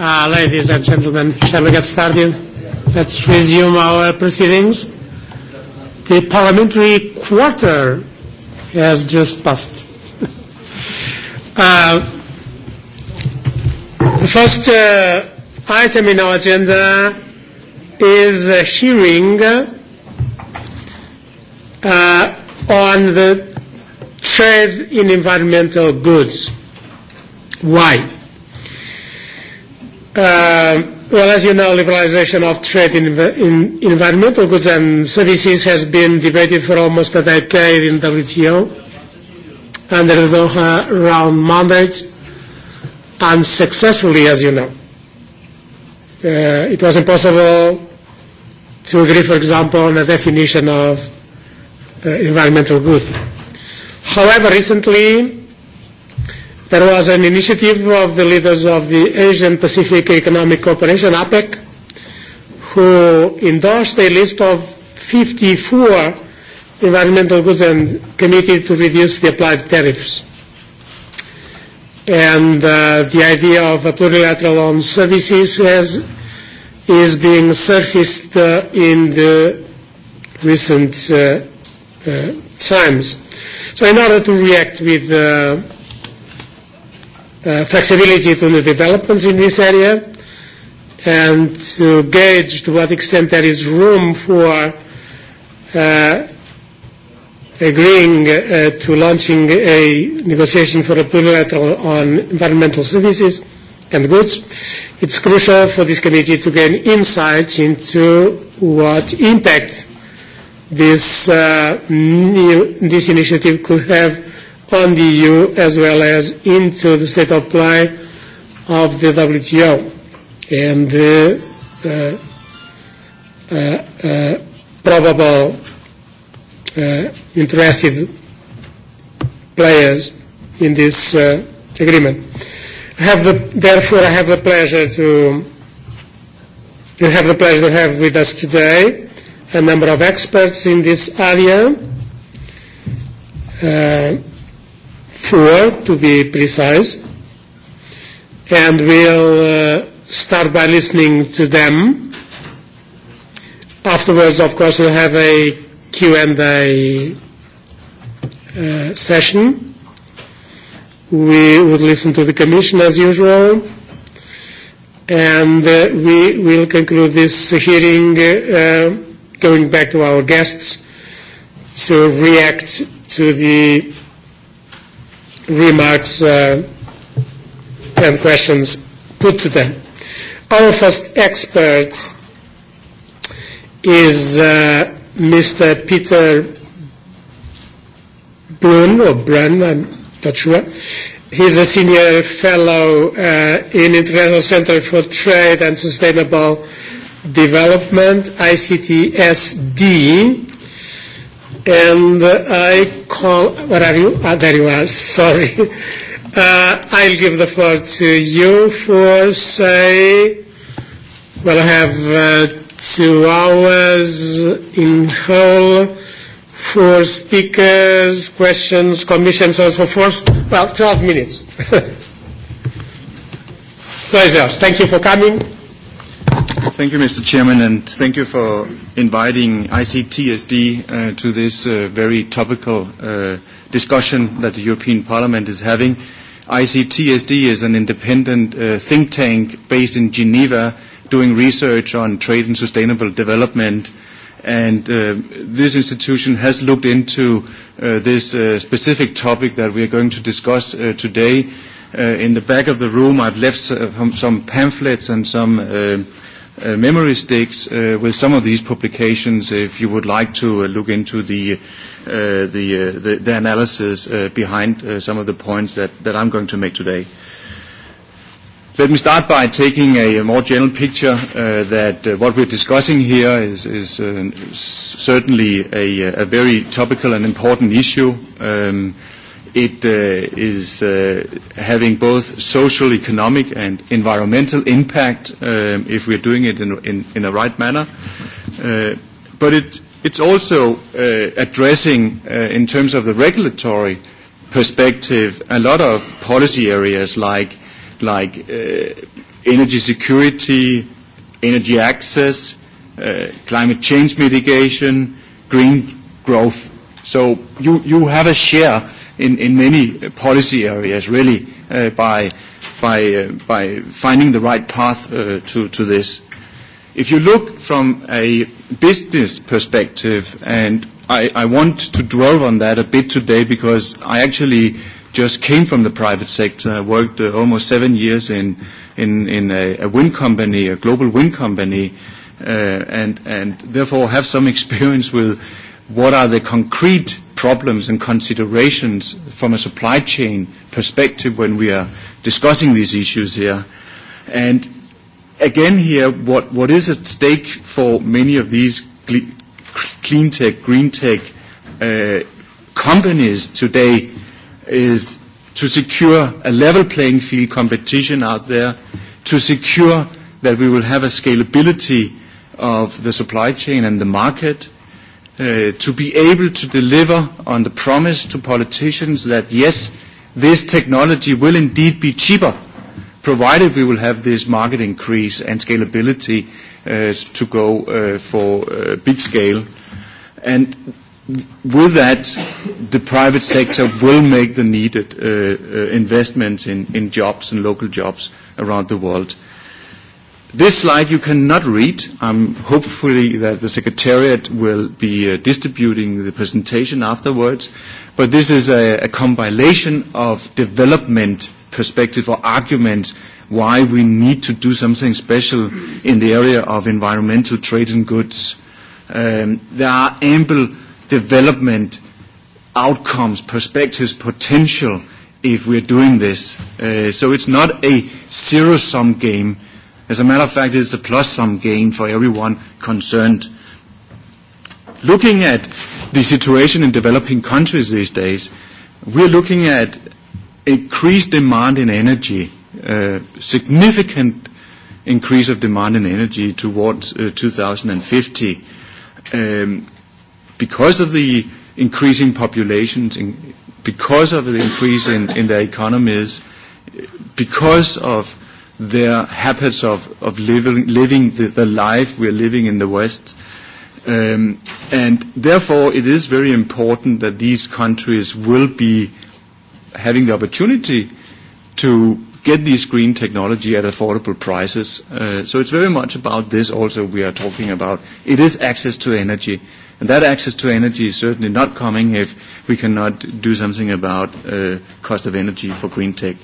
Ladies and gentlemen, shall we get started? Let's resume our proceedings. The parliamentary quarter has just passed. The first item in our agenda is a hearing on the trade in environmental goods. Why? Well, as you know, liberalization of trade in environmental goods and services has been debated for almost a decade in WTO under the Doha round mandate unsuccessfully, as you know. It was impossible to agree, for example, on a definition of environmental good. However, recently There was an initiative of the leaders of the Asian Pacific Economic Cooperation, APEC, who endorsed a list of 54 environmental goods and committed to reduce the applied tariffs. And the idea of a plurilateral on services has, is being surfaced in the recent times. So in order to react with flexibility to the developments in this area and to gauge to what extent there is room for agreeing to launching a negotiation for a bilateral on environmental services and goods. It's crucial for this committee to gain insights into what impact this new this initiative could have on the EU as well as into the state of play of the WTO and the probable interested players in this agreement. I have the, therefore, I have the pleasure to have the pleasure to have with us today a number of experts in this area four to be precise, and we'll start by listening to them. Afterwards, of course, we'll have a Q&A session. We would listen to the Commission as usual, and we will conclude this hearing going back to our guests to react to the remarks and questions put to them. Our first expert is Mr. Peter Brun, or Brun, I'm not sure. He's a senior fellow in International Center for Trade and Sustainable Development, ICTSD, and I call, where are you? Ah, there you are, sorry. I'll give the floor to you for, say, we'll have uh, two hours in whole for speakers, questions, commissions, and so forth. Well, 12 minutes. so is Thank you for coming. Thank you, Mr. Chairman, and thank you for inviting ICTSD to this very topical discussion that the European Parliament is having. ICTSD is an independent think tank based in Geneva doing research on trade and sustainable development. And this institution has looked into this specific topic that we are going to discuss today. In the back of the room, I've left some pamphlets and some memory sticks with some of these publications if you would like to look into the the analysis behind some of the points that that I'm going to make today. Let me start by taking a more general picture that what we're discussing here is is certainly a very topical and important issue. It is having both social, economic and environmental impact if we are doing it in in the right manner. But it it's also addressing, in terms of the regulatory perspective, a lot of policy areas like like energy security, energy access, climate change mitigation, green growth. So you you have a share in many policy areas really by finding the right path to this. If you look from a business perspective, and I want to dwell on that a bit today because I actually just came from the private sector. I worked almost seven years in a wind company, a global wind company, and therefore have some experience with what are the concrete problems and considerations from a supply chain perspective when we are discussing these issues here. And again here, what, what is at stake for many of these clean tech, green tech companies today is to secure a level playing field competition out there, to secure that we will have a scalability of the supply chain and the market, to be able to deliver on the promise to politicians that yes, this technology will indeed be cheaper, provided we will have this market increase and scalability to go for big scale. And with that, the private sector will make the needed investments in jobs and local jobs around the world. This slide you cannot read. I'm hopefully that the Secretariat will be distributing the presentation afterwards. But this is a compilation of development perspective or arguments why we need to do something special in the area of environmental trade and goods. There are ample development outcomes, perspectives, potential if we're doing this. So it's not a zero-sum game As a matter of fact, it's a plus-sum gain for everyone concerned. Looking at the situation in developing countries these days, we're looking at increased demand in energy, significant increase of demand in energy towards 2050. Because of the increasing populations, because of the increase in their economies, because of their habits of, of living, living the, the life we are living in the West. Um, and therefore, it is very important that these countries will be having the opportunity to get these green technology at affordable prices. so it's very much about this also we are talking about. It is access to energy. And that access to energy is certainly not coming if we cannot do something about cost of energy for green tech.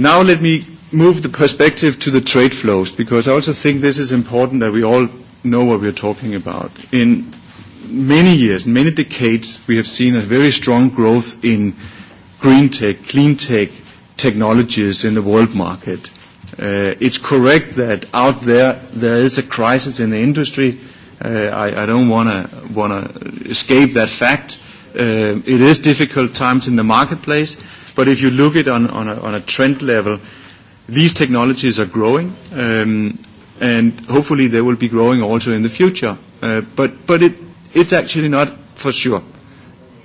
Now let me move the perspective to the trade flows, because I also think this is important that we all know what we are talking about. In many years, many decades, we have seen a very strong growth in green tech, clean tech technologies in the world market. It's correct that out there there is a crisis in the industry. I don't want to escape that fact. It is difficult times in the marketplace, But if you look at on on a trend level, these technologies are growing, and hopefully they will be growing also in the future. But it it's actually not for sure.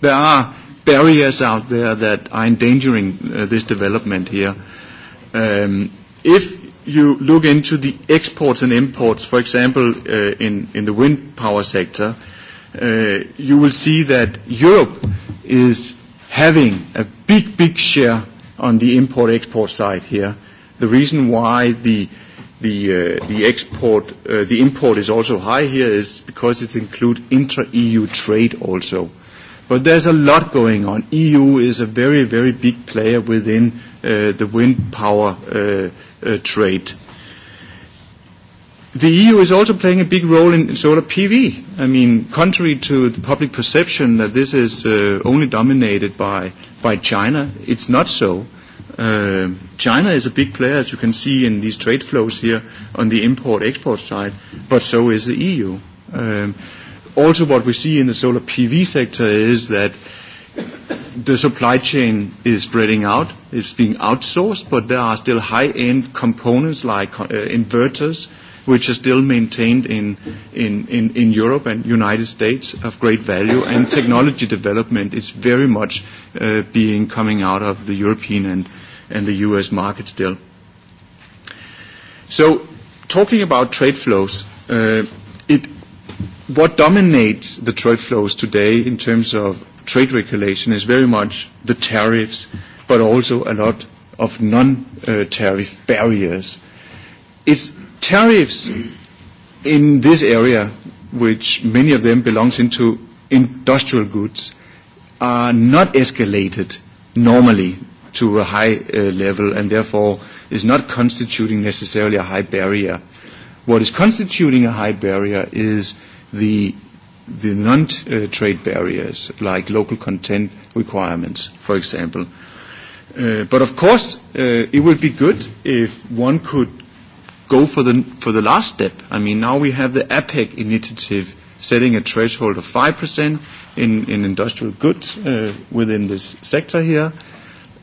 There are barriers out there that are endangering this development here. If you look into the exports and imports, for example, in in the wind power sector, you will see that Europe is having a big, big share on the import-export side here. The reason why the the the export the import is also high here is because it includes intra-EU trade also. But there's a lot going on. EU is a very, very big player within the wind power trade. The EU is also playing a big role in solar PV. I mean, contrary to the public perception that this is only dominated by by China, it's not so. China is a big player, as you can see in these trade flows here on the import-export side, but so is the EU. Also, what we see in the solar PV sector is that the supply chain is spreading out. It's being outsourced, but there are still high-end components like inverters which are still maintained in in Europe and United States of great value and technology development is very much being coming out of the European and and the US market still. So talking about trade flows, it what dominates the trade flows today in terms of trade regulation is very much the tariffs, but also a lot of non-tariff barriers. It's Tariffs in this area, which many of them belongs into industrial goods, are not escalated normally to a high level and therefore is not constituting necessarily a high barrier. What is constituting a high barrier is the the non-trade barriers like local content requirements, for example. But of course, it would be good if one could go for the for the last step. I mean, now we have the APEC initiative setting a threshold of 5% in in industrial goods within this sector here,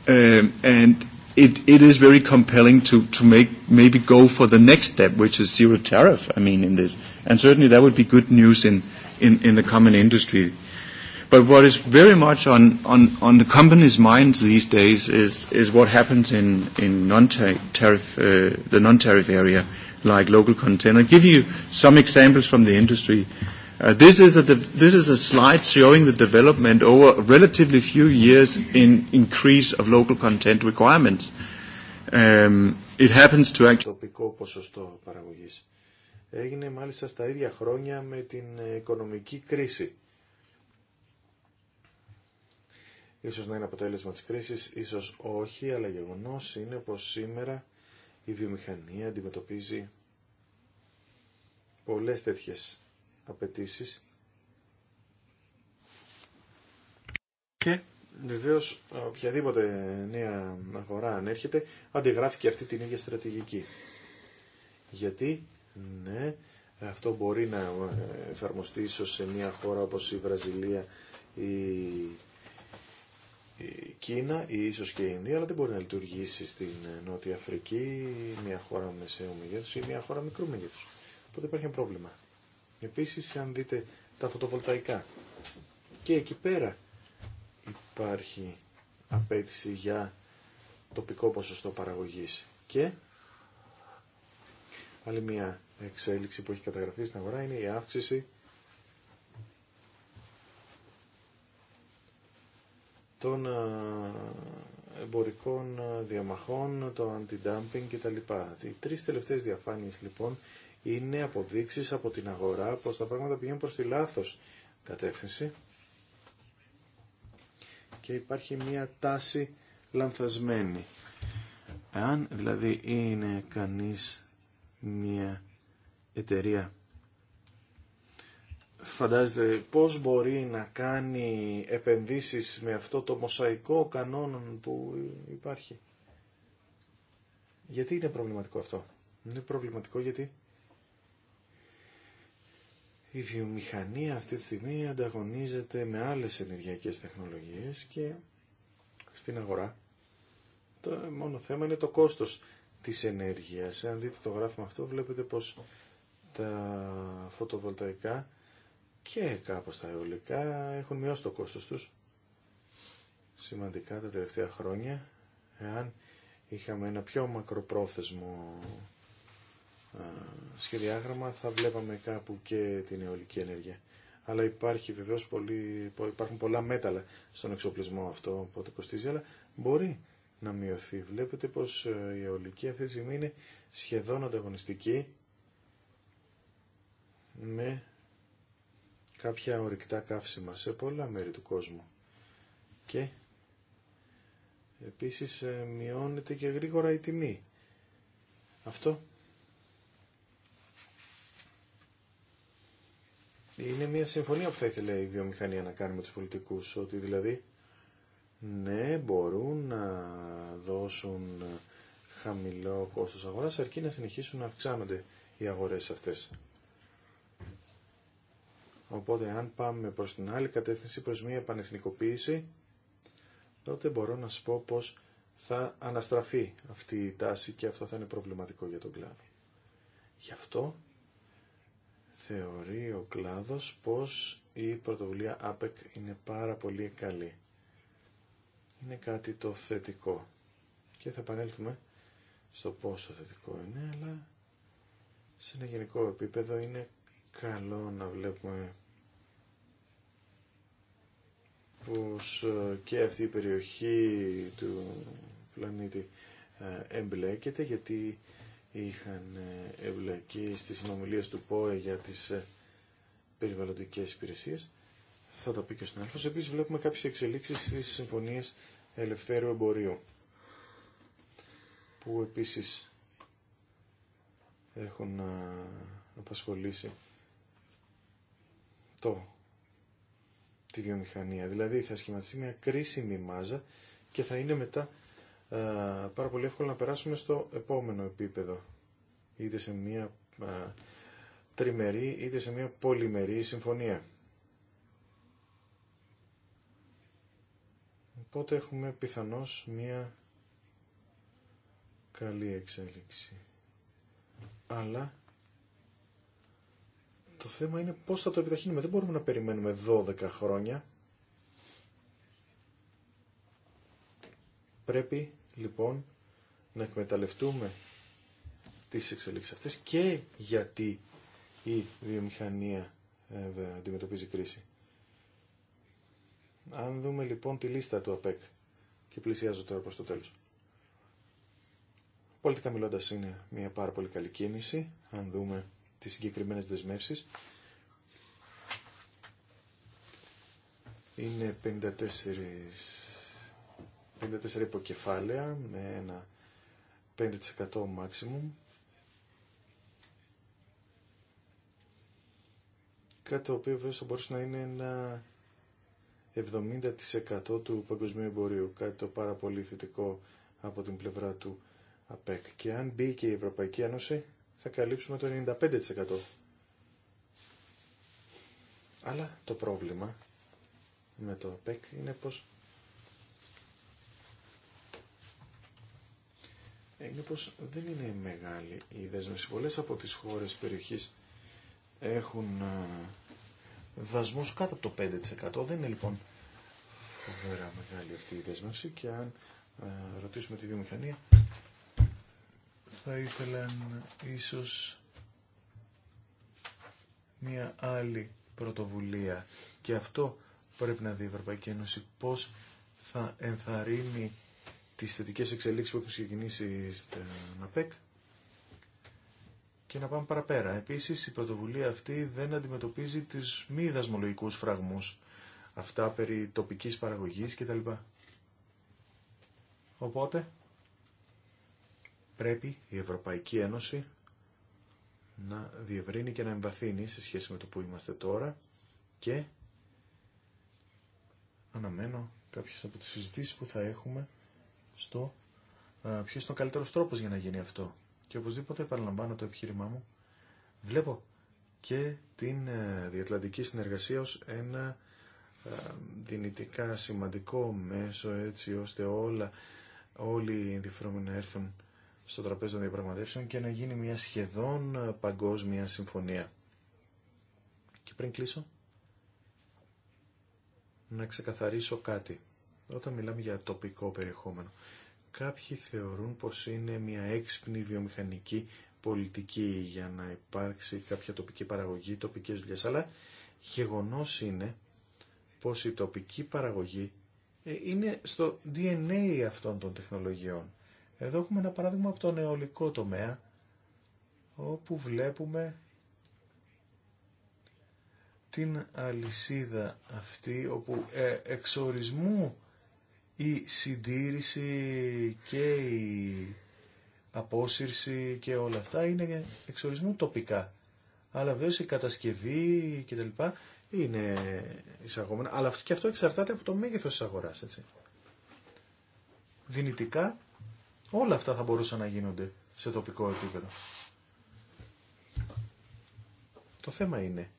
and it it is very compelling to to make maybe go for the next step, which is zero tariff. I mean, in this, and certainly that would be good news in in in the common industry But what is very much on on on the companies' minds these days is is what happens in in non-tariff the non-tariff area, like local content. I'll give you some examples from the industry. This is a this is a slide showing the development over relatively few years in increase of local content requirements. Um It happens to actually. τοπικό Έγινε μάλιστα στα ίδια χρόνια με την οικονομική κρίση. Ίσως να είναι αποτέλεσμα της κρίσης, ίσως όχι, αλλά γεγονός είναι πως σήμερα η βιομηχανία αντιμετωπίζει πολλές τέτοιες απαιτήσει. Και βεβαίω οποιαδήποτε νέα αγορά ανέρχεται αντιγράφει και αυτή την ίδια στρατηγική. Γιατί, ναι, αυτό μπορεί να εφαρμοστεί ίσως σε μια χώρα όπως η Βραζιλία ή η Κίνα ή ίσως και η Ινδία, αλλά δεν μπορεί να λειτουργήσει στην Νότια Αφρική μια χώρα μεσαίου μεγέθους ή μια χώρα μικρού μεγέθους. Οπότε υπάρχει ένα πρόβλημα. Επίσης, αν δείτε τα φωτοβολταϊκά, και εκεί πέρα υπάρχει απέτηση για τοπικό ποσοστό παραγωγής και άλλη μια εξέλιξη που έχει καταγραφεί στην αγορά είναι η αύξηση των ε, εμπορικών ε, διαμαχών, το αντι-dumping κτλ. Οι τρεις τελευταίες διαφάνειες λοιπόν είναι αποδείξεις από την αγορά πως τα πράγματα πηγαίνουν προς τη λάθος κατεύθυνση και υπάρχει μια τάση λανθασμένη. Εάν δηλαδή είναι κανείς μια εταιρεία φαντάζεστε πώς μπορεί να κάνει επενδύσεις με αυτό το μοσαϊκό κανόνων που υπάρχει. Γιατί είναι προβληματικό αυτό. Είναι προβληματικό γιατί η βιομηχανία αυτή τη στιγμή ανταγωνίζεται με άλλες ενεργειακές τεχνολογίες και στην αγορά. Το μόνο θέμα είναι το κόστος της ενέργειας. Αν δείτε το γράφημα αυτό βλέπετε πως τα φωτοβολταϊκά και κάπως τα αεολικά έχουν μειώσει το κόστος τους σημαντικά τα τελευταία χρόνια εάν είχαμε ένα πιο μακροπρόθεσμο σχεδιάγραμμα θα βλέπαμε κάπου και την αιωλική ενέργεια. Αλλά υπάρχει βεβαίως πολύ, υπάρχουν πολλά μέταλλα στον εξοπλισμό αυτό, το κοστίζει, αλλά μπορεί να μειωθεί. Βλέπετε πως ε, η αιωλική αυτή τη στιγμή είναι σχεδόν ανταγωνιστική με κάποια ορυκτά καύσιμα σε πολλά μέρη του κόσμου. Και επίσης ε, μειώνεται και γρήγορα η τιμή. Αυτό είναι μια συμφωνία που θα ήθελε η βιομηχανία να κάνει με τους πολιτικούς, ότι δηλαδή ναι μπορούν να δώσουν χαμηλό κόστος αγοράς αρκεί να συνεχίσουν να αυξάνονται οι αγορές αυτές. Οπότε αν πάμε προς την άλλη κατεύθυνση προς μια πανεθνικοποίηση, τότε μπορώ να σας πω πως θα αναστραφεί αυτή η τάση και αυτό θα είναι προβληματικό για τον κλάδο. Γι' αυτό θεωρεί ο κλάδος πως η πρωτοβουλία ΑΠΕΚ είναι πάρα πολύ καλή. Είναι κάτι το θετικό. Και θα επανέλθουμε στο πόσο θετικό είναι, αλλά σε ένα γενικό επίπεδο είναι καλό να βλέπουμε όπως ε, και αυτή η περιοχή του πλανήτη ε, εμπλέκεται γιατί είχαν ε, εμπλακεί στις συνομιλίες του ΠΟΕ για τις περιβαλλοντικές υπηρεσίες. Θα το πει και ο Άλφος. Επίσης βλέπουμε κάποιες εξελίξεις στις συμφωνίες ελευθέρου εμπορίου που επίσης έχουν απασχολήσει το τη βιομηχανία. Δηλαδή θα σχηματιστεί μια κρίσιμη μάζα και θα είναι μετά πάρα πολύ εύκολο να περάσουμε στο επόμενο επίπεδο. Είτε σε μια τριμερή είτε σε μια πολυμερή συμφωνία. Οπότε έχουμε πιθανώς μια καλή εξέλιξη. Αλλά το θέμα είναι πώς θα το επιταχύνουμε. Δεν μπορούμε να περιμένουμε 12 χρόνια. Πρέπει λοιπόν να εκμεταλλευτούμε τις εξελίξεις αυτές και γιατί η βιομηχανία ε, αντιμετωπίζει κρίση. Αν δούμε λοιπόν τη λίστα του ΑΠΕΚ και πλησιάζω τώρα προς το τέλος. Πολιτικά μιλώντας είναι μια πάρα πολύ καλή κίνηση. Αν δούμε τις συγκεκριμένες δεσμεύσεις. Είναι 54, 54 υποκεφάλαια με ένα 5% maximum. Κάτι το οποίο βέβαια θα μπορούσε να είναι ένα 70% του παγκοσμίου εμπορίου. Κάτι το πάρα πολύ θετικό από την πλευρά του ΑΠΕΚ. Και αν μπει και η Ευρωπαϊκή Ένωση θα καλύψουμε το 95%. Αλλά το πρόβλημα με το ΠΕΚ είναι πως είναι πως δεν είναι μεγάλη η δέσμευση. Πολλές από τις χώρες περιοχής έχουν ε, δασμούς κάτω από το 5%. Δεν είναι λοιπόν φοβερά μεγάλη αυτή η δέσμευση και αν ε, ρωτήσουμε τη βιομηχανία θα ήθελαν ίσως μια άλλη πρωτοβουλία. Και αυτό πρέπει να δει η Ευρωπαϊκή Ένωση πώς θα ενθαρρύνει τις θετικές εξελίξεις που έχουν ξεκινήσει στην ΑΠΕΚ και να πάμε παραπέρα. Επίσης η πρωτοβουλία αυτή δεν αντιμετωπίζει τις μη δασμολογικούς φραγμούς, αυτά περί τοπικής παραγωγής κτλ. Οπότε πρέπει η Ευρωπαϊκή Ένωση να διευρύνει και να εμβαθύνει σε σχέση με το που είμαστε τώρα και αναμένω κάποιες από τις συζητήσεις που θα έχουμε στο ποιος είναι ο καλύτερος τρόπος για να γίνει αυτό. Και οπωσδήποτε παραλαμβάνω το επιχείρημά μου. Βλέπω και την ε, διατλαντική συνεργασία ως ένα δυνητικά σημαντικό μέσο έτσι ώστε όλα, όλοι οι ενδιαφερόμενοι να έρθουν στο τραπέζι των διαπραγματεύσεων και να γίνει μια σχεδόν ε, παγκόσμια συμφωνία. Και πριν κλείσω, να ξεκαθαρίσω κάτι. Όταν μιλάμε για τοπικό περιεχόμενο, κάποιοι θεωρούν πως είναι μια έξυπνη βιομηχανική πολιτική για να υπάρξει κάποια τοπική παραγωγή, τοπικές δουλειές, αλλά γεγονός είναι πως η τοπική παραγωγή ε, είναι στο DNA αυτών των τεχνολογιών. Εδώ έχουμε ένα παράδειγμα από τον αιωλικό τομέα, όπου βλέπουμε την αλυσίδα αυτή, όπου ε, εξορισμού η συντήρηση και η απόσυρση και όλα αυτά είναι εξορισμού τοπικά. Αλλά βέβαια η κατασκευή κτλ. είναι εισαγόμενα. Αλλά και αυτό εξαρτάται από το μέγεθος της αγοράς. Έτσι. Δυνητικά Όλα αυτά θα μπορούσαν να γίνονται σε τοπικό επίπεδο. Το θέμα είναι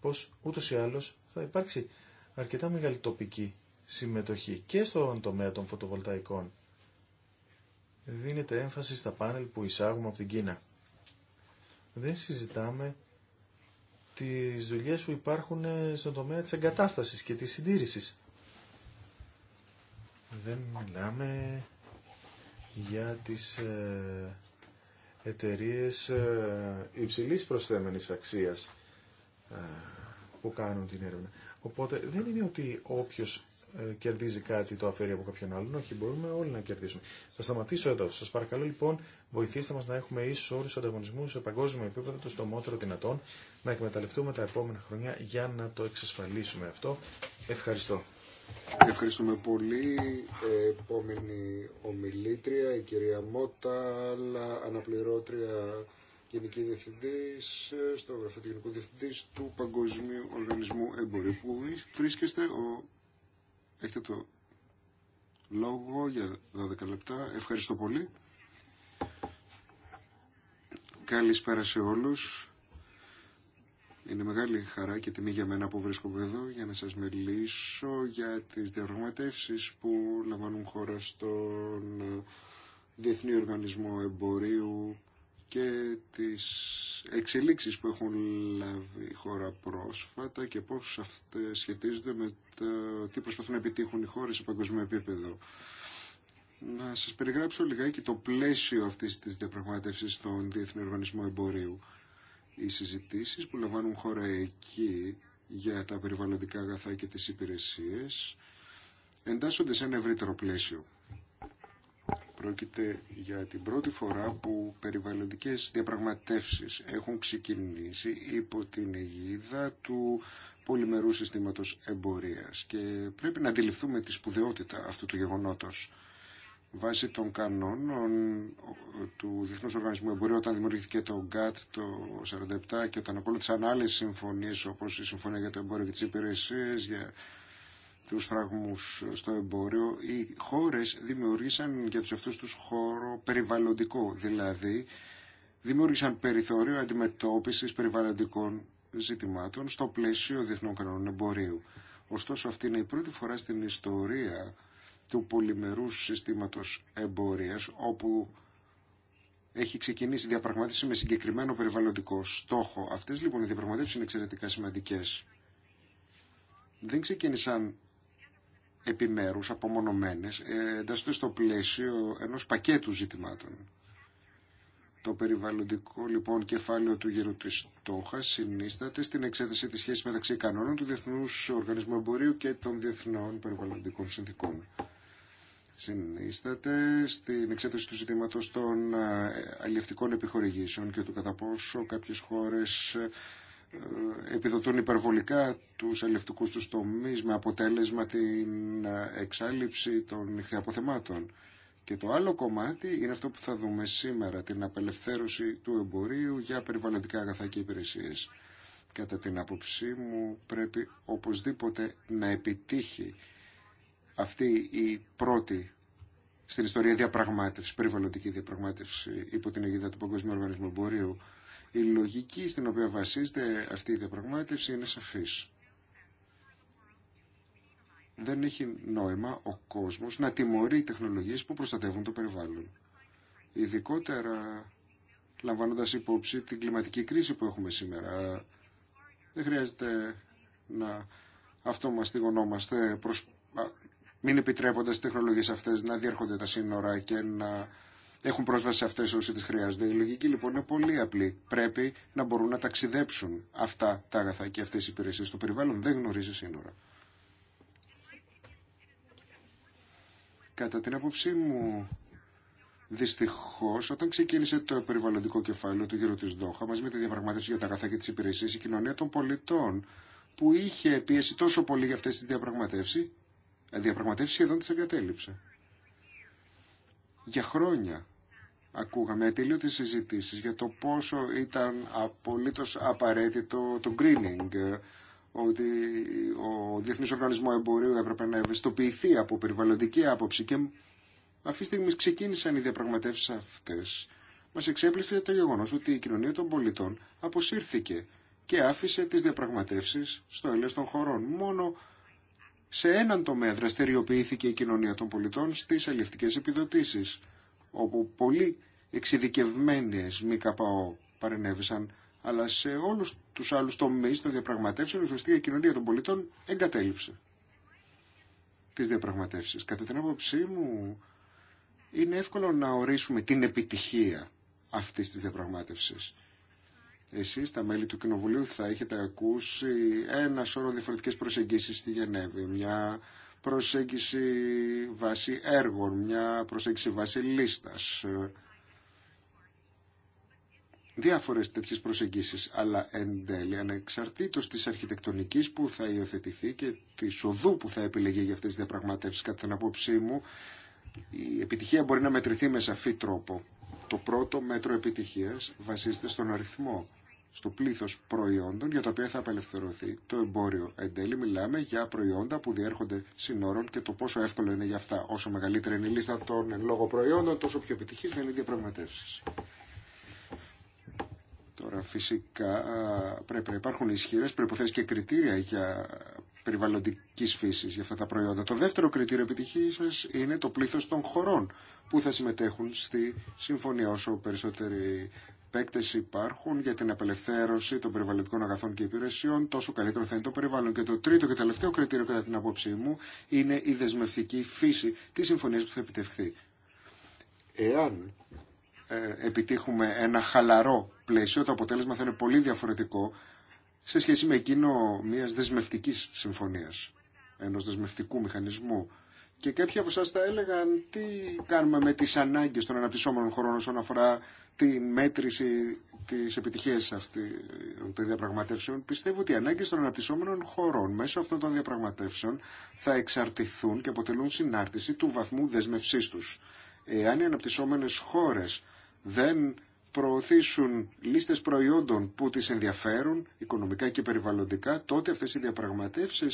πως ούτως ή άλλως θα υπάρξει αρκετά μεγάλη τοπική συμμετοχή και στον τομέα των φωτοβολταϊκών. Δίνεται έμφαση στα πάνελ που εισάγουμε από την Κίνα. Δεν συζητάμε τις δουλειές που υπάρχουν ε, στον τομέα της εγκατάστασης και της συντήρησης. Δεν μιλάμε για τις ε, εταιρείες ε, υψηλής προσθέμενης αξίας ε, που κάνουν την έρευνα. Οπότε δεν είναι ότι όποιος κερδίζει κάτι το αφαιρεί από κάποιον άλλον, όχι μπορούμε όλοι να κερδίσουμε. Θα σταματήσω εδώ. Σας παρακαλώ λοιπόν βοηθήστε μας να έχουμε ίσους όρους ανταγωνισμού σε παγκόσμιο επίπεδο το στομότερο δυνατόν να εκμεταλλευτούμε τα επόμενα χρονιά για να το εξασφαλίσουμε αυτό. Ευχαριστώ. Ευχαριστούμε πολύ. Επόμενη ομιλήτρια, η κυρία Μότα, αλλά αναπληρώτρια Γενική Διευθυντή στο Γραφείο του Γενικού Διευθυντή του Παγκοσμίου Οργανισμού Εμπορίου. Που βρίσκεστε, ο... έχετε το λόγο για 12 λεπτά. Ευχαριστώ πολύ. Καλησπέρα σε όλους. Είναι μεγάλη χαρά και τιμή για μένα που βρίσκομαι εδώ για να σας μιλήσω για τις διαπραγματεύσεις που λαμβάνουν χώρα στον ε, Διεθνή Οργανισμό Εμπορίου και τις εξελίξεις που έχουν λάβει η χώρα πρόσφατα και πώς αυτές σχετίζονται με το τι προσπαθούν να επιτύχουν οι χώρες σε παγκοσμίο επίπεδο. Να σας περιγράψω λιγάκι το πλαίσιο αυτής της διαπραγμάτευσης στον Διεθνή Οργανισμό Εμπορίου. Οι συζητήσεις που λαμβάνουν χώρα εκεί για τα περιβαλλοντικά αγαθά και τις υπηρεσίες εντάσσονται σε ένα ευρύτερο πλαίσιο. Πρόκειται για την πρώτη φορά που περιβαλλοντικές διαπραγματεύσεις έχουν ξεκινήσει υπό την αιγίδα του πολυμερού συστήματος εμπορίας και πρέπει να αντιληφθούμε τη σπουδαιότητα αυτού του γεγονότος βάσει των κανόνων του Διεθνούς Οργανισμού Εμπορίου όταν δημιουργήθηκε το ΓΚΑΤ το 1947 και όταν ακολούθησαν άλλες συμφωνίες όπως η Συμφωνία για το Εμπόριο και τις Υπηρεσίες για τους φραγμούς στο εμπόριο οι χώρες δημιούργησαν για τους αυτούς τους χώρο περιβαλλοντικό δηλαδή δημιούργησαν περιθώριο αντιμετώπισης περιβαλλοντικών ζητημάτων στο πλαίσιο διεθνών κανόνων εμπορίου. Ωστόσο αυτή είναι η πρώτη φορά στην ιστορία του Πολυμερού συστήματος εμπορίας όπου έχει ξεκινήσει διαπραγμάτευση με συγκεκριμένο περιβαλλοντικό στόχο. Αυτές λοιπόν οι διαπραγματεύσεις είναι εξαιρετικά σημαντικές. Δεν ξεκίνησαν επιμέρους, απομονωμένες, ε, εντάσσονται στο πλαίσιο ενός πακέτου ζητημάτων. Το περιβαλλοντικό λοιπόν κεφάλαιο του γύρου τη στόχας συνίσταται στην εξέταση τη σχέση μεταξύ κανόνων του Διεθνούς Οργανισμού Εμπορίου και των Διεθνών Περιβαλλοντικών Συνθήκων συνίσταται στην εξέταση του ζητήματος των ε, αλληλευτικών επιχορηγήσεων και του κατά πόσο κάποιες χώρες ε, επιδοτούν υπερβολικά τους αλληλευτικούς τους τομείς με αποτέλεσμα την ε, εξάλληψη των ηχθιαποθεμάτων. Και το άλλο κομμάτι είναι αυτό που θα δούμε σήμερα, την απελευθέρωση του εμπορίου για περιβαλλοντικά αγαθά και υπηρεσίες. Κατά την άποψή μου πρέπει οπωσδήποτε να επιτύχει αυτή η πρώτη στην ιστορία διαπραγμάτευση, περιβαλλοντική διαπραγμάτευση υπό την αιγύδα του Παγκοσμίου Οργανισμού Εμπορίου. Η λογική στην οποία βασίζεται αυτή η διαπραγμάτευση είναι σαφής. Δεν έχει νόημα ο κόσμος να τιμωρεί τεχνολογίες που προστατεύουν το περιβάλλον. Ειδικότερα λαμβάνοντας υπόψη την κλιματική κρίση που έχουμε σήμερα. Δεν χρειάζεται να αυτομαστιγωνόμαστε προς μην επιτρέποντα τι τεχνολογίε αυτέ να διέρχονται τα σύνορα και να έχουν πρόσβαση σε αυτέ όσοι τι χρειάζονται. Η λογική λοιπόν είναι πολύ απλή. Πρέπει να μπορούν να ταξιδέψουν αυτά τα αγαθά και αυτέ οι υπηρεσίε. Το περιβάλλον δεν γνωρίζει σύνορα. Κατά την άποψή μου, Δυστυχώ, όταν ξεκίνησε το περιβαλλοντικό κεφάλαιο του γύρου τη Δόχα, μαζί με τη διαπραγμάτευση για τα αγαθά και τι υπηρεσίε, η κοινωνία των πολιτών που είχε πίεση τόσο πολύ για αυτέ τι διαπραγματεύσει, διαπραγματεύσεις σχεδόν τις εγκατέλειψε. Για χρόνια ακούγαμε ατελείωτες συζητήσει για το πόσο ήταν απολύτως απαραίτητο το greening, ότι ο Διεθνής Οργανισμός Εμπορίου έπρεπε να ευαισθητοποιηθεί από περιβαλλοντική άποψη και αυτή τη στιγμή ξεκίνησαν οι διαπραγματεύσεις αυτές. Μας εξέπληξε το γεγονός ότι η κοινωνία των πολιτών αποσύρθηκε και άφησε τις διαπραγματεύσεις στο ελαιός των χωρών. Μόνο σε έναν τομέα δραστηριοποιήθηκε η κοινωνία των πολιτών στις αλληλευτικές επιδοτήσεις, όπου πολλοί εξειδικευμένες μη καπαό παρενέβησαν, αλλά σε όλους τους άλλους τομείς των διαπραγματεύσεων η κοινωνία των πολιτών εγκατέλειψε τις διαπραγματεύσεις. Κατά την άποψή μου είναι εύκολο να ορίσουμε την επιτυχία αυτής της διαπραγμάτευσης. Εσεί, τα μέλη του Κοινοβουλίου, θα έχετε ακούσει ένα σώρο διαφορετικέ προσεγγίσεις στη Γενέβη. Μια προσέγγιση βάση έργων, μια προσέγγιση βάση λίστα. Διάφορε τέτοιε προσεγγίσει, αλλά εν τέλει, ανεξαρτήτω τη αρχιτεκτονική που θα υιοθετηθεί και τη οδού που θα επιλεγεί για αυτέ τι διαπραγματεύσει κατά την απόψή μου, η επιτυχία μπορεί να μετρηθεί με σαφή τρόπο. Το πρώτο μέτρο επιτυχίας βασίζεται στον αριθμό στο πλήθο προϊόντων για τα οποία θα απελευθερωθεί το εμπόριο. Εν τέλει μιλάμε για προϊόντα που διέρχονται συνόρων και το πόσο εύκολο είναι για αυτά. Όσο μεγαλύτερη είναι η λίστα των εν λόγω προϊόντων, τόσο πιο επιτυχής θα είναι η διαπραγματεύση. Τώρα φυσικά πρέπει να υπάρχουν ισχυρέ, προποθέσει και κριτήρια για περιβαλλοντική φύση για αυτά τα προϊόντα. Το δεύτερο κριτήριο επιτυχίας είναι το πλήθο των χωρών που θα συμμετέχουν στη συμφωνία. Όσο περισσότεροι παίκτες υπάρχουν για την απελευθέρωση των περιβαλλοντικών αγαθών και υπηρεσιών, τόσο καλύτερο θα είναι το περιβάλλον. Και το τρίτο και τελευταίο κριτήριο, κατά την άποψή μου, είναι η δεσμευτική φύση της συμφωνίας που θα επιτευχθεί. Εάν ε, επιτύχουμε ένα χαλαρό πλαίσιο, το αποτέλεσμα θα είναι πολύ διαφορετικό σε σχέση με εκείνο μια δεσμευτική συμφωνία, ενό δεσμευτικού μηχανισμού. Και κάποιοι από εσά θα έλεγαν τι κάνουμε με τι ανάγκε των αναπτυσσόμενων χωρών όσον αφορά τη μέτρηση τη επιτυχία αυτή των διαπραγματεύσεων. Πιστεύω ότι οι ανάγκε των αναπτυσσόμενων χωρών μέσω αυτών των διαπραγματεύσεων θα εξαρτηθούν και αποτελούν συνάρτηση του βαθμού δεσμευσή του. Εάν οι αναπτυσσόμενε χώρε δεν προωθήσουν λίστε προϊόντων που τι ενδιαφέρουν οικονομικά και περιβαλλοντικά, τότε αυτέ οι διαπραγματεύσει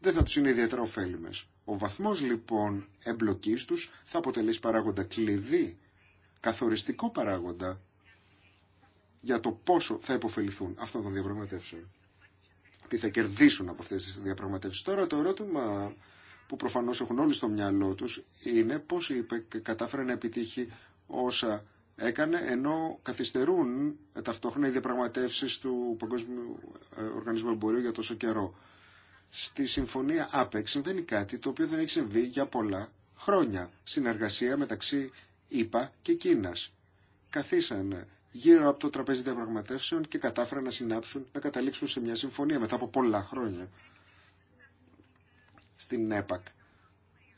δεν θα του είναι ιδιαίτερα ωφέλιμε. Ο βαθμό, λοιπόν εμπλοκή του θα αποτελέσει παράγοντα κλειδί, καθοριστικό παράγοντα για το πόσο θα υποφεληθούν αυτών των διαπραγματεύσεων. Τι θα κερδίσουν από αυτέ τι διαπραγματεύσει. Τώρα το ερώτημα που προφανώ έχουν όλοι στο μυαλό του, είναι πώ είπε και κατάφερε να επιτύχει όσα έκανε ενώ καθυστερούν ταυτόχρονα οι διαπραγματεύσει του Παγκόσμιου ε, Οργανισμού Εμπορίου για τόσο καιρό στη συμφωνία ΑΠΕΚ συμβαίνει κάτι το οποίο δεν έχει συμβεί για πολλά χρόνια. Συνεργασία μεταξύ ΕΠΑ και Κίνας. Καθίσαν γύρω από το τραπέζι διαπραγματεύσεων και κατάφεραν να συνάψουν, να καταλήξουν σε μια συμφωνία μετά από πολλά χρόνια. Στην ΕΠΑΚ.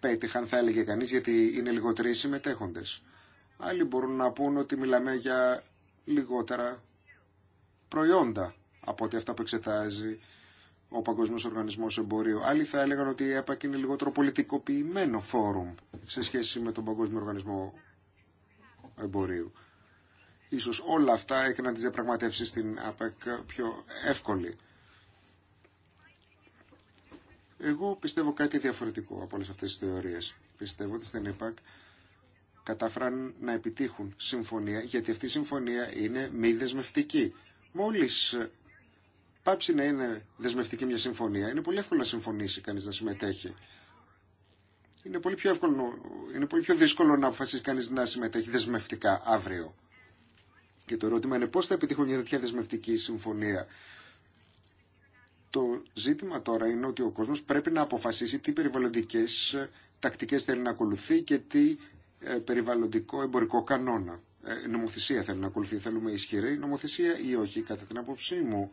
Πέτυχαν θα έλεγε κανείς γιατί είναι λιγότεροι οι συμμετέχοντες. Άλλοι μπορούν να πούν ότι μιλάμε για λιγότερα προϊόντα από ό,τι αυτά που εξετάζει ο Παγκόσμιος Οργανισμός Εμπορίου. Άλλοι θα έλεγαν ότι η ΕΠΑΚ είναι λιγότερο πολιτικοποιημένο φόρουμ σε σχέση με τον Παγκόσμιο Οργανισμό Εμπορίου. Ίσως όλα αυτά έκαναν τις διαπραγματεύσει στην ΑΠΕΚ πιο εύκολη. Εγώ πιστεύω κάτι διαφορετικό από όλες αυτές τις θεωρίες. Πιστεύω ότι στην ΕΠΑΚ κατάφεραν να επιτύχουν συμφωνία, γιατί αυτή η συμφωνία είναι μη δεσμευτική. Μόλις πάψει να είναι δεσμευτική μια συμφωνία, είναι πολύ εύκολο να συμφωνήσει κανεί να συμμετέχει. Είναι πολύ πιο, είναι πολύ δύσκολο να αποφασίσει κανεί να συμμετέχει δεσμευτικά αύριο. Και το ερώτημα είναι πώ θα επιτύχουν μια τέτοια δεσμευτική συμφωνία. Το ζήτημα τώρα είναι ότι ο κόσμο πρέπει να αποφασίσει τι περιβαλλοντικέ τακτικέ θέλει να ακολουθεί και τι ε, περιβαλλοντικό εμπορικό κανόνα. Ε, νομοθεσία θέλει να ακολουθεί. Θέλουμε ισχυρή νομοθεσία ή όχι. Κατά την άποψή μου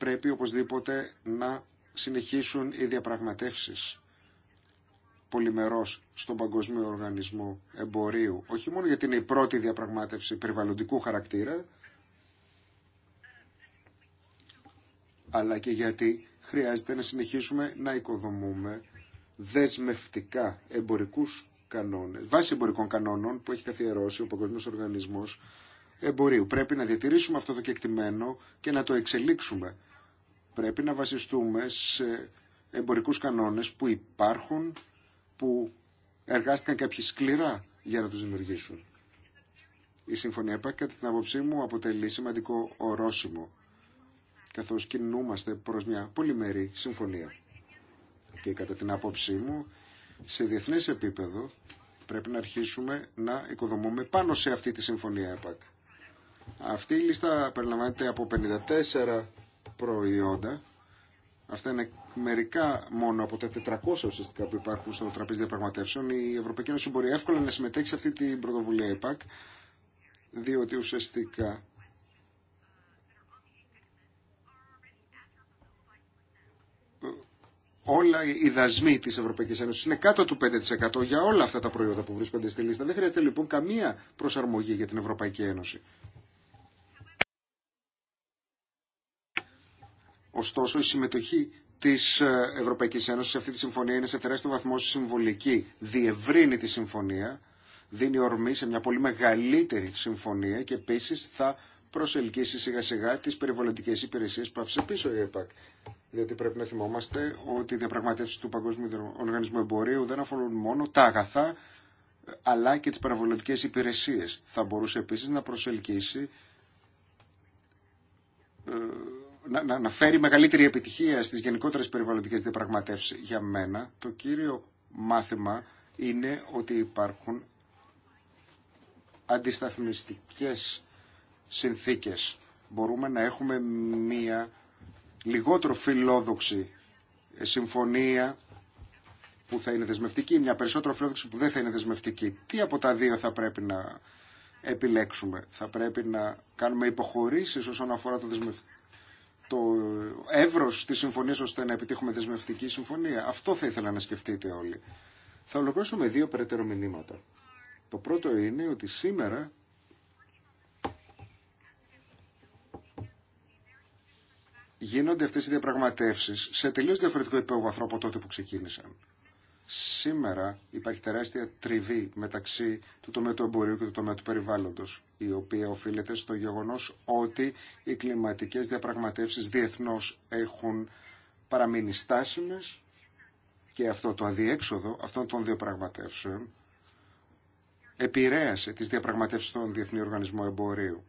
πρέπει οπωσδήποτε να συνεχίσουν οι διαπραγματεύσεις πολυμερός στον Παγκοσμίο Οργανισμό Εμπορίου. Όχι μόνο γιατί είναι η πρώτη διαπραγμάτευση περιβαλλοντικού χαρακτήρα, αλλά και γιατί χρειάζεται να συνεχίσουμε να οικοδομούμε δεσμευτικά εμπορικούς κανόνες, βάσει εμπορικών κανόνων που έχει καθιερώσει ο Παγκοσμίος Οργανισμός Εμπορίου. Πρέπει να διατηρήσουμε αυτό το κεκτημένο και να το εξελίξουμε Πρέπει να βασιστούμε σε εμπορικούς κανόνες που υπάρχουν, που εργάστηκαν κάποιοι σκληρά για να τους δημιουργήσουν. Η Συμφωνία ΕΠΑ, κατά την άποψή μου, αποτελεί σημαντικό ορόσημο, καθώς κινούμαστε προς μια πολυμερή συμφωνία. Και κατά την άποψή μου, σε διεθνές επίπεδο, πρέπει να αρχίσουμε να οικοδομούμε πάνω σε αυτή τη Συμφωνία ΕΠΑΚ. Αυτή η λίστα περιλαμβάνεται από 54 προϊόντα. Αυτά είναι μερικά μόνο από τα 400 ουσιαστικά που υπάρχουν στο τραπέζι διαπραγματεύσεων. Η Ευρωπαϊκή Ένωση μπορεί εύκολα να συμμετέχει σε αυτή την πρωτοβουλία ΕΠΑΚ, διότι ουσιαστικά όλα οι δασμοί της Ευρωπαϊκής Ένωσης είναι κάτω του 5% για όλα αυτά τα προϊόντα που βρίσκονται στη λίστα. Δεν χρειάζεται λοιπόν καμία προσαρμογή για την Ευρωπαϊκή Ένωση. Ωστόσο, η συμμετοχή τη ε, Ευρωπαϊκή Ένωση σε αυτή τη συμφωνία είναι σε τεράστιο βαθμό συμβολική. Διευρύνει τη συμφωνία, δίνει ορμή σε μια πολύ μεγαλύτερη συμφωνία και επίση θα προσελκύσει σιγά σιγά τι περιβαλλοντικέ υπηρεσίε που άφησε πίσω η ΕΠΑΚ. Διότι πρέπει να θυμόμαστε ότι οι διαπραγματεύσει του Παγκόσμιου Οργανισμού Εμπορίου δεν αφορούν μόνο τα αγαθά, αλλά και τι περιβαλλοντικέ υπηρεσίε. Θα μπορούσε επίση να προσελκύσει ε, να, να φέρει μεγαλύτερη επιτυχία στις γενικότερες περιβαλλοντικές διαπραγματεύσεις. Για μένα το κύριο μάθημα είναι ότι υπάρχουν αντισταθμιστικές συνθήκες. Μπορούμε να έχουμε μία λιγότερο φιλόδοξη συμφωνία που θα είναι δεσμευτική, μια περισσότερο φιλόδοξη που δεν θα είναι δεσμευτική. Τι από τα δύο θα πρέπει να επιλέξουμε. Θα πρέπει να κάνουμε υποχωρήσεις όσον αφορά το δεσμευτικό το εύρο τη συμφωνία ώστε να επιτύχουμε δεσμευτική συμφωνία. Αυτό θα ήθελα να σκεφτείτε όλοι. Θα ολοκληρώσω με δύο περαιτέρω μηνύματα. Το πρώτο είναι ότι σήμερα γίνονται αυτές οι διαπραγματεύσεις σε τελείως διαφορετικό επίπεδο από τότε που ξεκίνησαν. Σήμερα υπάρχει τεράστια τριβή μεταξύ του τομέα του εμπορίου και του τομέα του περιβάλλοντος, η οποία οφείλεται στο γεγονός ότι οι κλιματικές διαπραγματεύσεις διεθνώς έχουν παραμείνει στάσιμε και αυτό το αδιέξοδο αυτών των διαπραγματεύσεων επηρέασε τις διαπραγματεύσεις των Διεθνή Οργανισμών Εμπορίου.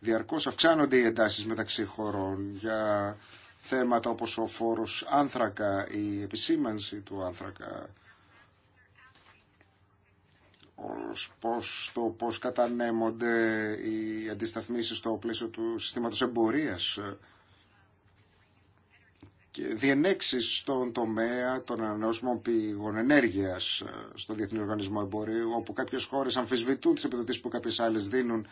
Διαρκώς αυξάνονται οι εντάσεις μεταξύ χωρών για θέματα όπως ο φόρος άνθρακα, η επισήμανση του άνθρακα, πώς, το πώς κατανέμονται οι αντισταθμίσεις στο πλαίσιο του συστήματος εμπορίας και διενέξεις στον τομέα των ανανεώσιμων πηγών ενέργειας στο Διεθνή Οργανισμό Εμπορίου, όπου κάποιες χώρες αμφισβητούν τις επιδοτήσεις που κάποιες άλλες δίνουν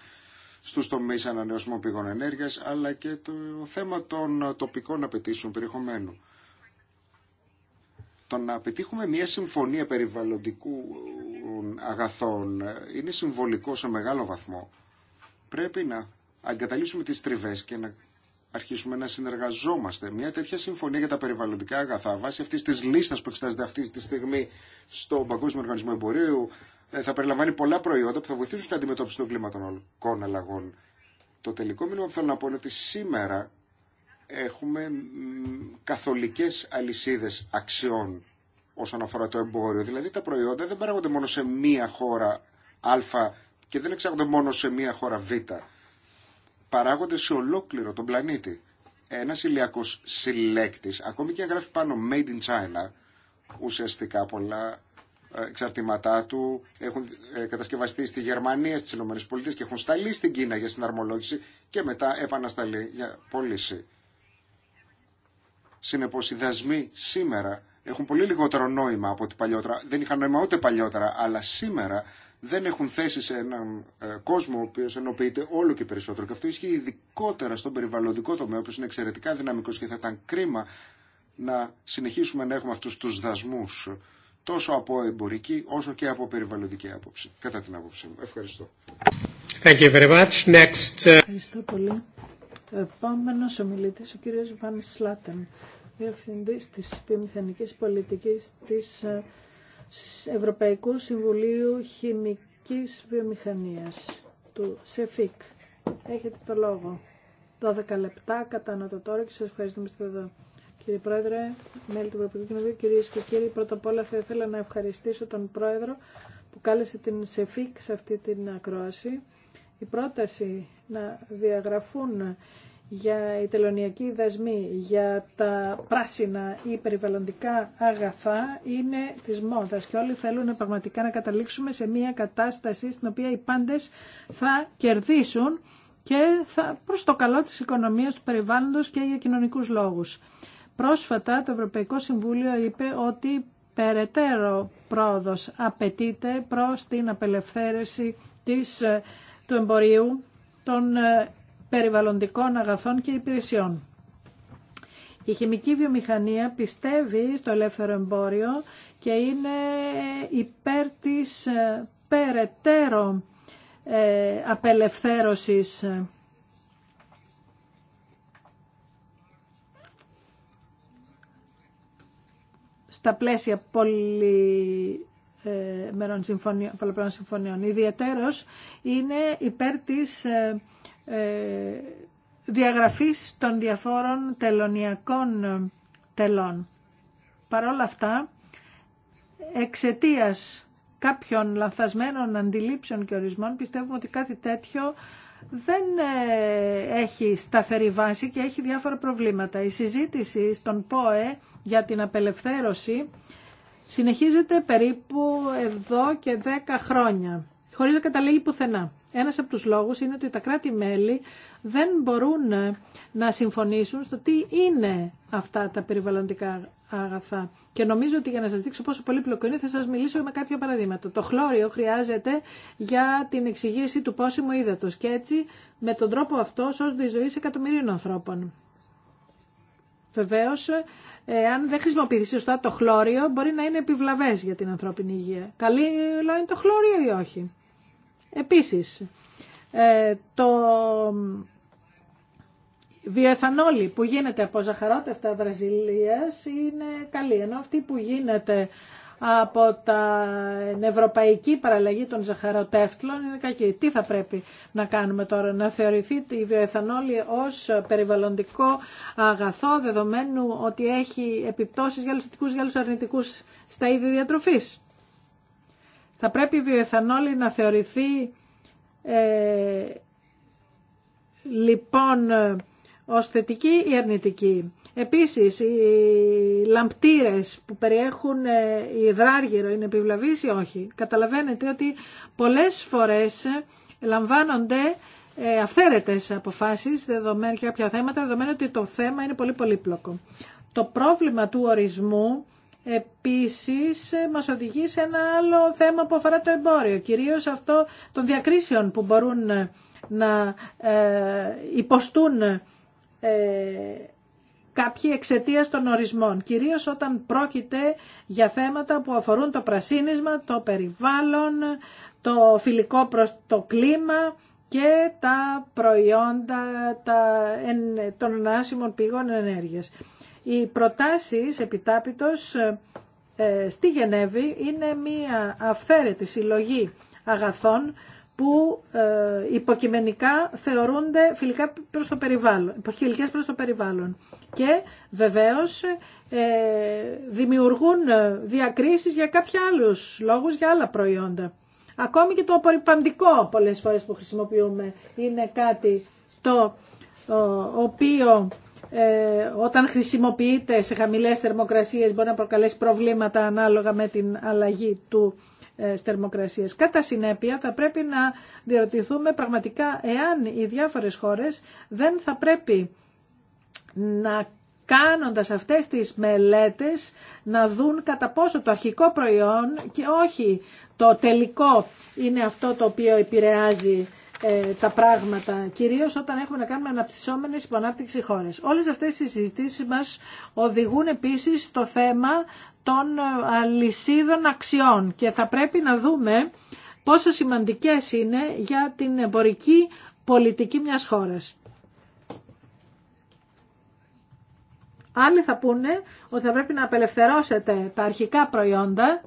στους τομείς ανανεώσιμων πηγών ενέργειας, αλλά και το θέμα των τοπικών απαιτήσεων περιεχομένου. Το να πετύχουμε μια συμφωνία περιβαλλοντικού αγαθών είναι συμβολικό σε μεγάλο βαθμό. Πρέπει να αγκαταλείψουμε τις τριβές και να αρχίσουμε να συνεργαζόμαστε. Μια τέτοια συμφωνία για τα περιβαλλοντικά αγαθά βάσει αυτή τη λίστα που εξετάζεται αυτή τη στιγμή στο Παγκόσμιο Οργανισμό Εμπορίου ε, θα περιλαμβάνει πολλά προϊόντα που θα βοηθήσουν στην αντιμετώπιση των κλιματολογικών αλλαγών. Το τελικό μήνυμα που θέλω να πω είναι ότι σήμερα έχουμε καθολικές αλυσίδε αξιών όσον αφορά το εμπόριο. Δηλαδή τα προϊόντα δεν παράγονται μόνο σε μία χώρα Α και δεν εξάγονται μόνο σε μία χώρα Β. Παράγονται σε ολόκληρο τον πλανήτη. Ένα ηλιακό συλλέκτη, ακόμη και αν γράφει πάνω Made in China, ουσιαστικά πολλά ε, εξαρτήματά του έχουν ε, κατασκευαστεί στη Γερμανία, στις ΗΠΑ και έχουν σταλεί στην Κίνα για συναρμολόγηση και μετά επανασταλεί για πώληση. Συνεπώ, οι δασμοί σήμερα έχουν πολύ λιγότερο νόημα από ό,τι παλιότερα. Δεν είχαν νόημα ούτε παλιότερα, αλλά σήμερα δεν έχουν θέση σε έναν ε, κόσμο ο οποίο ενοποιείται όλο και περισσότερο. Και αυτό ισχύει ειδικότερα στον περιβαλλοντικό τομέα, ο είναι εξαιρετικά δυναμικό και θα ήταν κρίμα να συνεχίσουμε να έχουμε αυτού του δασμού τόσο από εμπορική όσο και από περιβαλλοντική άποψη. Κατά την άποψή μου. Ευχαριστώ. Thank you very Next. Uh, Ευχαριστώ πολύ. Επόμενο ομιλητή ο κύριος Βαν Σλάτεν Διευθυντής της Βιομηχανικής Πολιτικής ε, της Ευρωπαϊκού Συμβουλίου Χημικής Βιομηχανίας, του ΣΕΦΙΚ. Έχετε το λόγο. 12 λεπτά κατά τώρα και σας ευχαριστούμε που εδώ. Κύριε Πρόεδρε, μέλη του Ευρωπαϊκού Κοινοβουλίου, κυρίες και κύριοι, πρώτα απ' όλα θα ήθελα να ευχαριστήσω τον Πρόεδρο που κάλεσε την ΣΕΦΙΚ σε αυτή την ακρόαση. Η πρόταση να διαγραφούν για η τελωνιακή δασμή, για τα πράσινα ή περιβαλλοντικά αγαθά είναι της μόδας και όλοι θέλουν πραγματικά να καταλήξουμε σε μια κατάσταση στην οποία οι πάντες θα κερδίσουν και θα, προς το καλό της οικονομίας, του περιβάλλοντος και για κοινωνικούς λόγους. Πρόσφατα το Ευρωπαϊκό Συμβούλιο είπε ότι περαιτέρω πρόοδος απαιτείται προς την απελευθέρωση της, του εμπορίου των ε, περιβαλλοντικών αγαθών και υπηρεσιών. Η χημική βιομηχανία πιστεύει στο ελεύθερο εμπόριο και είναι υπέρ της ε, περαιτέρω ε, απελευθέρωσης στα πλαίσια πολυμερών ε, συμφωνιών, πολυπλών Ιδιαίτερος είναι υπέρ της ε, διαγραφής των διαφόρων τελωνιακών ε, τελών. Παρόλα αυτά, εξαιτίας κάποιων λανθασμένων αντιλήψεων και ορισμών, πιστεύουμε ότι κάτι τέτοιο δεν ε, έχει σταθερή βάση και έχει διάφορα προβλήματα. Η συζήτηση στον ΠΟΕ για την απελευθέρωση συνεχίζεται περίπου εδώ και 10 χρόνια, χωρίς να καταλήγει πουθενά. Ένας από τους λόγους είναι ότι τα κράτη-μέλη δεν μπορούν να συμφωνήσουν στο τι είναι αυτά τα περιβαλλοντικά αγαθά. Και νομίζω ότι για να σας δείξω πόσο πολύπλοκο είναι θα σας μιλήσω με κάποια παραδείγματα. Το χλώριο χρειάζεται για την εξηγήση του πόσιμου ύδατος και έτσι με τον τρόπο αυτό σώζονται ζωή σε εκατομμυρίων ανθρώπων. Βεβαίω, αν δεν χρησιμοποιηθεί σωστά το χλώριο, μπορεί να είναι επιβλαβές για την ανθρώπινη υγεία. Καλή λόγη είναι το χλώριο ή όχι. Επίσης, ε, το βιοεθανόλη που γίνεται από ζαχαρότευτα Βραζιλίας είναι καλή, ενώ αυτή που γίνεται από τα ευρωπαϊκή παραλλαγή των ζαχαροτεύτλων είναι κακή. Τι θα πρέπει να κάνουμε τώρα, να θεωρηθεί η βιοεθανόλη ως περιβαλλοντικό αγαθό δεδομένου ότι έχει επιπτώσεις για τους για στα είδη διατροφής. Θα πρέπει η βιοεθανόλη να θεωρηθεί ε, λοιπόν ως θετική ή αρνητική. Επίσης, οι λαμπτήρες που περιέχουν ε, υδράργυρο είναι επιβλαβείς ή όχι. Καταλαβαίνετε ότι πολλές φορές λαμβάνονται ε, αυθαίρετες αποφάσεις δεδομένου και κάποια θέματα, δεδομένου ότι το θέμα είναι πολύ πολύπλοκο. Το πρόβλημα του ορισμού επίσης ε, μας οδηγεί σε ένα άλλο θέμα που αφορά το εμπόριο, κυρίως αυτό των διακρίσεων που μπορούν ε, να ε, υποστούν κάποιοι εξαιτία των ορισμών, κυρίως όταν πρόκειται για θέματα που αφορούν το πρασίνισμα, το περιβάλλον, το φιλικό προς το κλίμα και τα προϊόντα τα, των ανάσημων πηγών ενέργειας. Οι προτάσεις επιτάπητος ε, ε, στη Γενέβη είναι μια αυθαίρετη συλλογή αγαθών που ε, υποκειμενικά θεωρούνται φιλικά προς το περιβάλλον, φιλικές προς το περιβάλλον. Και βεβαίως δημιουργούν διακρίσεις για κάποια άλλους λόγους, για άλλα προϊόντα. Ακόμη και το απορριπαντικό πολλές φορές που χρησιμοποιούμε είναι κάτι το οποίο ε, όταν χρησιμοποιείται σε χαμηλές θερμοκρασίες μπορεί να προκαλέσει προβλήματα ανάλογα με την αλλαγή του ε, θερμοκρασίες. Κατά συνέπεια θα πρέπει να διερωτηθούμε πραγματικά εάν οι διάφορες χώρες δεν θα πρέπει να κάνοντας αυτές τις μελέτες να δουν κατά πόσο το αρχικό προϊόν και όχι το τελικό είναι αυτό το οποίο επηρεάζει ε, τα πράγματα, κυρίως όταν έχουμε να κάνουμε αναπτυσσόμενε υποανάπτυξη χώρε. Όλες αυτές οι συζητήσεις μας οδηγούν επίση στο θέμα των ε, αλυσίδων αξιών και θα πρέπει να δούμε πόσο σημαντικές είναι για την εμπορική πολιτική μιας χώρας. Άλλοι θα πούνε ότι θα πρέπει να απελευθερώσετε τα αρχικά προϊόντα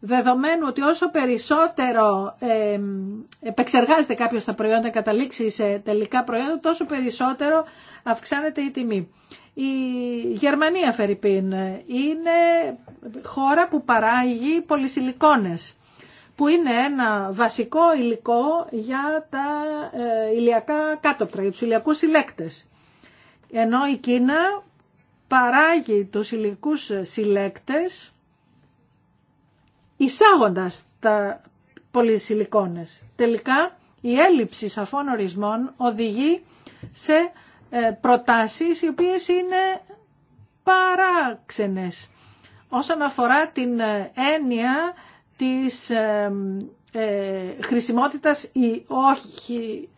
δεδομένου ότι όσο περισσότερο ε, επεξεργάζεται κάποιος τα προϊόντα, καταλήξει σε τελικά προϊόντα, τόσο περισσότερο αυξάνεται η τιμή. Η Γερμανία, Φερρυπίν, είναι χώρα που παράγει πολυσιλικόνες, που είναι ένα βασικό υλικό για τα ε, ηλιακά κάτωπρα, για τους ηλιακούς συλλέκτες. Ενώ η Κίνα παράγει τους ηλιακούς συλλέκτες, εισάγοντας τα πολυσιλικόνες. Τελικά η έλλειψη σαφών ορισμών οδηγεί σε ε, προτάσεις οι οποίες είναι παράξενες. Όσον αφορά την ε, έννοια της ε, χρησιμότητας ή όχι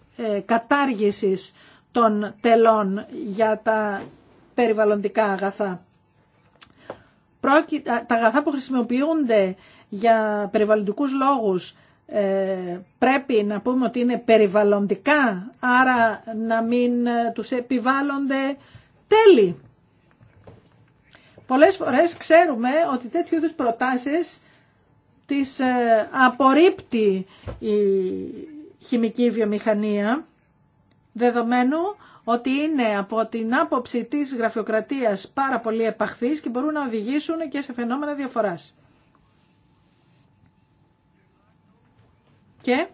κατάργησης των τελών για τα περιβαλλοντικά αγαθά. Τα αγαθά που χρησιμοποιούνται για περιβαλλοντικούς λόγους ε, πρέπει να πούμε ότι είναι περιβαλλοντικά, άρα να μην ε, τους επιβάλλονται τέλη. Πολλές φορές ξέρουμε ότι τέτοιου είδους προτάσεις τις ε, απορρίπτει η χημική βιομηχανία, δεδομένου ότι είναι από την άποψη της γραφειοκρατίας πάρα πολύ επαχθής και μπορούν να οδηγήσουν και σε φαινόμενα διαφοράς. Και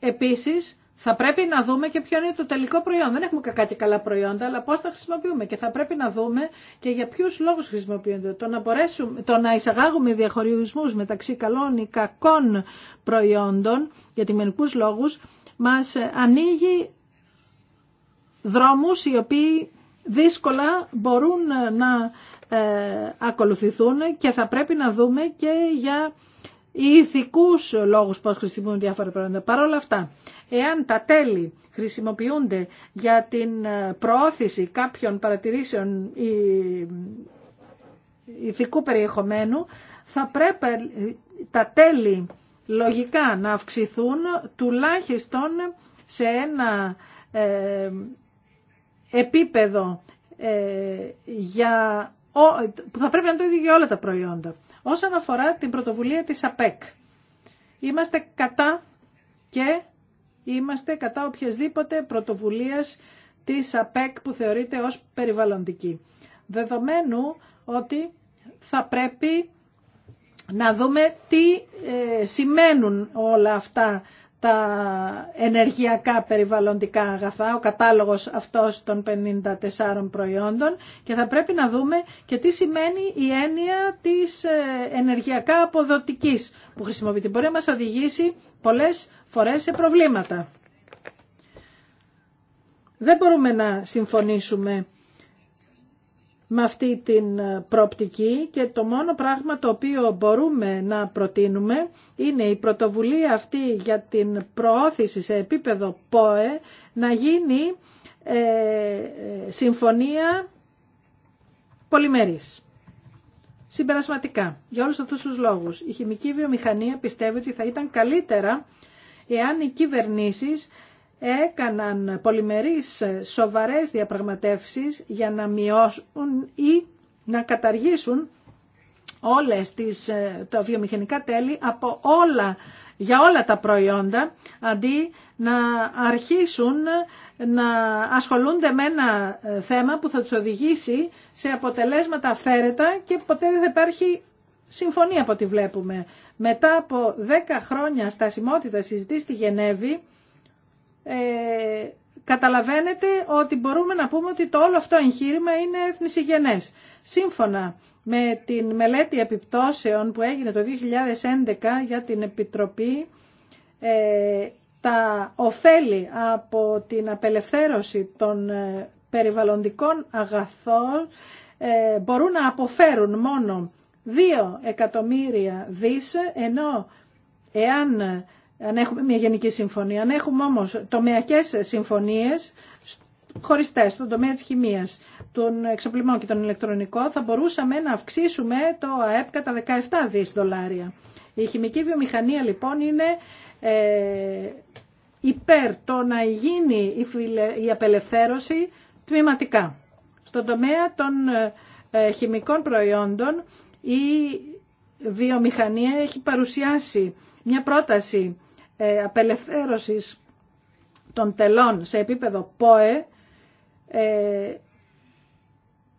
επίσης θα πρέπει να δούμε και ποιο είναι το τελικό προϊόν. Δεν έχουμε κακά και καλά προϊόντα, αλλά πώς τα χρησιμοποιούμε. Και θα πρέπει να δούμε και για ποιους λόγους χρησιμοποιούνται. Το να, μπορέσουμε, το να εισαγάγουμε διαχωρισμούς μεταξύ καλών ή κακών προϊόντων, για τιμενικούς λόγους, μας ανοίγει δρόμους οι οποίοι δύσκολα μπορούν να ε, ακολουθηθούν και θα πρέπει να δούμε και για ή ηθικού λόγου πώς χρησιμοποιούν διάφορα προϊόντα. Παρ' όλα αυτά, εάν τα τέλη χρησιμοποιούνται για την ε, προώθηση κάποιων παρατηρήσεων ή ε, ηθικού περιεχομένου, θα πρέπει ε, τα τέλη λογικά να αυξηθούν τουλάχιστον σε ένα επίπεδο για, ο, που θα πρέπει να το ίδιο για όλα τα προϊόντα. Όσον αφορά την πρωτοβουλία της ΑΠΕΚ, είμαστε κατά και είμαστε κατά οποιασδήποτε πρωτοβουλίας της ΑΠΕΚ που θεωρείται ως περιβαλλοντική. Δεδομένου ότι θα πρέπει να δούμε τι ε, σημαίνουν όλα αυτά τα ενεργειακά περιβαλλοντικά αγαθά, ο κατάλογος αυτός των 54 προϊόντων και θα πρέπει να δούμε και τι σημαίνει η έννοια της ε, ενεργειακά αποδοτικής που χρησιμοποιείται. Μπορεί να μας οδηγήσει πολλές φορές σε προβλήματα. Δεν μπορούμε να συμφωνήσουμε με αυτή την ε, προοπτική και το μόνο πράγμα το οποίο μπορούμε να προτείνουμε είναι η πρωτοβουλία αυτή για την προώθηση σε επίπεδο ΠΟΕ να γίνει ε, συμφωνία πολυμερής. Συμπερασματικά, για όλους αυτούς τους λόγους, η χημική βιομηχανία πιστεύει ότι θα ήταν καλύτερα εάν οι κυβερνήσεις έκαναν πολυμερείς ε, σοβαρές διαπραγματεύσεις για να μειώσουν ή να καταργήσουν όλες τις, ε, τα βιομηχανικά τέλη από όλα, για όλα τα προϊόντα αντί να αρχίσουν να ασχολούνται με ένα ε, θέμα που θα τους οδηγήσει σε αποτελέσματα αυθαίρετα και ποτέ δεν υπάρχει συμφωνία από ό,τι βλέπουμε. Μετά από 10 χρόνια στασιμότητα συζητή στη Γενέβη ε, καταλαβαίνετε ότι μπορούμε να πούμε ότι το όλο αυτό εγχείρημα είναι εθνησυγενές. Σύμφωνα με την μελέτη επιπτώσεων που έγινε το 2011 για την Επιτροπή, ε, τα ωφέλη από την απελευθέρωση των ε, περιβαλλοντικών αγαθών ε, μπορούν να αποφέρουν μόνο 2 εκατομμύρια δις, ενώ εάν αν έχουμε μια γενική συμφωνία. Αν έχουμε όμως τομεακές συμφωνίες χωριστέ, στον τομέα της χημίας, των εξοπλισμών και των ηλεκτρονικών θα μπορούσαμε να αυξήσουμε το ΑΕΠ κατά 17 δις δολάρια. Η χημική βιομηχανία λοιπόν είναι ε, υπέρ το να γίνει η, η απελευθέρωση τμηματικά. Στον τομέα των ε, χημικών προϊόντων η βιομηχανία έχει παρουσιάσει μια πρόταση ε, απελευθέρωσης των τελών σε επίπεδο ΠΟΕ, ε,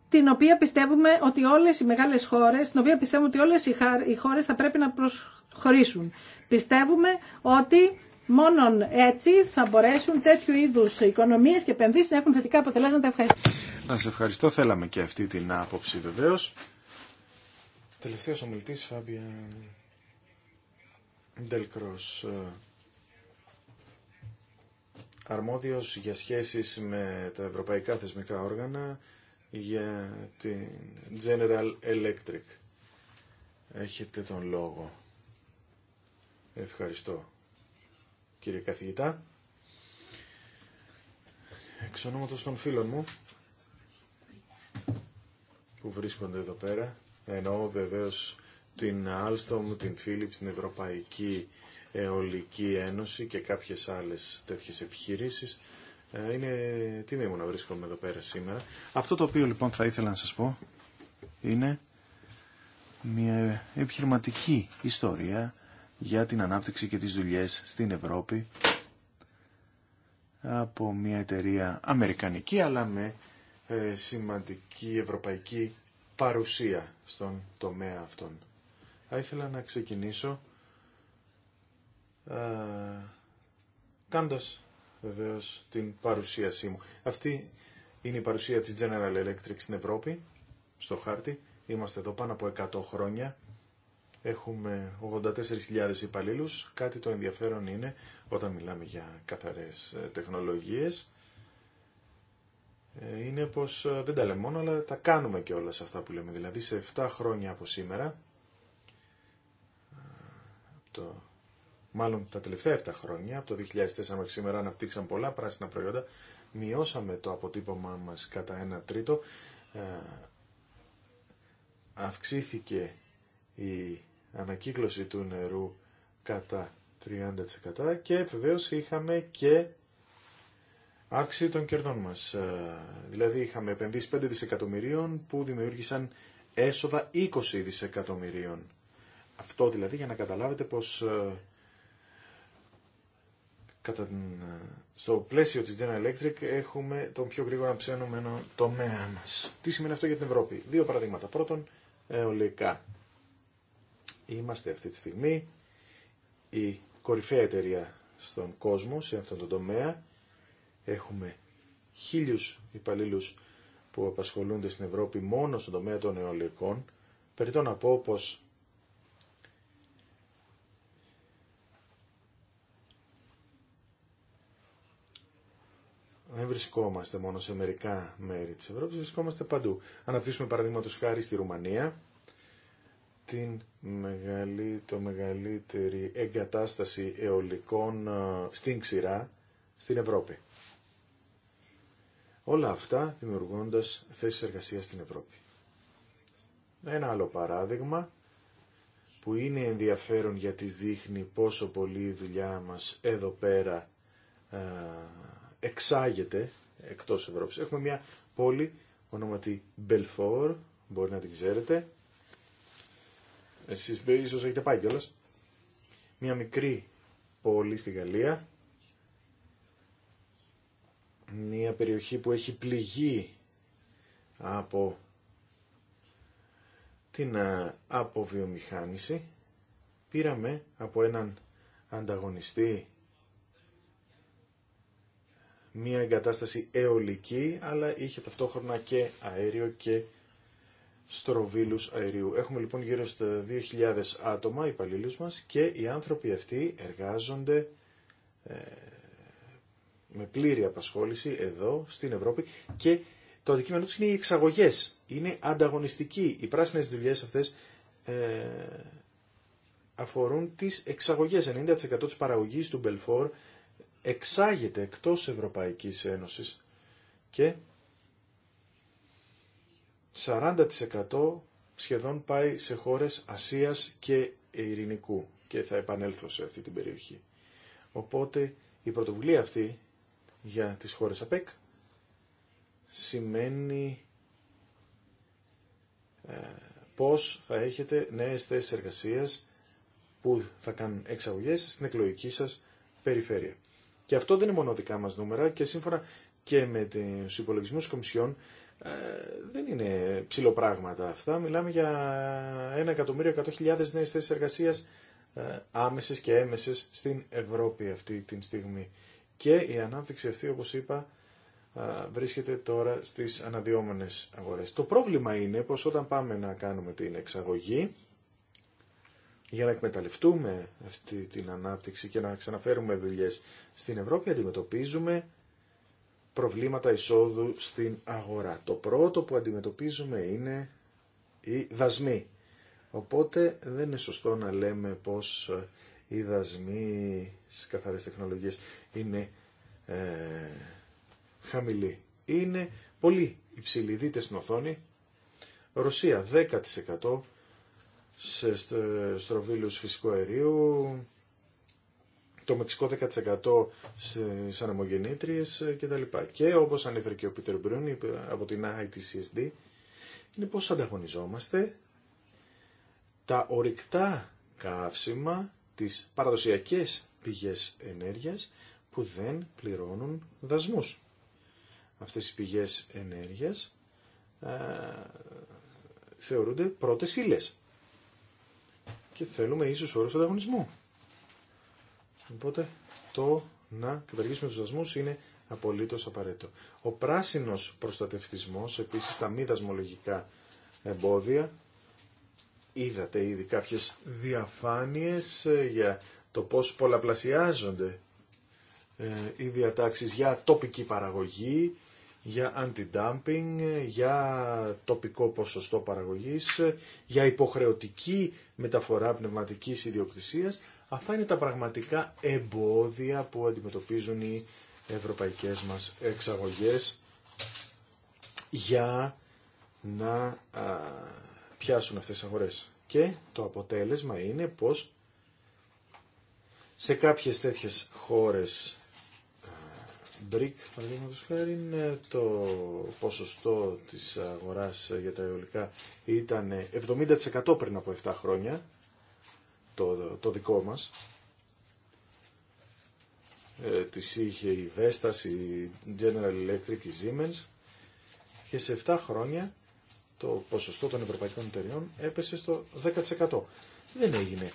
την οποία πιστεύουμε ότι όλες οι μεγάλες χώρες, την οποία πιστεύουμε ότι όλες οι χώρες θα πρέπει να προσχωρήσουν. Πιστεύουμε ότι μόνον έτσι θα μπορέσουν τέτοιου είδους οικονομίες και επενδύσεις να έχουν θετικά αποτελέσματα. Ευχαριστώ. Να ευχαριστώ. Θέλαμε και αυτή την άποψη βεβαίω. Τελευταίος ομιλητής Φάμπια Ντελκρός. Ε, αρμόδιος για σχέσεις με τα ευρωπαϊκά θεσμικά όργανα για την General Electric. Έχετε τον λόγο. Ευχαριστώ. Κύριε καθηγητά, εξ ονόματος των φίλων μου που βρίσκονται εδώ πέρα, ενώ βεβαίως την Alstom, την Philips, την Ευρωπαϊκή Εολική Ένωση και κάποιες άλλες τέτοιες επιχειρήσεις. Ε, είναι τιμή μου να βρίσκομαι εδώ πέρα σήμερα. Αυτό το οποίο λοιπόν θα ήθελα να σας πω είναι μια επιχειρηματική ιστορία για την ανάπτυξη και τις δουλειές στην Ευρώπη από μια εταιρεία αμερικανική αλλά με ε, σημαντική ευρωπαϊκή παρουσία στον τομέα αυτόν. Θα ήθελα να ξεκινήσω ε, κάνοντας βεβαίως την παρουσίασή μου. Αυτή είναι η παρουσία της General Electric στην Ευρώπη, στο χάρτη. Είμαστε εδώ πάνω από 100 χρόνια. Έχουμε 84.000 υπαλλήλους. Κάτι το ενδιαφέρον είναι όταν μιλάμε για καθαρές ε, τεχνολογίες. Ε, είναι πως δεν τα λέμε μόνο, αλλά τα κάνουμε και όλα σε αυτά που λέμε. Δηλαδή σε 7 χρόνια από σήμερα, το μάλλον τα τελευταία 7 χρόνια, από το 2004 μέχρι σήμερα αναπτύξαν πολλά πράσινα προϊόντα, μειώσαμε το αποτύπωμά μας κατά 1 τρίτο, ε, αυξήθηκε η ανακύκλωση του νερού κατά 30% και βεβαίω είχαμε και αύξηση των κερδών μας. Ε, δηλαδή είχαμε επενδύσει 5 δισεκατομμυρίων που δημιούργησαν έσοδα 20 δισεκατομμυρίων. Αυτό δηλαδή για να καταλάβετε πως ε, κατά την, ε, στο πλαίσιο της General Electric έχουμε τον πιο γρήγορα ψένομενο τομέα μας. Τι σημαίνει αυτό για την Ευρώπη. Δύο παραδείγματα. Πρώτον, αιωλικά. Είμαστε αυτή τη στιγμή η κορυφαία εταιρεία στον κόσμο σε αυτόν τον τομέα. Έχουμε χίλιους υπαλλήλους που απασχολούνται στην Ευρώπη μόνο στον τομέα των αιωλικών. Περιτώ να πω πως δεν βρισκόμαστε μόνο σε μερικά μέρη της Ευρώπης, βρισκόμαστε παντού. Αναπτύσσουμε παραδείγματο χάρη στη Ρουμανία, την το μεγαλύτερη εγκατάσταση αιωλικών ε, στην ξηρά στην Ευρώπη. Όλα αυτά δημιουργώντας θέσεις εργασίας στην Ευρώπη. Ένα άλλο παράδειγμα που είναι ενδιαφέρον γιατί δείχνει πόσο πολύ η δουλειά μας εδώ πέρα ε, εξάγεται εκτός Ευρώπης. Έχουμε μια πόλη ονομάτι Μπελφόρ, μπορεί να την ξέρετε. Εσείς ίσως έχετε πάει κιόλας. Μια μικρή πόλη στη Γαλλία. Μια περιοχή που έχει πληγεί από την αποβιομηχάνηση. Πήραμε από έναν ανταγωνιστή μια εγκατάσταση αιωλική, αλλά είχε ταυτόχρονα και αέριο και στροβίλους αερίου. Έχουμε λοιπόν γύρω στα 2.000 άτομα υπαλλήλους μας και οι άνθρωποι αυτοί εργάζονται ε, με πλήρη απασχόληση εδώ στην Ευρώπη και το αντικείμενο τους είναι οι εξαγωγές. Είναι ανταγωνιστικοί. Οι πράσινες δουλειές αυτές ε, αφορούν τις εξαγωγές. 90% της παραγωγής του Μπελφόρ εξάγεται εκτός Ευρωπαϊκής Ένωσης και 40% σχεδόν πάει σε χώρες Ασίας και Ειρηνικού και θα επανέλθω σε αυτή την περιοχή. Οπότε η πρωτοβουλία αυτή για τις χώρες ΑΠΕΚ σημαίνει ε, πώς θα έχετε νέες θέσεις εργασίας που θα κάνουν εξαγωγές στην εκλογική σας περιφέρεια. Και αυτό δεν είναι μόνο δικά μας νούμερα και σύμφωνα και με του υπολογισμού κομισιών ε, δεν είναι ψηλοπράγματα αυτά. Μιλάμε για 1.100.000 νέες θέσεις εργασίας ε, άμεσες και έμεσε στην Ευρώπη αυτή τη στιγμή. Και η ανάπτυξη αυτή, όπως είπα, ε, βρίσκεται τώρα στις αναδυόμενε αγορές. Το πρόβλημα είναι πω όταν πάμε να κάνουμε την εξαγωγή, για να εκμεταλλευτούμε αυτή την ανάπτυξη και να ξαναφέρουμε δουλειές στην Ευρώπη, αντιμετωπίζουμε προβλήματα εισόδου στην αγορά. Το πρώτο που αντιμετωπίζουμε είναι οι δασμοί. Οπότε δεν είναι σωστό να λέμε πως οι δασμοί στις καθαρές τεχνολογίες είναι ε, χαμηλοί. Είναι πολύ υψηλοί. Δείτε στην οθόνη. Ρωσία 10%, σε στροβίλους φυσικού αερίου, το Μεξικό 10% στις ανεμογεννήτριες ε, κτλ. Και όπως ανέφερε και ο Πίτερ Μπρούν από την ITCSD, είναι πώς ανταγωνιζόμαστε τα ορυκτά καύσιμα, τις παραδοσιακές πηγές ενέργειας που δεν πληρώνουν δασμούς. Αυτές οι πηγές ενέργειας α, ε, θεωρούνται πρώτες ύλες και θέλουμε ίσως όρους ανταγωνισμού. Οπότε το να καταργήσουμε τους δασμούς είναι απολύτως απαραίτητο. Ο πράσινος προστατευτισμός, επίσης τα μη δασμολογικά εμπόδια, είδατε ήδη κάποιες διαφάνειες ε, για το πώς πολλαπλασιάζονται ε, οι διατάξεις για τοπική παραγωγή, για αντι-dumping, για τοπικό ποσοστό παραγωγής, για υποχρεωτική μεταφορά πνευματικής ιδιοκτησίας. Αυτά είναι τα πραγματικά εμπόδια που αντιμετωπίζουν οι ευρωπαϊκές μας εξαγωγές για να α, πιάσουν αυτές τις αγορές. Και το αποτέλεσμα είναι πως σε κάποιες τέτοιες χώρες BRIC, παραδείγματο χάρη, το ποσοστό τη αγορά για τα αεολικά ήταν 70% πριν από 7 χρόνια, το, το δικό μα. Ε, είχε η Vestas, η General Electric, η Siemens και σε 7 χρόνια το ποσοστό των ευρωπαϊκών εταιριών έπεσε στο 10%. Δεν έγινε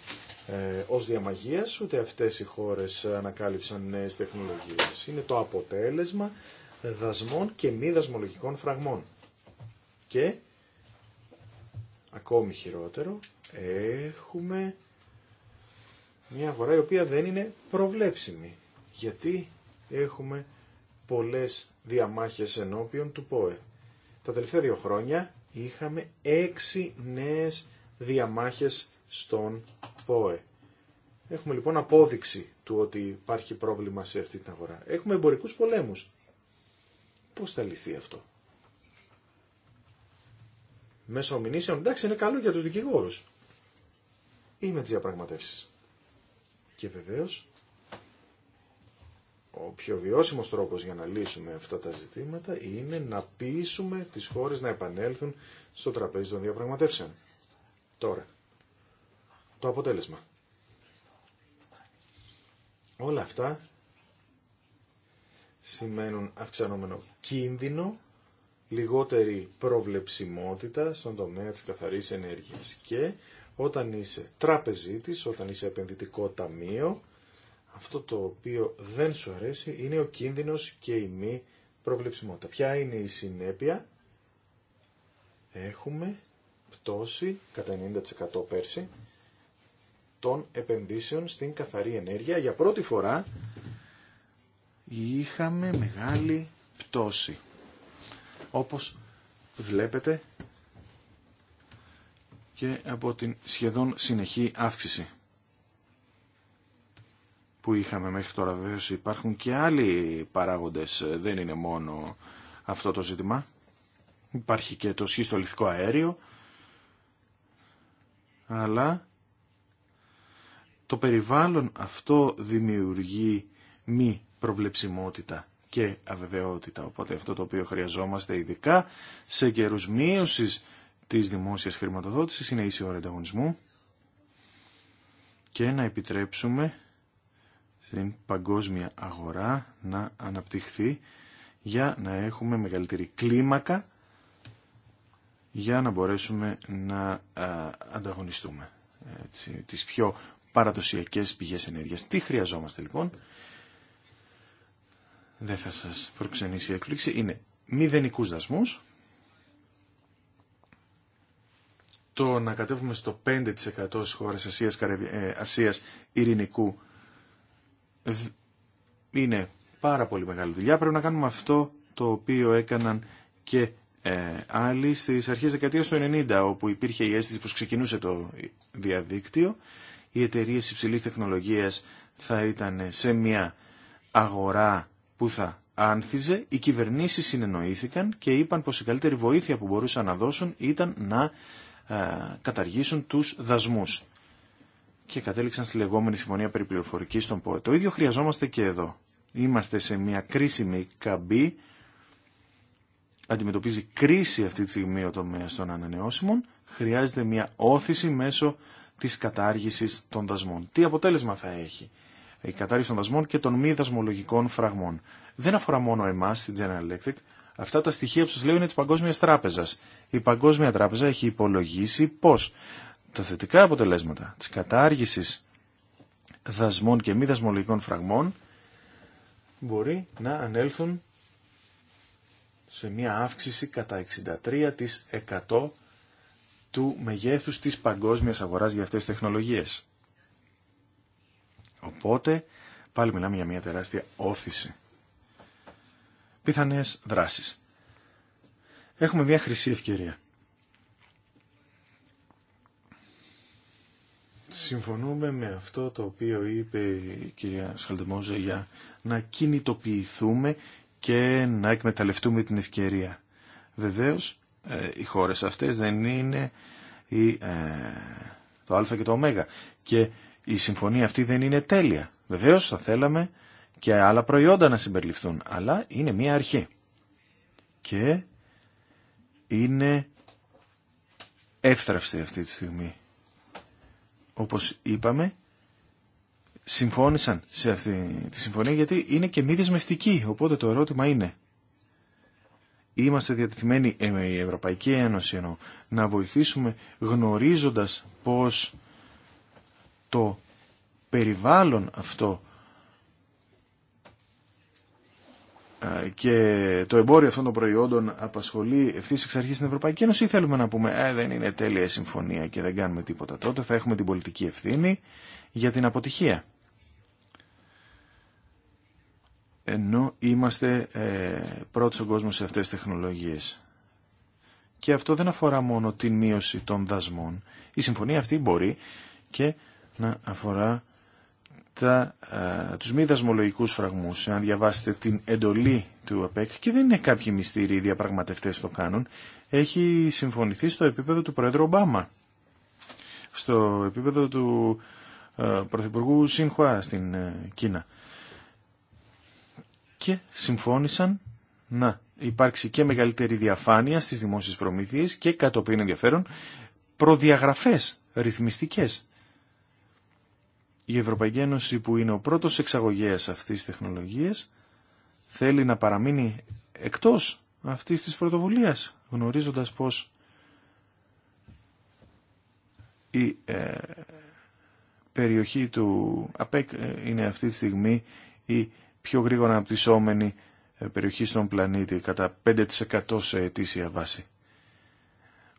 ε, ως διαμαγείας, ούτε αυτές οι χώρες ανακάλυψαν νέες τεχνολογίες. Είναι το αποτέλεσμα δασμών και μη δασμολογικών φραγμών. Και, ακόμη χειρότερο, έχουμε μια αγορά η οποία δεν είναι προβλέψιμη. Γιατί έχουμε πολλές διαμάχες ενώπιον του ΠΟΕ. Τα τελευταία δύο χρόνια είχαμε έξι νέες διαμάχες στον ΠΟΕ. Έχουμε λοιπόν απόδειξη του ότι υπάρχει πρόβλημα σε αυτή την αγορά. Έχουμε εμπορικούς πολέμους. Πώς θα λυθεί αυτό. Μέσω ομινήσεων, εντάξει, είναι καλό για τους δικηγόρους. Ή με τις διαπραγματεύσεις. Και βεβαίως, ο πιο βιώσιμος τρόπος για να λύσουμε αυτά τα ζητήματα είναι να πείσουμε τις χώρες να επανέλθουν στο τραπέζι των διαπραγματεύσεων. Τώρα, το αποτέλεσμα. Όλα αυτά σημαίνουν αυξανόμενο κίνδυνο, λιγότερη προβλεψιμότητα στον τομέα της καθαρής ενέργειας και όταν είσαι τραπεζίτης, όταν είσαι επενδυτικό ταμείο, αυτό το οποίο δεν σου αρέσει είναι ο κίνδυνος και η μη προβλεψιμότητα. Ποια είναι η συνέπεια? Έχουμε πτώση κατά 90% πέρσι των επενδύσεων στην καθαρή ενέργεια. Για πρώτη φορά είχαμε μεγάλη πτώση. Όπως βλέπετε και από την σχεδόν συνεχή αύξηση που είχαμε μέχρι τώρα. Βεβαίω υπάρχουν και άλλοι παράγοντες, δεν είναι μόνο αυτό το ζήτημα. Υπάρχει και το σχιστολιθικό αέριο, αλλά το περιβάλλον αυτό δημιουργεί μη προβλεψιμότητα και αβεβαιότητα. Οπότε αυτό το οποίο χρειαζόμαστε ειδικά σε καιρούς μείωσης της δημόσιας χρηματοδότησης είναι ίση ώρα ανταγωνισμού και να επιτρέψουμε στην παγκόσμια αγορά να αναπτυχθεί για να έχουμε μεγαλύτερη κλίμακα για να μπορέσουμε να ανταγωνιστούμε έτσι, τις πιο παραδοσιακές πηγές ενέργειας. Τι χρειαζόμαστε λοιπόν, δεν θα σας προξενήσει η εκπλήξη, είναι μηδενικούς δασμούς, το να κατέβουμε στο 5% στις χώρες Ασίας, ε, Ασίας Ειρηνικού είναι πάρα πολύ μεγάλη δουλειά. Πρέπει να κάνουμε αυτό το οποίο έκαναν και ε, άλλοι στις αρχές δεκαετίας του 90, όπου υπήρχε η αίσθηση πως ξεκινούσε το διαδίκτυο οι εταιρείε υψηλή τεχνολογίας θα ήταν σε μια αγορά που θα άνθιζε, οι κυβερνήσεις συνεννοήθηκαν και είπαν πως η καλύτερη βοήθεια που μπορούσαν να δώσουν ήταν να ε, καταργήσουν τους δασμούς. Και κατέληξαν στη λεγόμενη Συμφωνία Περιπληροφορικής στον ΠΟΕ. Το ίδιο χρειαζόμαστε και εδώ. Είμαστε σε μια κρίσιμη καμπή, αντιμετωπίζει κρίση αυτή τη στιγμή ο τομέα των ανανεώσιμων, χρειάζεται μια όθηση μέσω της κατάργησης των δασμών. Τι αποτέλεσμα θα έχει η κατάργηση των δασμών και των μη δασμολογικών φραγμών. Δεν αφορά μόνο εμάς στην General Electric, Αυτά τα στοιχεία που σας λέω είναι της Παγκόσμιας Τράπεζας. Η Παγκόσμια Τράπεζα έχει υπολογίσει πως τα θετικά αποτελέσματα της κατάργησης δασμών και μη δασμολογικών φραγμών μπορεί να ανέλθουν σε μια αύξηση κατά 63% του μεγέθους της παγκόσμιας αγοράς για αυτές τις τεχνολογίες. Οπότε, πάλι μιλάμε για μια τεράστια όθηση. Πιθανές δράσεις. Έχουμε μια χρυσή ευκαιρία. Συμφωνούμε με αυτό το οποίο είπε η κυρία Σχαλτεμόζε για να κινητοποιηθούμε και να εκμεταλλευτούμε την ευκαιρία. Βεβαίως, ε, οι χώρες αυτές δεν είναι η, ε, το α και το ω. Και η συμφωνία αυτή δεν είναι τέλεια. Βεβαίως θα θέλαμε και άλλα προϊόντα να συμπεριληφθούν, αλλά είναι μία αρχή. Και είναι εύθραυστη αυτή τη στιγμή. Όπως είπαμε, συμφώνησαν σε αυτή τη συμφωνία γιατί είναι και μη δεσμευτική, οπότε το ερώτημα είναι Είμαστε διατεθειμένοι, ε, η Ευρωπαϊκή Ένωση να βοηθήσουμε γνωρίζοντας πως το περιβάλλον αυτό και το εμπόριο αυτών των προϊόντων απασχολεί ευθύς εξ αρχή στην Ευρωπαϊκή Ένωση ή θέλουμε να πούμε ε, δεν είναι τέλεια συμφωνία και δεν κάνουμε τίποτα τότε θα έχουμε την πολιτική ευθύνη για την αποτυχία ενώ είμαστε ε, πρώτοι στον κόσμο σε αυτές τις τεχνολογίες. Και αυτό δεν αφορά μόνο την μείωση των δασμών. Η συμφωνία αυτή μπορεί και να αφορά τα, ε, τους μη δασμολογικούς φραγμούς. Αν διαβάσετε την εντολή του ΑΠΕΚ και δεν είναι κάποιοι μυστήριοι διαπραγματευτές το κάνουν, έχει συμφωνηθεί στο επίπεδο του Πρόεδρου Ομπάμα, στο επίπεδο του ε, Πρωθυπουργού Σινχουά στην Κίνα και συμφώνησαν να υπάρξει και μεγαλύτερη διαφάνεια στις δημόσιες προμήθειες και που είναι ενδιαφέρον προδιαγραφές ρυθμιστικές. Η Ευρωπαϊκή Ένωση που είναι ο πρώτος εξαγωγέας αυτής της τεχνολογίας θέλει να παραμείνει εκτός αυτής της πρωτοβουλίας γνωρίζοντας πως η ε, περιοχή του ΑΠΕΚ ε, είναι αυτή τη στιγμή η πιο γρήγορα αναπτυσσόμενη ε, περιοχή στον πλανήτη κατά 5% σε ετήσια βάση.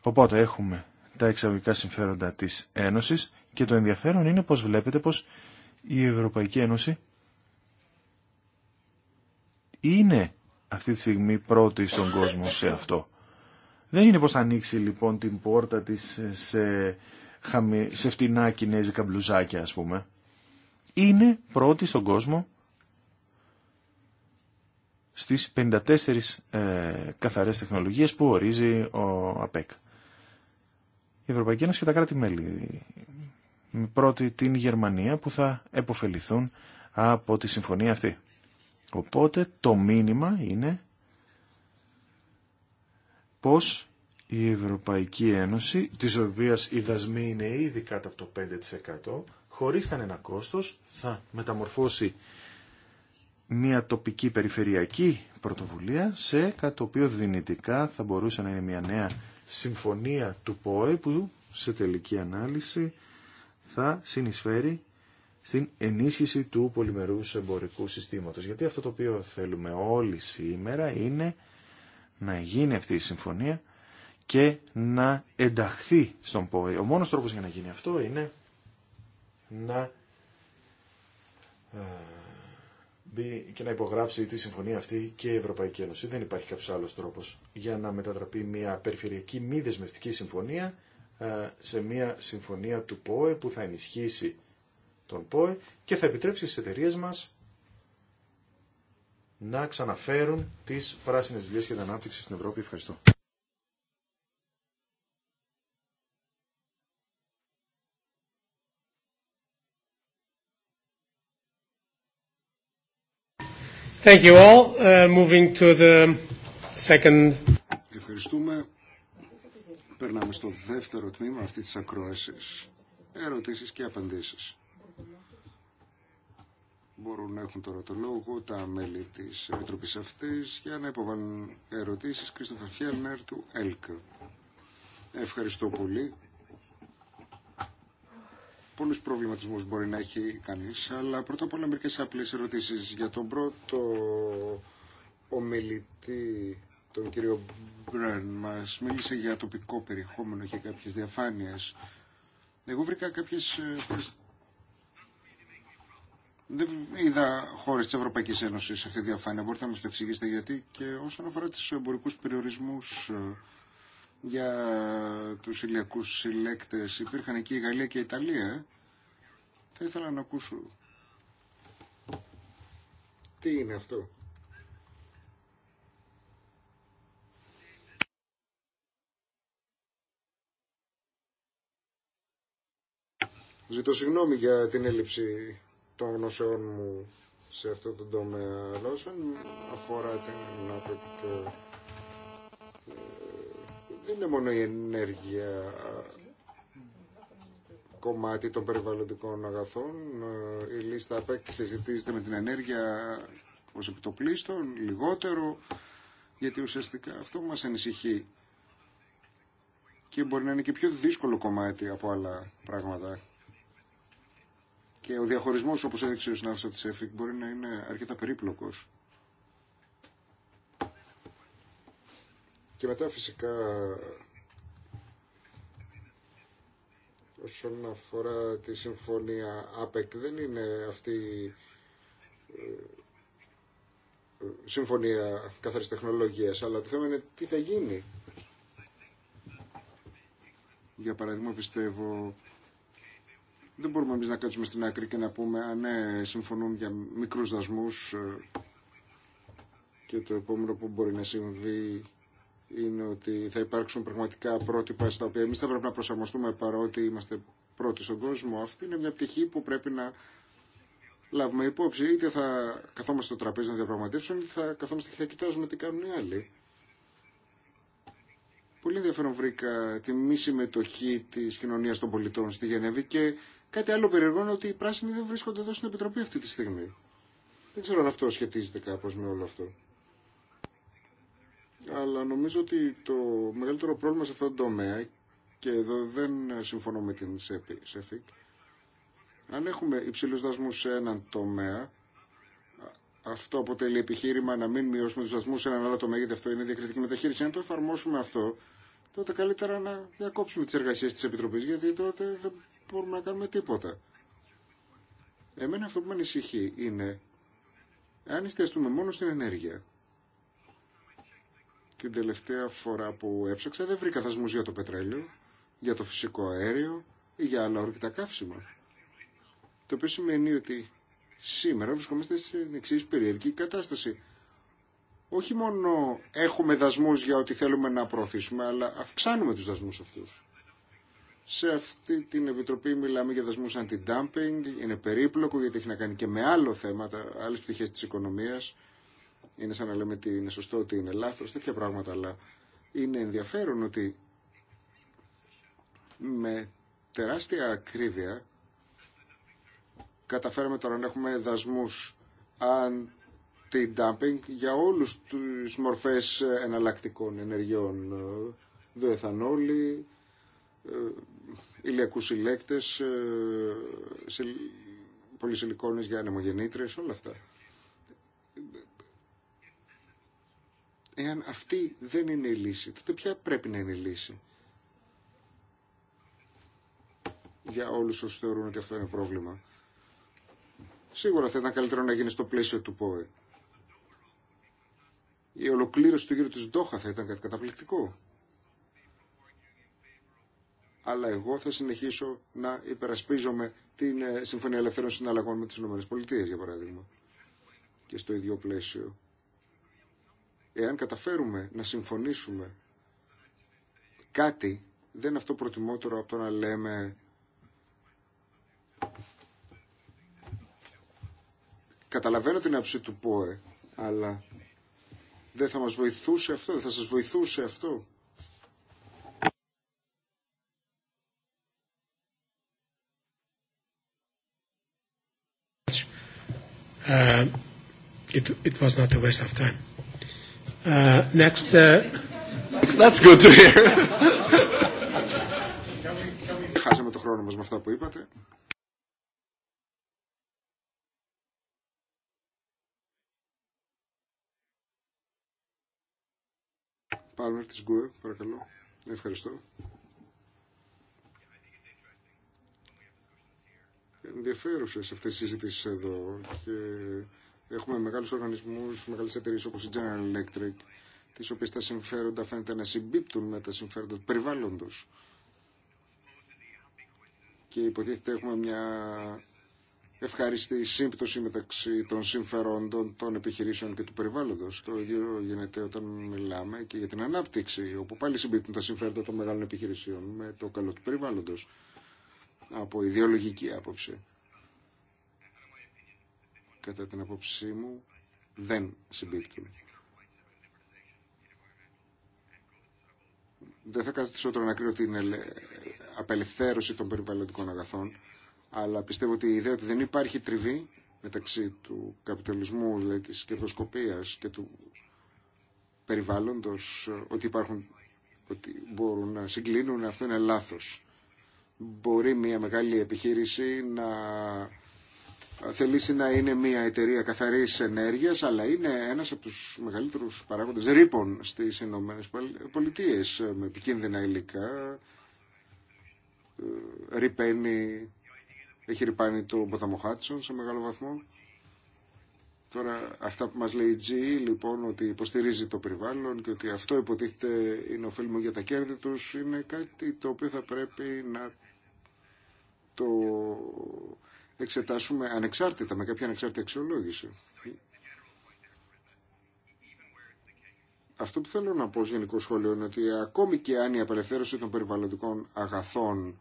Οπότε έχουμε τα εξαγωγικά συμφέροντα της Ένωσης και το ενδιαφέρον είναι πως βλέπετε πως η Ευρωπαϊκή Ένωση είναι αυτή τη στιγμή πρώτη στον κόσμο σε αυτό. Δεν είναι πως θα ανοίξει λοιπόν την πόρτα της ε, σε, σε φτηνά κινέζικα μπλουζάκια ας πούμε. Είναι πρώτη στον κόσμο στις 54 ε, καθαρές τεχνολογίες που ορίζει ο ΑΠΕΚ. Η Ευρωπαϊκή Ένωση και τα κράτη-μέλη. Πρώτη την Γερμανία που θα επωφεληθούν από τη συμφωνία αυτή. Οπότε το μήνυμα είναι πως η Ευρωπαϊκή Ένωση, της οποίας οι δασμοί είναι ήδη κάτω από το 5%, χωρίς ένα κόστος, θα μεταμορφώσει μια τοπική περιφερειακή πρωτοβουλία σε κάτι το οποίο δυνητικά θα μπορούσε να είναι μια νέα συμφωνία του ΠΟΕ που σε τελική ανάλυση θα συνεισφέρει στην ενίσχυση του πολυμερούς εμπορικού συστήματος. Γιατί αυτό το οποίο θέλουμε όλοι σήμερα είναι να γίνει αυτή η συμφωνία και να ενταχθεί στον ΠΟΕ. Ο μόνος τρόπος για να γίνει αυτό είναι να ε, και να υπογράψει τη συμφωνία αυτή και η Ευρωπαϊκή Ένωση. Δεν υπάρχει κάποιο άλλο τρόπο για να μετατραπεί μια περιφερειακή μη δεσμευτική συμφωνία ε, σε μια συμφωνία του ΠΟΕ που θα ενισχύσει τον ΠΟΕ και θα επιτρέψει στι εταιρείε μα να ξαναφέρουν τις πράσινες δουλειέ και την ανάπτυξη στην Ευρώπη. Ευχαριστώ. Thank you all. Uh, moving to the second... Ευχαριστούμε. Περνάμε στο δεύτερο τμήμα αυτής της ακρόασης. Ερωτήσεις και απαντήσεις. Μπορούν να έχουν τώρα το λόγο τα μέλη της Επιτροπής αυτής για να υποβάλουν ερωτήσεις. Κρίστοφα Φιέλνερ του ΕΛΚ. Ευχαριστώ πολύ πολλούς προβληματισμούς μπορεί να έχει κανείς, αλλά πρώτα απ' όλα μερικές απλές ερωτήσεις για τον πρώτο ομιλητή, τον κύριο Μπρεν, μας μίλησε για τοπικό περιεχόμενο και κάποιες διαφάνειες. Εγώ βρήκα κάποιες ε, Δεν είδα χώρε τη Ευρωπαϊκή Ένωση σε αυτή τη διαφάνεια. Μπορείτε να μα το εξηγήσετε γιατί και όσον αφορά του εμπορικού περιορισμού ε, για τους ηλιακούς συλλέκτες. Υπήρχαν εκεί η Γαλλία και η Ιταλία. Ε. Θα ήθελα να ακούσω. Τι είναι αυτό. Ζητώ συγγνώμη για την έλλειψη των γνωσεών μου σε αυτό το τομέα, αλλά όσον αφορά την και ε, δεν είναι μόνο η ενέργεια κομμάτι των περιβαλλοντικών αγαθών. Ε, η λίστα ΑΠΕΚ συζητήσεται με την ενέργεια ως επιτοπλίστων, λιγότερο, γιατί ουσιαστικά αυτό μας ανησυχεί και μπορεί να είναι και πιο δύσκολο κομμάτι από άλλα πράγματα. Και ο διαχωρισμός, όπως έδειξε ο συνάδελφος της ΕΦΙΚ, μπορεί να είναι αρκετά περίπλοκος. Και μετά φυσικά όσον αφορά τη συμφωνία ΑΠΕΚ δεν είναι αυτή ε, συμφωνία καθαρής τεχνολογίας αλλά το θέμα είναι τι θα γίνει για παράδειγμα πιστεύω δεν μπορούμε εμείς να κάτσουμε στην άκρη και να πούμε αν ναι, συμφωνούν για μικρούς δασμούς ε, και το επόμενο που μπορεί να συμβεί είναι ότι θα υπάρξουν πραγματικά πρότυπα στα οποία εμείς θα πρέπει να προσαρμοστούμε παρότι είμαστε πρώτοι στον κόσμο. Αυτή είναι μια πτυχή που πρέπει να λάβουμε υπόψη. Είτε θα καθόμαστε στο τραπέζι να διαπραγματεύσουμε, είτε θα καθόμαστε και θα κοιτάζουμε τι κάνουν οι άλλοι. Πολύ ενδιαφέρον βρήκα τη μη συμμετοχή τη κοινωνία των πολιτών στη Γενέβη και κάτι άλλο περίεργο είναι ότι οι πράσινοι δεν βρίσκονται εδώ στην Επιτροπή αυτή τη στιγμή. Δεν ξέρω αν αυτό σχετίζεται κάπως με όλο αυτό αλλά νομίζω ότι το μεγαλύτερο πρόβλημα σε αυτό το τομέα και εδώ δεν συμφωνώ με την ΣΕΦΙΚ αν έχουμε υψηλούς δασμούς σε έναν τομέα αυτό αποτελεί επιχείρημα να μην μειώσουμε τους δασμούς σε έναν άλλο τομέα γιατί αυτό είναι διακριτική μεταχείριση αν το εφαρμόσουμε αυτό τότε καλύτερα να διακόψουμε τις εργασίες της Επιτροπής γιατί τότε δεν μπορούμε να κάνουμε τίποτα εμένα αυτό που με ανησυχεί είναι αν εστιαστούμε μόνο στην ενέργεια την τελευταία φορά που έψαξα δεν βρήκα δασμούς για το πετρέλαιο, για το φυσικό αέριο ή για άλλα ορκητά καύσιμα. Το οποίο σημαίνει ότι σήμερα βρισκόμαστε στην εξή περίεργη κατάσταση. Όχι μόνο έχουμε δασμούς για ό,τι θέλουμε να προωθήσουμε, αλλά αυξάνουμε τους δασμούς αυτούς. Σε αυτή την επιτροπή μιλάμε για δασμούς αντι-dumping, είναι περίπλοκο γιατί έχει να κάνει και με άλλο θέματα, άλλες πτυχές της οικονομίας. Είναι σαν να λέμε ότι είναι σωστό, τι είναι λάθος, τέτοια πράγματα, αλλά είναι ενδιαφέρον ότι με τεράστια ακρίβεια καταφέραμε τώρα να έχουμε την αντι-dumping για όλους τους μορφές εναλλακτικών ενεργειών. Διοεθανόλη, ε, ηλιακούς συλλέκτες, ε, πολυσιλικόνες για ανεμογεννήτρες, όλα αυτά. Εάν αυτή δεν είναι η λύση, τότε ποια πρέπει να είναι η λύση. Για όλους όσου θεωρούν ότι αυτό είναι πρόβλημα. Σίγουρα θα ήταν καλύτερο να γίνει στο πλαίσιο του ΠΟΕ. Η ολοκλήρωση του γύρου της Ντόχα θα ήταν κάτι καταπληκτικό. Αλλά εγώ θα συνεχίσω να υπερασπίζομαι την ε, Συμφωνία Ελευθέρων Συναλλαγών με τις ΗΠΑ, για παράδειγμα. Και στο ίδιο πλαίσιο Εάν καταφέρουμε να συμφωνήσουμε κάτι, δεν είναι αυτό προτιμότερο από το να λέμε καταλαβαίνω την άψη του ΠΟΕ, αλλά δεν θα μας βοηθούσε αυτό, δεν θα σας βοηθούσε αυτό. Uh, Uh, next. Uh, That's good to hear. Χάσαμε το χρόνο μας με αυτά που είπατε. Πάλμερ της Γκουε, παρακαλώ. Ευχαριστώ. Ενδιαφέρουσες αυτές οι συζητήσεις εδώ και Έχουμε μεγάλους οργανισμούς, μεγάλες εταιρείες όπως η General Electric, τις οποίες τα συμφέροντα φαίνεται να συμπίπτουν με τα συμφέροντα του περιβάλλοντος. Και υποτίθεται έχουμε μια ευχάριστη σύμπτωση μεταξύ των συμφερόντων των επιχειρήσεων και του περιβάλλοντος. Το ίδιο γίνεται όταν μιλάμε και για την ανάπτυξη, όπου πάλι συμπίπτουν τα συμφέροντα των μεγάλων επιχειρήσεων με το καλό του περιβάλλοντος από ιδεολογική άποψη κατά την απόψή μου, δεν συμπίπτουν. Δεν θα καθίσω τώρα να κρίνω την απελευθέρωση των περιβαλλοντικών αγαθών, αλλά πιστεύω ότι η ιδέα ότι δεν υπάρχει τριβή μεταξύ του καπιταλισμού, δηλαδή της κερδοσκοπίας και του περιβάλλοντος, ότι υπάρχουν, ότι μπορούν να συγκλίνουν, αυτό είναι λάθος. Μπορεί μια μεγάλη επιχείρηση να θελήσει να είναι μια εταιρεία καθαρή ενέργεια, αλλά είναι ένα από του μεγαλύτερου παράγοντε ρήπων στι Ηνωμένε Πολιτείε με επικίνδυνα υλικά. Ε, ρηπαίνει, έχει ρηπάνει το ποταμό σε μεγάλο βαθμό. Τώρα αυτά που μας λέει η GE λοιπόν ότι υποστηρίζει το περιβάλλον και ότι αυτό υποτίθεται είναι ωφέλιμο για τα κέρδη τους είναι κάτι το οποίο θα πρέπει να το εξετάσουμε ανεξάρτητα, με κάποια ανεξάρτητη αξιολόγηση. Αυτό που θέλω να πω ως γενικό σχόλιο είναι ότι ακόμη και αν η απελευθέρωση των περιβαλλοντικών αγαθών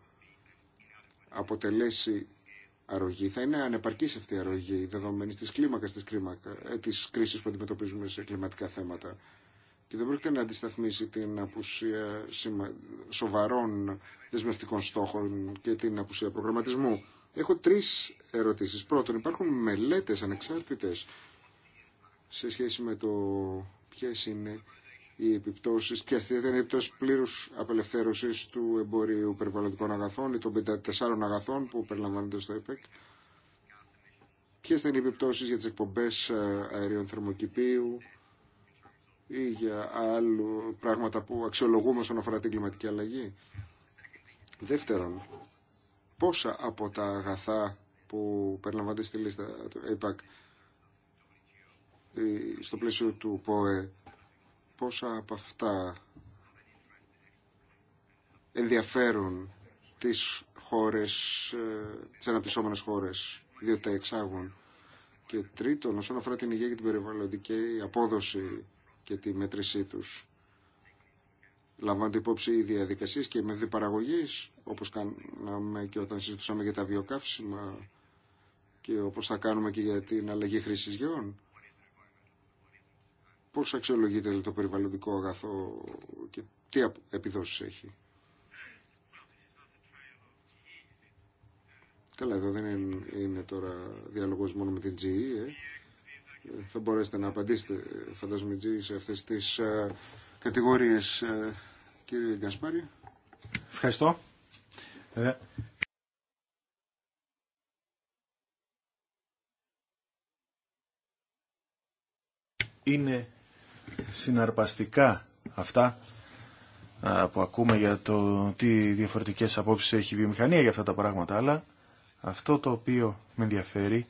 αποτελέσει αρρωγή, θα είναι ανεπαρκής αυτή η αρρωγή δεδομένη της κλίμακας της, κλίμακα, ε, της κρίσης που αντιμετωπίζουμε σε κλιματικά θέματα και δεν πρόκειται να αντισταθμίσει την απουσία σοβαρών δεσμευτικών στόχων και την απουσία προγραμματισμού. Έχω τρει ερωτήσει. Πρώτον, υπάρχουν μελέτε ανεξάρτητε σε σχέση με το ποιε είναι οι επιπτώσει και αυτή δεν η επιπτώσει πλήρους απελευθέρωση του εμπορίου περιβαλλοντικών αγαθών ή των 54 αγαθών που περιλαμβάνονται στο ΕΠΕΚ. Ποιε θα είναι οι επιπτώσει για τι εκπομπέ ε, αερίων θερμοκηπίου ή για άλλου πράγματα που αξιολογούμε όσον αφορά την κλιματική αλλαγή. Δεύτερον, πόσα από τα αγαθά που περιλαμβάνεται στη λίστα του ΑΙΠΑΚ ε, στο πλαίσιο του ΠΟΕ, πόσα από αυτά ενδιαφέρουν τις χώρες, ε, τις αναπτυσσόμενες χώρες, διότι τα εξάγουν. Και τρίτον, όσον αφορά την υγεία και την περιβαλλοντική απόδοση και τη μέτρησή τους λαμβάνονται υπόψη η διαδικασίε και οι μέθοδοι όπω κάναμε και όταν συζητούσαμε για τα βιοκαύσιμα και όπω θα κάνουμε και για την αλλαγή χρήση γεών. Πώ αξιολογείται δηλαδή, το περιβαλλοντικό αγαθό και τι επιδόσει έχει. Καλά, εδώ δεν είναι, είναι τώρα διάλογος μόνο με την GE. Ε. ε. Θα μπορέσετε να απαντήσετε, φαντάζομαι, GE, σε αυτές τις ε, κατηγορίες. Ε, κύριε Γκασπάρη. Ευχαριστώ. Ε, είναι συναρπαστικά αυτά ε, που ακούμε για το τι διαφορετικές απόψεις έχει η βιομηχανία για αυτά τα πράγματα, αλλά αυτό το οποίο με ενδιαφέρει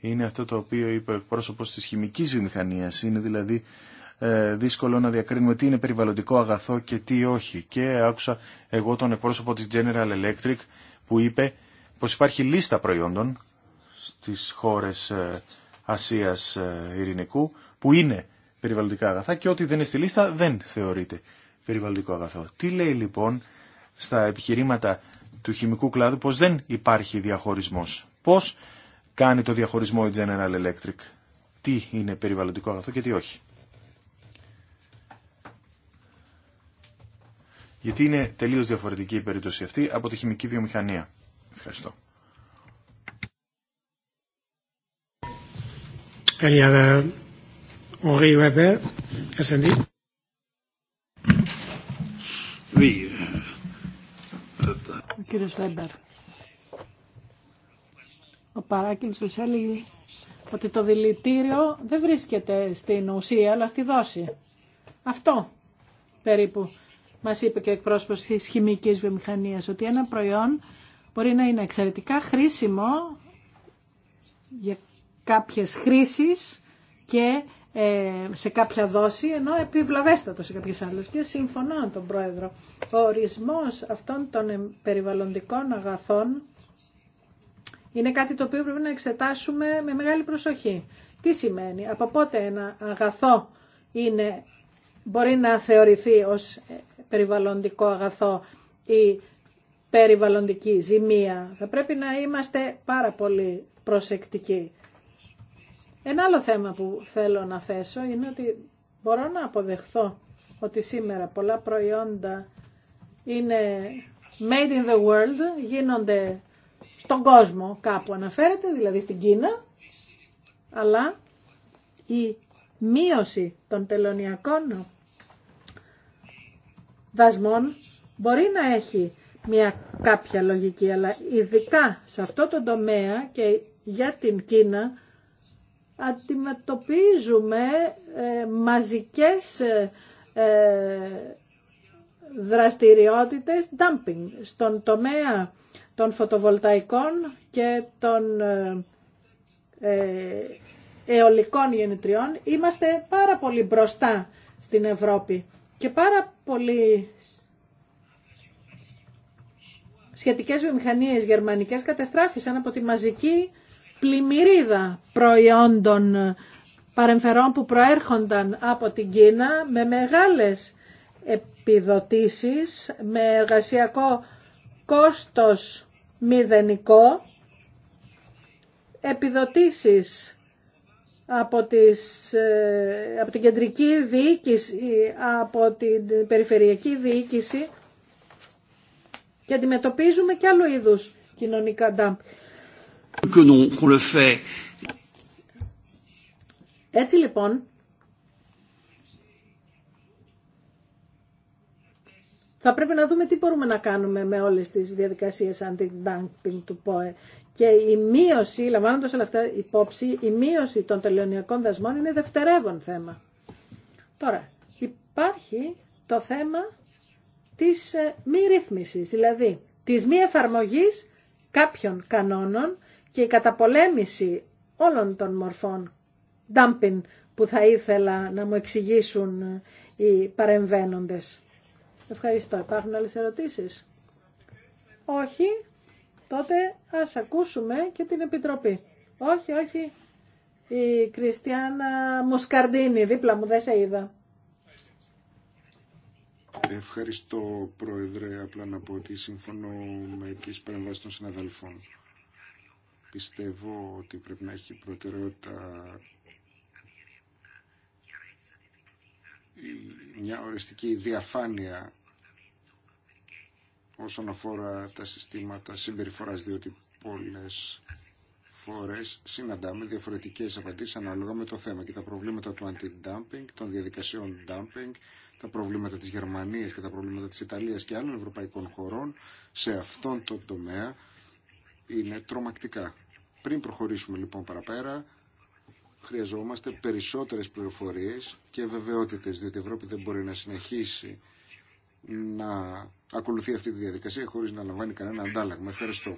είναι αυτό το οποίο είπε ο εκπρόσωπος της χημικής βιομηχανίας. Είναι δηλαδή ε, δύσκολο να διακρίνουμε τι είναι περιβαλλοντικό αγαθό και τι όχι. Και άκουσα εγώ τον εκπρόσωπο της General Electric που είπε πως υπάρχει λίστα προϊόντων στις χώρες ε, Ασίας ε, Ειρηνικού που είναι περιβαλλοντικά αγαθά και ό,τι δεν είναι στη λίστα δεν θεωρείται περιβαλλοντικό αγαθό. Τι λέει λοιπόν στα επιχειρήματα του χημικού κλάδου πως δεν υπάρχει διαχωρισμός. Πώς κάνει το διαχωρισμό η General Electric. Τι είναι περιβαλλοντικό αγαθό και τι όχι. Γιατί είναι τελείως διαφορετική η περίπτωση αυτή από τη χημική βιομηχανία. Ευχαριστώ. Ο κύριος Βέμπερ. Ο σου έλεγε ότι το δηλητήριο δεν βρίσκεται στην ουσία αλλά στη δόση. Αυτό περίπου μας είπε και ο εκπρόσωπος της χημικής βιομηχανίας ότι ένα προϊόν μπορεί να είναι εξαιρετικά χρήσιμο για κάποιες χρήσεις και ε, σε κάποια δόση, ενώ επιβλαβέστατο σε κάποιες άλλες. Και συμφωνώ με τον Πρόεδρο. Ο ορισμός αυτών των περιβαλλοντικών αγαθών είναι κάτι το οποίο πρέπει να εξετάσουμε με μεγάλη προσοχή. Τι σημαίνει, από πότε ένα αγαθό είναι, μπορεί να θεωρηθεί ως ε, περιβαλλοντικό αγαθό ή περιβαλλοντική ζημία. Θα πρέπει να είμαστε πάρα πολύ προσεκτικοί. Ένα άλλο θέμα που θέλω να θέσω είναι ότι μπορώ να αποδεχθώ ότι σήμερα πολλά προϊόντα είναι made in the world, γίνονται στον κόσμο κάπου αναφέρεται, δηλαδή στην Κίνα, αλλά η μείωση των τελωνιακών δασμών μπορεί να έχει μια κάποια λογική, αλλά ειδικά σε αυτό το τομέα και για την Κίνα αντιμετωπίζουμε ε, μαζικές ε, ε, δραστηριότητες dumping στον τομέα των φωτοβολταϊκών και των αιωλικών γεννητριών. Είμαστε πάρα πολύ μπροστά στην Ευρώπη και πάρα πολύ σχετικές βιομηχανίες γερμανικές καταστράφησαν από τη μαζική πλημμυρίδα προϊόντων παρεμφερών που προέρχονταν από την Κίνα με μεγάλες επιδοτήσεις, με εργασιακό κόστος μηδενικό, επιδοτήσεις από, τις, ε, από την κεντρική διοίκηση, από την περιφερειακή διοίκηση και αντιμετωπίζουμε και άλλου είδους κοινωνικά ντάμπ. Έτσι λοιπόν, θα πρέπει να δούμε τι μπορούμε να κάνουμε με όλες τις διαδικασίες αντι-dumping του ΠΟΕ και η μείωση, λαμβάνοντα όλα αυτά υπόψη, η μείωση των τελωνιακών δασμών είναι δευτερεύον θέμα. Τώρα, υπάρχει το θέμα της ε, μη ρύθμισης, δηλαδή της μη εφαρμογής κάποιων κανόνων και η καταπολέμηση όλων των μορφών dumping που θα ήθελα να μου εξηγήσουν ε, οι παρεμβαίνοντες. Ευχαριστώ. Υπάρχουν άλλες ερωτήσεις. Όχι τότε ας ακούσουμε και την Επιτροπή. Όχι, όχι, η Κριστιάνα Μοσκαρντίνη, δίπλα μου, δεν σε είδα. Ευχαριστώ, Πρόεδρε, απλά να πω ότι συμφωνώ με τις παρεμβάσεις των συναδελφών. Πιστεύω ότι πρέπει να έχει προτεραιότητα μια οριστική διαφάνεια όσον αφορά τα συστήματα συμπεριφοράς, διότι πολλές φορές συναντάμε διαφορετικές απαντήσεις ανάλογα με το θέμα και τα προβλήματα του anti-dumping, των διαδικασιών dumping, τα προβλήματα της Γερμανίας και τα προβλήματα της Ιταλίας και άλλων ευρωπαϊκών χωρών σε αυτόν τον τομέα είναι τρομακτικά. Πριν προχωρήσουμε λοιπόν παραπέρα, χρειαζόμαστε περισσότερες πληροφορίες και βεβαιότητες, διότι η Ευρώπη δεν μπορεί να συνεχίσει να ακολουθεί αυτή τη διαδικασία χωρίς να λαμβάνει κανένα αντάλλαγμα. Ευχαριστώ.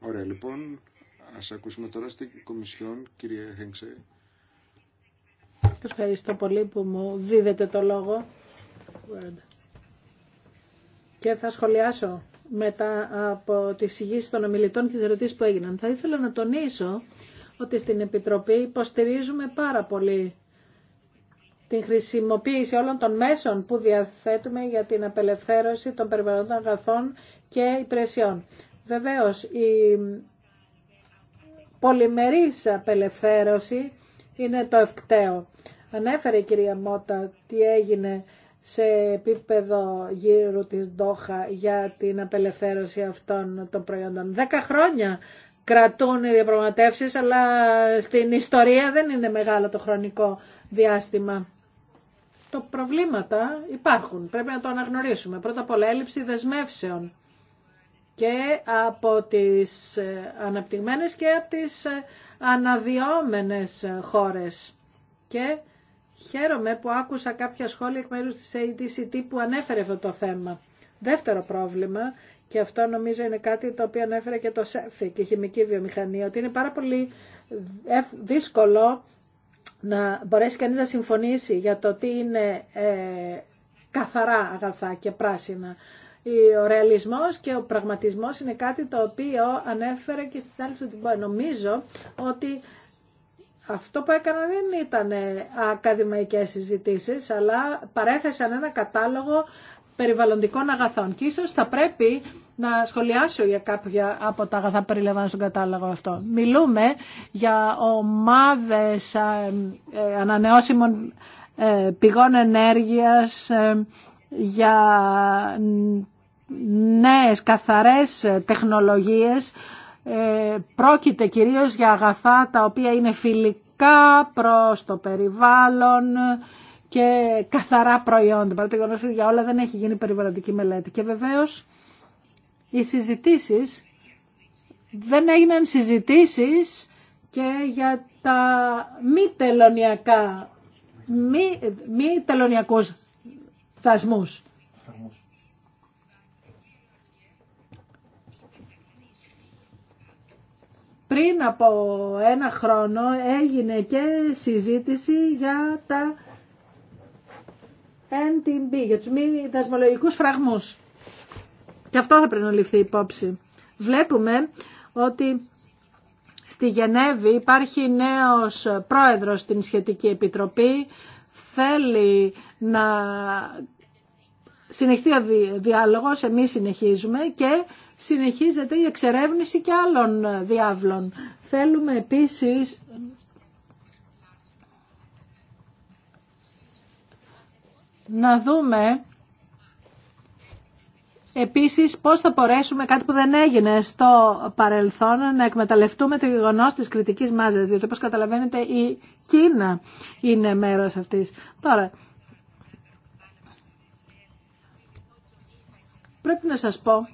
Ωραία, λοιπόν, ας ακούσουμε τώρα στην Κομισιόν, κυρία Χένξε. Ευχαριστώ πολύ που μου δίδετε το λόγο. Και θα σχολιάσω μετά από τις συγγύσεις των ομιλητών και τις ερωτήσεις που έγιναν. Θα ήθελα να τονίσω ότι στην Επιτροπή υποστηρίζουμε πάρα πολύ την χρησιμοποίηση όλων των μέσων που διαθέτουμε για την απελευθέρωση των περιβαλλοντών αγαθών και υπηρεσιών. Βεβαίως, η πολυμερής απελευθέρωση είναι το ευκταίο. Ανέφερε η κυρία Μότα τι έγινε σε επίπεδο γύρου της Ντόχα για την απελευθέρωση αυτών των προϊόντων. Δέκα χρόνια κρατούν οι διαπραγματεύσεις, αλλά στην ιστορία δεν είναι μεγάλο το χρονικό διάστημα προβλήματα υπάρχουν. Πρέπει να το αναγνωρίσουμε. Πρώτα απ' όλα έλλειψη δεσμεύσεων και από τις ε, αναπτυγμένες και από τις ε, αναδυόμενες ε, χώρες. Και χαίρομαι που άκουσα κάποια σχόλια εκ μέρους της ADCT που ανέφερε αυτό το θέμα. Δεύτερο πρόβλημα, και αυτό νομίζω είναι κάτι το οποίο ανέφερε και το ΣΕΦΙ και η χημική βιομηχανία, ότι είναι πάρα πολύ δύσκολο να μπορέσει κανείς να συμφωνήσει για το τι είναι ε, καθαρά αγαθά και πράσινα. Ο ρεαλισμός και ο πραγματισμός είναι κάτι το οποίο ανέφερε και στην άλλη του Νομίζω ότι αυτό που έκανα δεν ήταν ε, ακαδημαϊκές συζητήσεις, αλλά παρέθεσαν ένα κατάλογο περιβαλλοντικών αγαθών. Και ίσως θα πρέπει να σχολιάσω για κάποια από τα αγαθά που περιλαμβάνω στον κατάλογο αυτό. Μιλούμε για ομάδες ε, ε, ανανεώσιμων ε, πηγών ενέργειας, για νέες καθαρές τεχνολογίες. Πρόκειται κυρίως για αγαθά τα οποία είναι φιλικά προς το περιβάλλον, και καθαρά προϊόντα. Παρά το για όλα δεν έχει γίνει περιβαλλοντική μελέτη. Και βεβαίω οι συζητήσεις δεν έγιναν συζητήσεις και για τα μη τελωνιακά, μη, μη τελωνιακούς θασμούς Πριν από ένα χρόνο έγινε και συζήτηση για τα NTB, για τους μη δασμολογικούς φραγμούς. Και αυτό θα πρέπει να ληφθεί υπόψη. Βλέπουμε ότι στη Γενέβη υπάρχει νέος πρόεδρος στην σχετική επιτροπή, θέλει να συνεχθεί ο διάλογος, εμείς συνεχίζουμε και συνεχίζεται η εξερεύνηση και άλλων διάβλων. Θέλουμε επίσης να δούμε Επίσης, πώς θα μπορέσουμε κάτι που δεν έγινε στο παρελθόν να εκμεταλλευτούμε το γεγονός της κριτικής μάζας, διότι όπως καταλαβαίνετε η Κίνα είναι μέρος αυτής. Τώρα, πρέπει να σας πω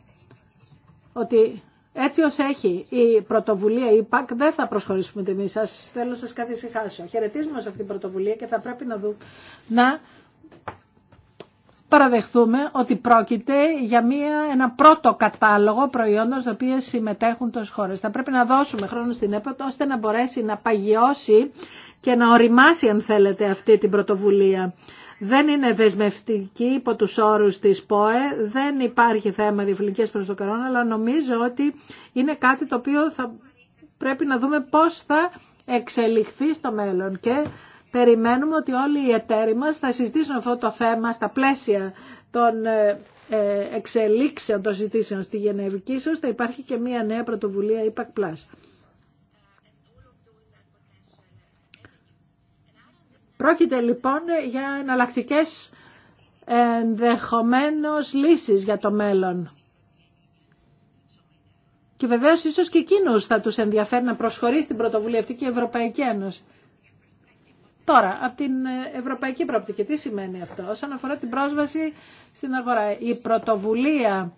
ότι έτσι ως έχει η πρωτοβουλία, η ΠΑΚ, δεν θα προσχωρήσουμε την εμείς. Σας θέλω να σας καθησυχάσω. Χαιρετίζουμε σε αυτή την πρωτοβουλία και θα πρέπει να, δούμε, να παραδεχθούμε ότι πρόκειται για μια, ένα πρώτο κατάλογο προϊόντων στα οποία συμμετέχουν τόσε χώρε. Θα πρέπει να δώσουμε χρόνο στην ΕΠΑ ώστε να μπορέσει να παγιώσει και να οριμάσει αν θέλετε αυτή την πρωτοβουλία. Δεν είναι δεσμευτική υπό τους όρους της ΠΟΕ, δεν υπάρχει θέμα διεφυλικές προ το καρόν, αλλά νομίζω ότι είναι κάτι το οποίο θα πρέπει να δούμε πώς θα εξελιχθεί στο μέλλον και Περιμένουμε ότι όλοι οι εταίροι μας θα συζητήσουν αυτό το θέμα στα πλαίσια των ε, ε, εξελίξεων των συζητήσεων στη Γενευκή θα υπάρχει και μία νέα πρωτοβουλία IPAC+. Πρόκειται λοιπόν για εναλλακτικέ ενδεχομένω λύσεις για το μέλλον. Και βεβαίως ίσως και εκείνους θα τους ενδιαφέρει να προσχωρήσει στην πρωτοβουλία αυτή και η Ευρωπαϊκή Ένωση. Τώρα, από την ε, ευρωπαϊκή προοπτική, τι σημαίνει αυτό όσον αφορά την πρόσβαση στην αγορά. Η πρωτοβουλία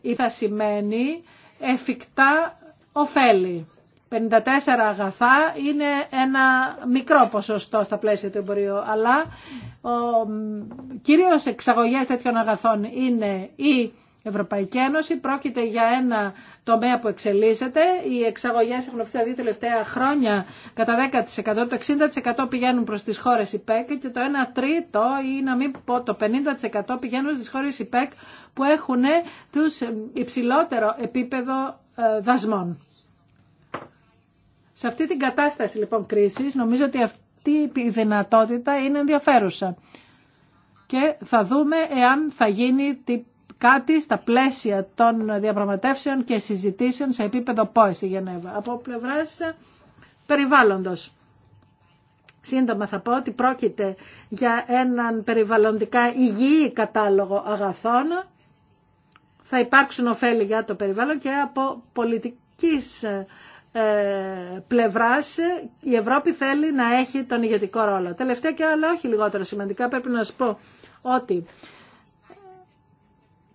ή θα σημαίνει εφικτά ωφέλη. 54 αγαθά είναι ένα μικρό ποσοστό στα πλαίσια του εμπορίου, αλλά ο, κυρίως εξαγωγές τέτοιων αγαθών είναι η Ευρωπαϊκή Ένωση. Πρόκειται για ένα τομέα που εξελίσσεται. Οι εξαγωγέ έχουν αυτά τα δύο τελευταία χρόνια κατά 10%. Το 60% πηγαίνουν προ τι χώρε ΙΠΕΚ και το 1 τρίτο ή να μην πω το 50% πηγαίνουν στι χώρε ΙΠΕΚ που έχουν του υψηλότερο επίπεδο ε, δασμών. Σε αυτή την κατάσταση λοιπόν κρίση, νομίζω ότι αυτή η δυνατότητα είναι ενδιαφέρουσα και θα δούμε εάν θα γίνει κάτι στα πλαίσια των διαπραγματεύσεων και συζητήσεων σε επίπεδο ΠΟΕ στη Γενέβα. Από πλευράς περιβάλλοντος. Σύντομα θα πω ότι πρόκειται για έναν περιβαλλοντικά υγιή κατάλογο αγαθών. Θα υπάρξουν ωφέλη για το περιβάλλον και από πολιτικής ε, πλευράς η Ευρώπη θέλει να έχει τον ηγετικό ρόλο. Τελευταία και αλλά όχι λιγότερο σημαντικά πρέπει να σας πω ότι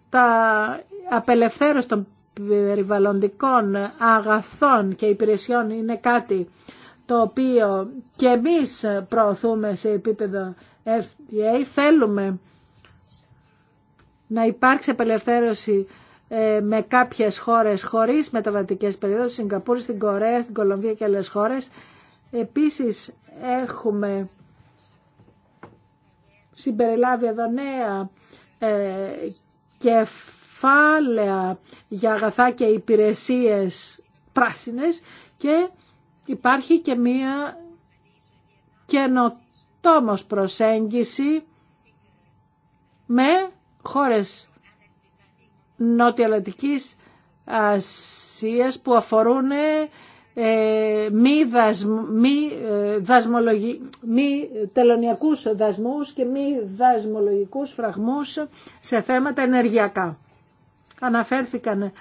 τα απελευθέρωση των περιβαλλοντικών αγαθών και υπηρεσιών είναι κάτι το οποίο και εμείς προωθούμε σε επίπεδο FDA. Θέλουμε να υπάρξει απελευθέρωση ε, με κάποιες χώρες χωρίς μεταβατικές περίοδους, στην Σιγκαπούρη, στην Κορέα, στην Κολομβία και άλλες χώρες. Επίσης έχουμε συμπεριλάβει εδώ νέα ε, κεφάλαια για αγαθά και υπηρεσίες πράσινες και υπάρχει και μία καινοτόμος προσέγγιση με χώρες νοτιοαλλατικής Ασίας που αφορούν ε, μη, δασμ, μη, ε, δασμολογι, τελωνιακούς δασμούς και μη δασμολογικούς φραγμούς σε θέματα ενεργειακά. Αναφέρθηκαν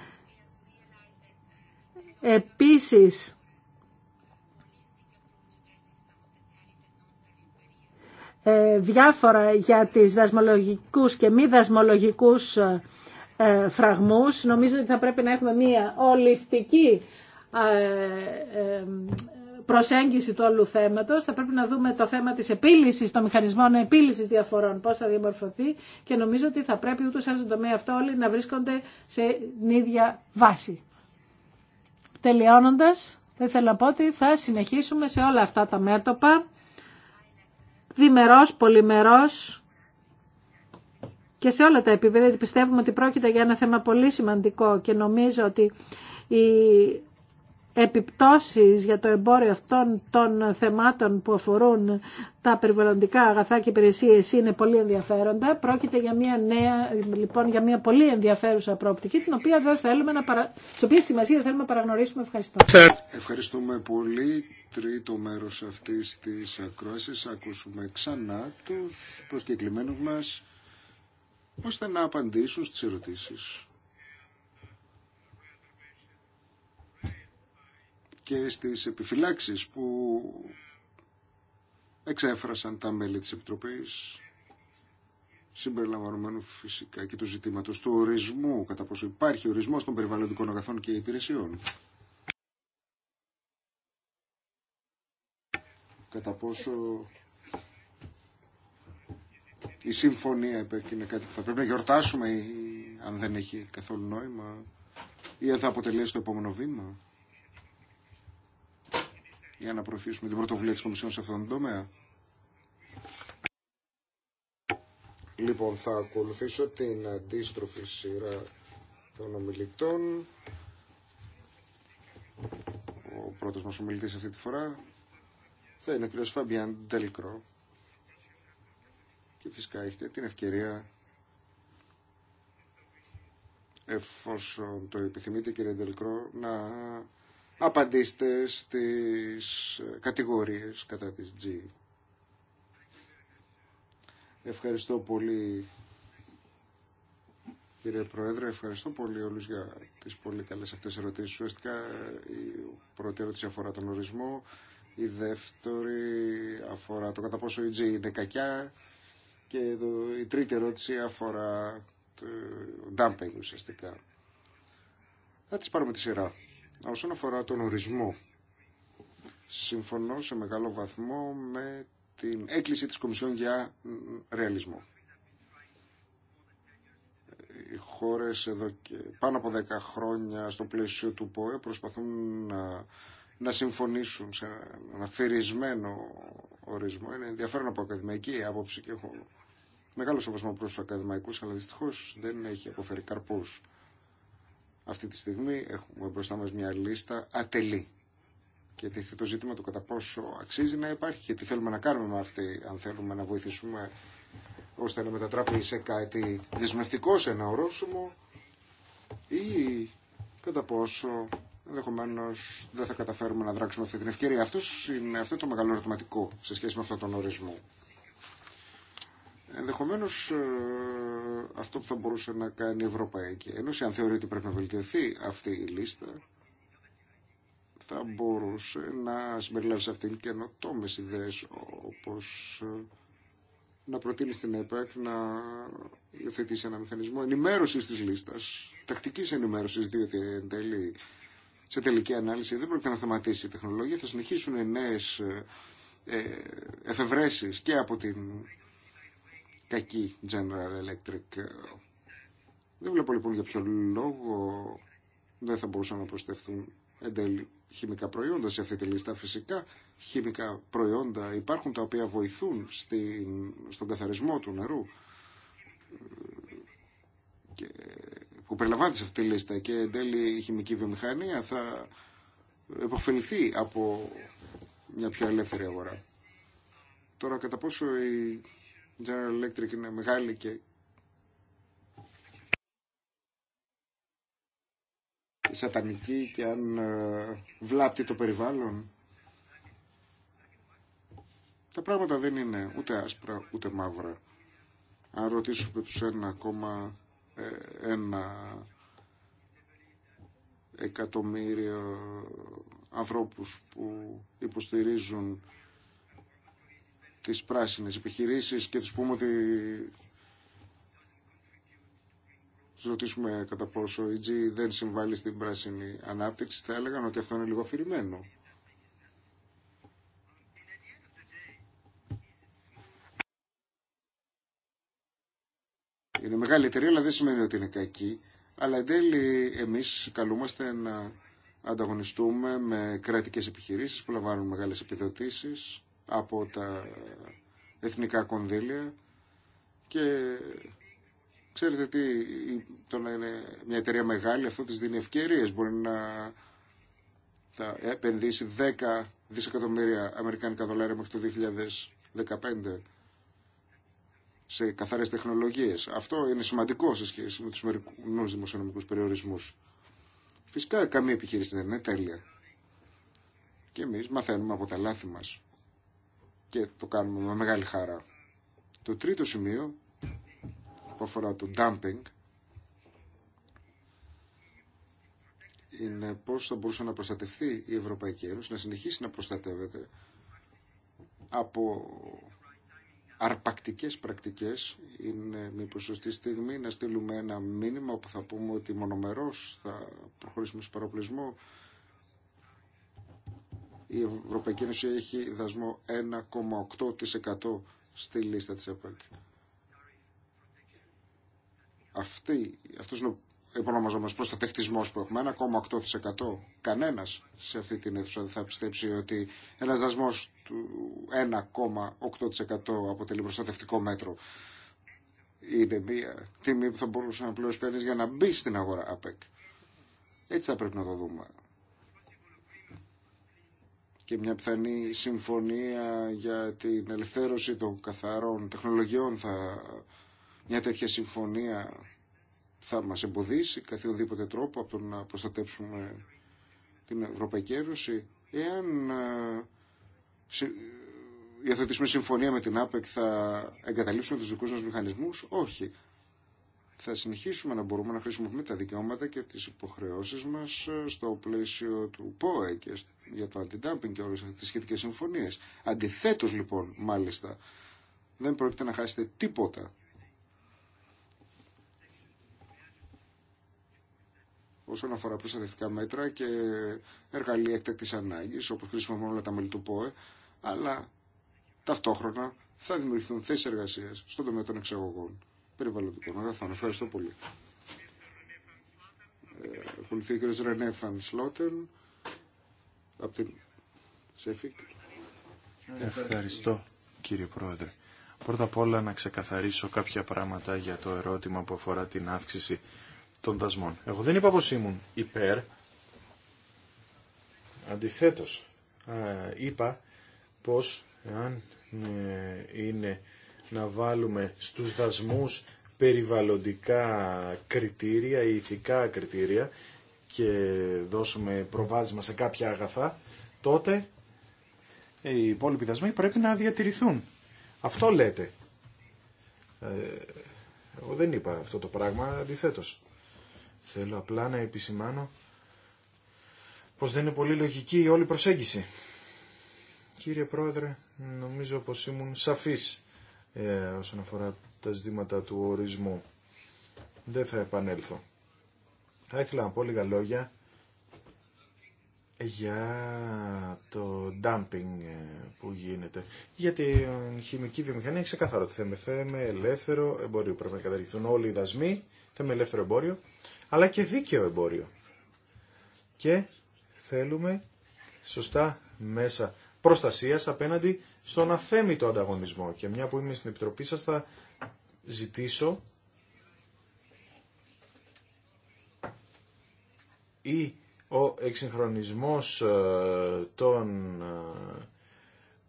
επίσης ε, διάφορα για τις δασμολογικούς και μη δασμολογικούς φραγμούς. Νομίζω ότι θα πρέπει να έχουμε μία ολιστική ε, ε, προσέγγιση του όλου θέματος. Θα πρέπει να δούμε το θέμα της επίλυσης, των μηχανισμών επίλυσης διαφορών, πώς θα διαμορφωθεί και νομίζω ότι θα πρέπει ούτως ένα στον τομέα αυτό όλοι να βρίσκονται σε ίδια βάση. Τελειώνοντας, θα θέλω να πω ότι θα συνεχίσουμε σε όλα αυτά τα μέτωπα, διμερός, πολυμερός και σε όλα τα επίπεδα, γιατί πιστεύουμε ότι πρόκειται για ένα θέμα πολύ σημαντικό και νομίζω ότι η επιπτώσεις για το εμπόριο αυτών των θεμάτων που αφορούν τα περιβαλλοντικά αγαθά και υπηρεσίε, είναι πολύ ενδιαφέροντα. Πρόκειται για μια νέα, λοιπόν, για μια πολύ ενδιαφέρουσα προοπτική, την οποία δεν θέλουμε να σημασία δεν θέλουμε να παραγνωρίσουμε. Ευχαριστώ. Ευχαριστούμε πολύ. Τρίτο μέρος αυτής της ακρόασης ακούσουμε ξανά τους προσκεκλημένους μας ώστε να απαντήσουν στις ερωτήσεις. και στις επιφυλάξεις που εξέφρασαν τα μέλη της Επιτροπής συμπεριλαμβανομένου φυσικά και του ζητήματος του ορισμού, κατά πόσο υπάρχει ορισμός των περιβαλλοντικών αγαθών και υπηρεσιών. Κατά πόσο η συμφωνία είναι κάτι που θα πρέπει να γιορτάσουμε ή αν δεν έχει καθόλου νόημα ή αν θα αποτελέσει το επόμενο βήμα για να προωθήσουμε την πρωτοβουλία τη Κομισιόν σε αυτόν τον τομέα. Λοιπόν, θα ακολουθήσω την αντίστροφη σειρά των ομιλητών. Ο πρώτος μας ομιλητής αυτή τη φορά θα είναι ο κ. Φαμπιάν Ντελκρό. Και φυσικά έχετε την ευκαιρία, εφόσον το επιθυμείτε κ. Ντελκρό, να απαντήστε στις ε, κατηγορίες κατά της G. Ευχαριστώ πολύ κύριε Πρόεδρε, ευχαριστώ πολύ όλους για τις πολύ καλές αυτές ερωτήσεις. Ουσιαστικά η πρώτη ερώτηση αφορά τον ορισμό, η δεύτερη αφορά το κατά πόσο η G είναι κακιά και το, η τρίτη ερώτηση αφορά το dumping ουσιαστικά. Θα τις πάρουμε τη σειρά. Όσον αφορά τον ορισμό, συμφωνώ σε μεγάλο βαθμό με την έκκληση της Κομισιόν για ρεαλισμό. Οι χώρες εδώ και πάνω από 10 χρόνια στο πλαίσιο του ΠΟΕ προσπαθούν να, να συμφωνήσουν σε ένα θερισμένο ορισμό. Είναι ενδιαφέρον από ακαδημαϊκή άποψη και έχω μεγάλο σοβασμό προς τους ακαδημαϊκούς, αλλά δυστυχώς δεν έχει αποφέρει καρπούς. Αυτή τη στιγμή έχουμε μπροστά μας μια λίστα ατελή και τίθεται το ζήτημα του κατά πόσο αξίζει να υπάρχει και τι θέλουμε να κάνουμε με αυτή, αν θέλουμε να βοηθήσουμε ώστε να μετατράπει σε κάτι δεσμευτικό, σε ένα ορόσημο ή κατά πόσο ενδεχομένω δεν θα καταφέρουμε να δράξουμε αυτή την ευκαιρία. Αυτός είναι, αυτό το μεγάλο ερωτηματικό σε σχέση με αυτόν τον ορισμό. Ενδεχομένως ε, αυτό που θα μπορούσε να κάνει η Ευρωπαϊκή Ένωση, αν θεωρεί ότι πρέπει να βελτιωθεί αυτή η λίστα, θα μπορούσε να συμπεριλάβει σε αυτήν καινοτόμες ιδέες όπως ε, να προτείνει στην ΕΠΕΚ να υιοθετήσει ένα μηχανισμό ενημέρωση τη λίστα, τακτική ενημέρωση διότι εν σε τελική ανάλυση δεν πρόκειται να σταματήσει η τεχνολογία, θα συνεχίσουν νέες ε, εφευρέσεις και από την κακή General Electric. Δεν βλέπω λοιπόν για ποιο λόγο δεν θα μπορούσαν να προσθεθούν εν τέλει χημικά προϊόντα σε αυτή τη λίστα. Φυσικά χημικά προϊόντα υπάρχουν τα οποία βοηθούν στην, στον καθαρισμό του νερού που περιλαμβάνεται σε αυτή τη λίστα και εν τέλει η χημική βιομηχανία θα επωφεληθεί από μια πιο ελεύθερη αγορά. Τώρα κατά πόσο η General Electric είναι μεγάλη και σατανική και αν ε, βλάπτει το περιβάλλον. Τα πράγματα δεν είναι ούτε άσπρα ούτε μαύρα. Αν ρωτήσουμε τους ενα ε, εκατομμύριο ανθρώπους που υποστηρίζουν τις πράσινες επιχειρήσεις και τους πούμε ότι τους ρωτήσουμε κατά πόσο η G δεν συμβάλλει στην πράσινη ανάπτυξη θα έλεγαν ότι αυτό είναι λίγο αφηρημένο. Είναι μεγάλη εταιρεία, αλλά δεν σημαίνει ότι είναι κακή. Αλλά εν τέλει εμείς καλούμαστε να ανταγωνιστούμε με κρατικές επιχειρήσεις που λαμβάνουν μεγάλες επιδοτήσεις από τα εθνικά κονδύλια και ξέρετε τι, το να είναι μια εταιρεία μεγάλη αυτό της δίνει ευκαιρίες, μπορεί να επενδύσει 10 δισεκατομμύρια αμερικάνικα δολάρια μέχρι το 2015 σε καθαρές τεχνολογίες. Αυτό είναι σημαντικό σε σχέση με τους μερικούς δημοσιονομικούς περιορισμούς. Φυσικά καμία επιχείρηση δεν είναι τέλεια. Και εμείς μαθαίνουμε από τα λάθη μας και το κάνουμε με μεγάλη χαρά. Το τρίτο σημείο που αφορά το dumping είναι πώς θα μπορούσε να προστατευτεί η Ευρωπαϊκή Ένωση, να συνεχίσει να προστατεύεται από αρπακτικές πρακτικές. Είναι μήπως σωστή στιγμή να στείλουμε ένα μήνυμα που θα πούμε ότι μονομερός θα προχωρήσουμε σε παροπλισμό η Ευρωπαϊκή Ένωση έχει δασμό 1,8% στη λίστα της ΑΠΕΚ. Αυτή, αυτός είναι ο επωνομαζόμενος προστατευτισμός που έχουμε, 1,8%. Κανένας σε αυτή την αίθουσα δεν θα πιστέψει ότι ένας δασμός του 1,8% αποτελεί προστατευτικό μέτρο. Είναι μια τιμή που θα μπορούσε να πληρώσει κανείς για να μπει στην αγορά ΑΠΕΚ. Έτσι θα πρέπει να το δούμε και μια πιθανή συμφωνία για την ελευθέρωση των καθαρών τεχνολογιών θα, μια τέτοια συμφωνία θα μας εμποδίσει καθιονδήποτε τρόπο από το να προστατέψουμε την Ευρωπαϊκή Ένωση εάν ε, υιοθετήσουμε συμφωνία με την ΑΠΕΚ θα εγκαταλείψουμε τους δικούς μας μηχανισμούς όχι θα συνεχίσουμε να μπορούμε να χρησιμοποιούμε τα δικαιώματα και τις υποχρεώσεις μας ε, στο πλαίσιο του ΠΟΕ και για το αντι-dumping και όλες τις σχετικές συμφωνίες. Αντιθέτως λοιπόν μάλιστα δεν πρόκειται να χάσετε τίποτα όσον αφορά προστατευτικά μέτρα και εργαλεία εκτακτής ανάγκης όπως χρησιμοποιούν όλα τα μέλη του ΠΟΕ αλλά ταυτόχρονα θα δημιουργηθούν θέσεις εργασίας στον τομέα των εξαγωγών περιβαλλοντικών αγαθών. Ευχαριστώ πολύ. Ε, ακολουθεί ο κ. Ρενέ Σλότεν από την ΣΕΦΙΚ. Ευχαριστώ κύριε Πρόεδρε. Πρώτα απ' όλα να ξεκαθαρίσω κάποια πράγματα για το ερώτημα που αφορά την αύξηση των δασμών. Εγώ δεν είπα πως ήμουν υπέρ. Αντιθέτως, ε, είπα πως αν ε, είναι να βάλουμε στους δασμούς περιβαλλοντικά κριτήρια, ηθικά κριτήρια και δώσουμε προβάδισμα σε κάποια αγαθά, τότε οι υπόλοιποι δασμοί πρέπει να διατηρηθούν. Αυτό λέτε. Ε, εγώ δεν είπα αυτό το πράγμα, αντιθέτω. Θέλω απλά να επισημάνω πως δεν είναι πολύ λογική η όλη προσέγγιση. Κύριε Πρόεδρε, νομίζω πως ήμουν σαφής ε, όσον αφορά τα ζητήματα του ορισμού. Δεν θα επανέλθω. Θα ήθελα να πω λίγα λόγια για το dumping ε, που γίνεται. Γιατί η χημική βιομηχανία έχει ξεκάθαρο ότι θέμα. ελεύθερο εμπόριο. Πρέπει να καταργηθούν όλοι οι δασμοί. Θέλουμε ελεύθερο εμπόριο. Αλλά και δίκαιο εμπόριο. Και θέλουμε σωστά μέσα προστασίας απέναντι στον αθέμητο ανταγωνισμό. Και μια που είμαι στην Επιτροπή σας θα ζητήσω ή ο εξυγχρονισμός ε, των ε,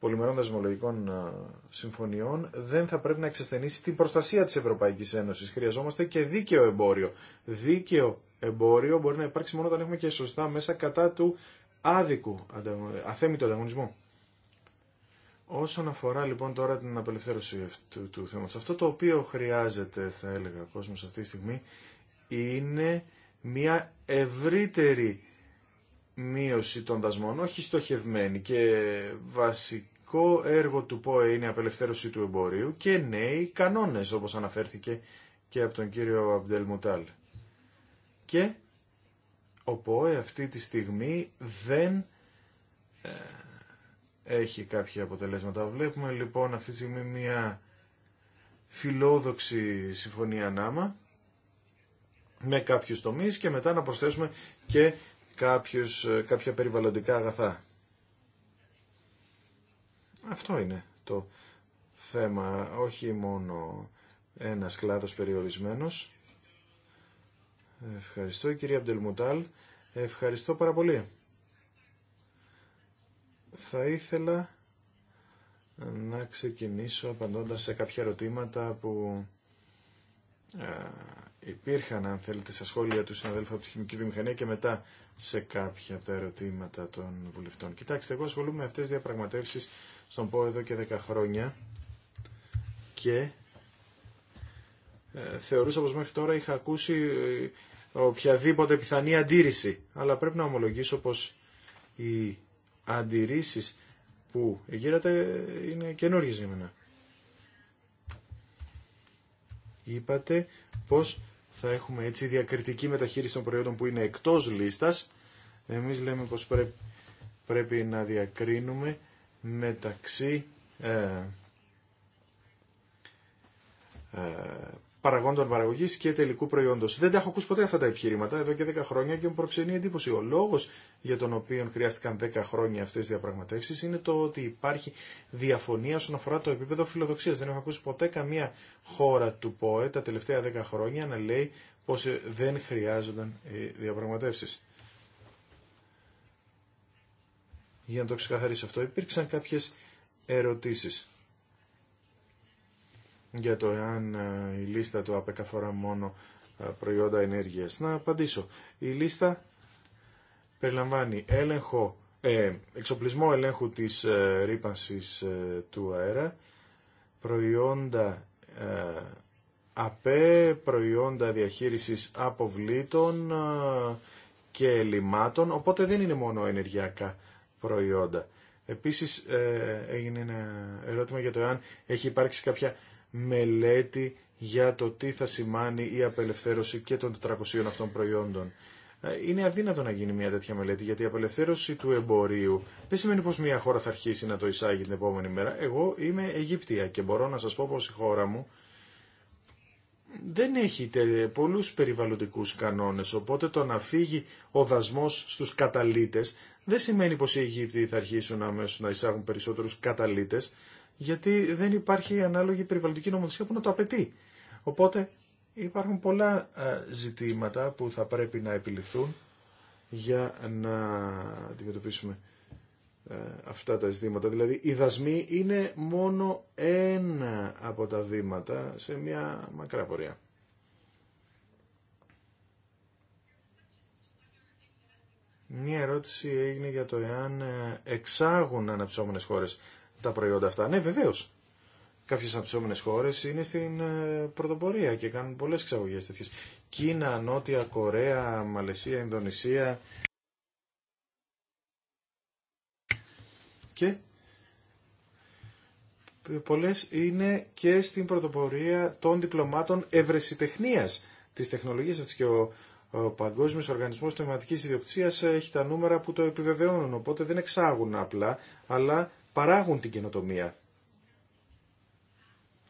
πολυμερών δεσμολογικών ε, συμφωνιών δεν θα πρέπει να εξασθενήσει την προστασία της Ευρωπαϊκής Ένωσης. Χρειαζόμαστε και δίκαιο εμπόριο. Δίκαιο εμπόριο μπορεί να υπάρξει μόνο όταν έχουμε και σωστά μέσα κατά του άδικου, αθέμητο ανταγωνισμό. Όσον αφορά λοιπόν τώρα την απελευθέρωση του, του θέματος, αυτό το οποίο χρειάζεται θα έλεγα ο κόσμος αυτή τη στιγμή είναι μια ευρύτερη μείωση των δασμών, όχι στοχευμένη και βασικό έργο του ΠΟΕ είναι η απελευθέρωση του εμπορίου και νέοι κανόνες όπως αναφέρθηκε και από τον κύριο Αμπτελ Μουτάλ. Και ο αυτή τη στιγμή δεν ε, έχει κάποια αποτελέσματα. Βλέπουμε λοιπόν αυτή τη στιγμή μια φιλόδοξη συμφωνία ανάμα με κάποιους τομείς και μετά να προσθέσουμε και κάποιους, ε, κάποια περιβαλλοντικά αγαθά. Αυτό είναι το θέμα, όχι μόνο ένας κλάδος περιορισμένος, Ευχαριστώ κυρία Αμπτελμουτάλ. Ευχαριστώ πάρα πολύ. Θα ήθελα να ξεκινήσω απαντώντας σε κάποια ερωτήματα που ε, υπήρχαν αν θέλετε στα σχόλια του συναδέλφου από τη χημική βιομηχανία και μετά σε κάποια από τα ερωτήματα των βουλευτών. Κοιτάξτε, εγώ ασχολούμαι με αυτές τις διαπραγματεύσεις στον πω, εδώ και 10 χρόνια και ε, θεωρούσα πως μέχρι τώρα είχα ακούσει ε, οποιαδήποτε πιθανή αντίρρηση. Αλλά πρέπει να ομολογήσω πως οι αντιρρησει που γύρατε είναι καινούργιες για μένα. Είπατε πως θα έχουμε έτσι διακριτική μεταχείριση των προϊόντων που είναι εκτός λίστας. Εμείς λέμε πως πρέπει, πρέπει να διακρίνουμε μεταξύ ε, παραγόντων παραγωγή και τελικού προϊόντο. Δεν τα έχω ακούσει ποτέ αυτά τα επιχειρήματα εδώ και 10 χρόνια και μου προξενεί εντύπωση. Ο λόγο για τον οποίο χρειάστηκαν 10 χρόνια αυτέ τι διαπραγματεύσει είναι το ότι υπάρχει διαφωνία όσον αφορά το επίπεδο φιλοδοξία. Δεν έχω ακούσει ποτέ καμία χώρα του ΠΟΕ τα τελευταία 10 χρόνια να λέει πω ε, δεν χρειάζονταν ε, διαπραγματεύσει. Για να το ξεκαθαρίσω αυτό, υπήρξαν κάποιε ερωτήσει για το εάν ε, η λίστα του ΑΠΕΚ αφορά μόνο ε, προϊόντα ενέργειας. Να απαντήσω. Η λίστα περιλαμβάνει έλεγχο, ε, εξοπλισμό ελέγχου της ε, ε του αέρα, προϊόντα ΑΠΕ, προϊόντα διαχείρισης αποβλήτων και λιμάτων, οπότε δεν είναι μόνο ενεργειακά προϊόντα. Επίσης έγινε ένα ερώτημα για το εάν έχει υπάρξει κάποια μελέτη για το τι θα σημάνει η απελευθέρωση και των 400 αυτών προϊόντων. Ε, είναι αδύνατο να γίνει μια τέτοια μελέτη γιατί η απελευθέρωση του εμπορίου δεν σημαίνει πω μια χώρα θα αρχίσει να το εισάγει την επόμενη μέρα. Εγώ είμαι Αιγύπτια και μπορώ να σα πω πω η χώρα μου δεν έχει πολλού περιβαλλοντικού κανόνε. οπότε το να φύγει ο δασμό στου καταλήτες δεν σημαίνει πω οι Αιγύπτιοι θα αρχίσουν αμέσω να εισάγουν περισσότερου καταλήτε γιατί δεν υπάρχει ανάλογη περιβαλλοντική νομοθεσία που να το απαιτεί. Οπότε υπάρχουν πολλά ε, ζητήματα που θα πρέπει να επιληθούν για να αντιμετωπίσουμε ε, αυτά τα ζητήματα. Δηλαδή, οι δασμοί είναι μόνο ένα από τα βήματα σε μια μακρά πορεία. Μία ερώτηση έγινε για το εάν ε, εξάγουν αναψώμενες χώρες τα προϊόντα αυτά. Ναι, βεβαίω. Κάποιε αναπτυσσόμενε χώρε είναι στην ε, πρωτοπορία και κάνουν πολλέ εξαγωγέ τέτοιε. Κίνα, Νότια Κορέα, Μαλαισία, Ινδονησία. Και πολλέ είναι και στην πρωτοπορία των διπλωμάτων ευρεσιτεχνία τη τεχνολογία και ο, ο Παγκόσμιος Οργανισμός ιδιοκτησία Ιδιοκτησίας έχει τα νούμερα που το επιβεβαιώνουν οπότε δεν εξάγουν απλά αλλά παράγουν την καινοτομία.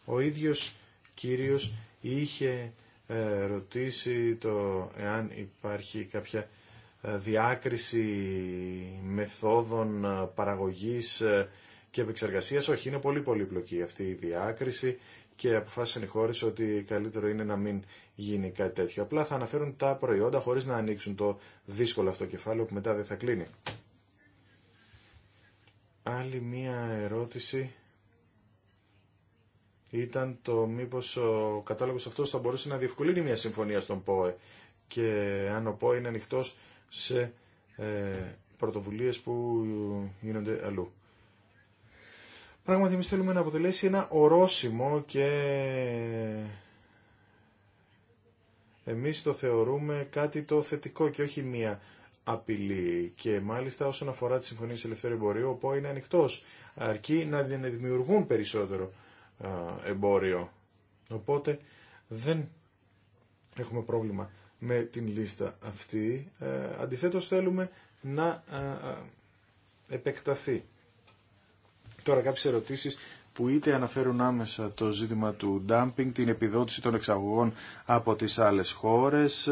Ο ίδιος κύριος είχε ε, ρωτήσει το εάν υπάρχει κάποια ε, διάκριση μεθόδων ε, παραγωγής και επεξεργασίας. Όχι, είναι πολύ πολύπλοκη αυτή η διάκριση και αποφάσισαν οι χώρε ότι καλύτερο είναι να μην γίνει κάτι τέτοιο. Απλά θα αναφέρουν τα προϊόντα χωρίς να ανοίξουν το δύσκολο αυτό κεφάλαιο που μετά δεν θα κλείνει. Άλλη μία ερώτηση ήταν το μήπως ο κατάλογος αυτός θα μπορούσε να διευκολύνει μια συμφωνία στον ΠΟΕ και αν ο ΠΟΕ είναι ανοιχτό σε ε, πρωτοβουλίες που γίνονται αλλού. Πράγματι εμείς θέλουμε να αποτελέσει ένα ορόσημο και εμείς το θεωρούμε κάτι το θετικό και όχι μία απειλή και μάλιστα όσον αφορά τη συμφωνία ελευθερίου εμπορίου, ο είναι ανοιχτό. αρκεί να δημιουργούν περισσότερο εμπόριο. Οπότε δεν έχουμε πρόβλημα με την λίστα αυτή. Ε, αντιθέτως θέλουμε να επεκταθεί. Τώρα κάποιες ερωτήσεις που είτε αναφέρουν άμεσα το ζήτημα του ντάμπινγκ, την επιδότηση των εξαγωγών από τις άλλες χώρες,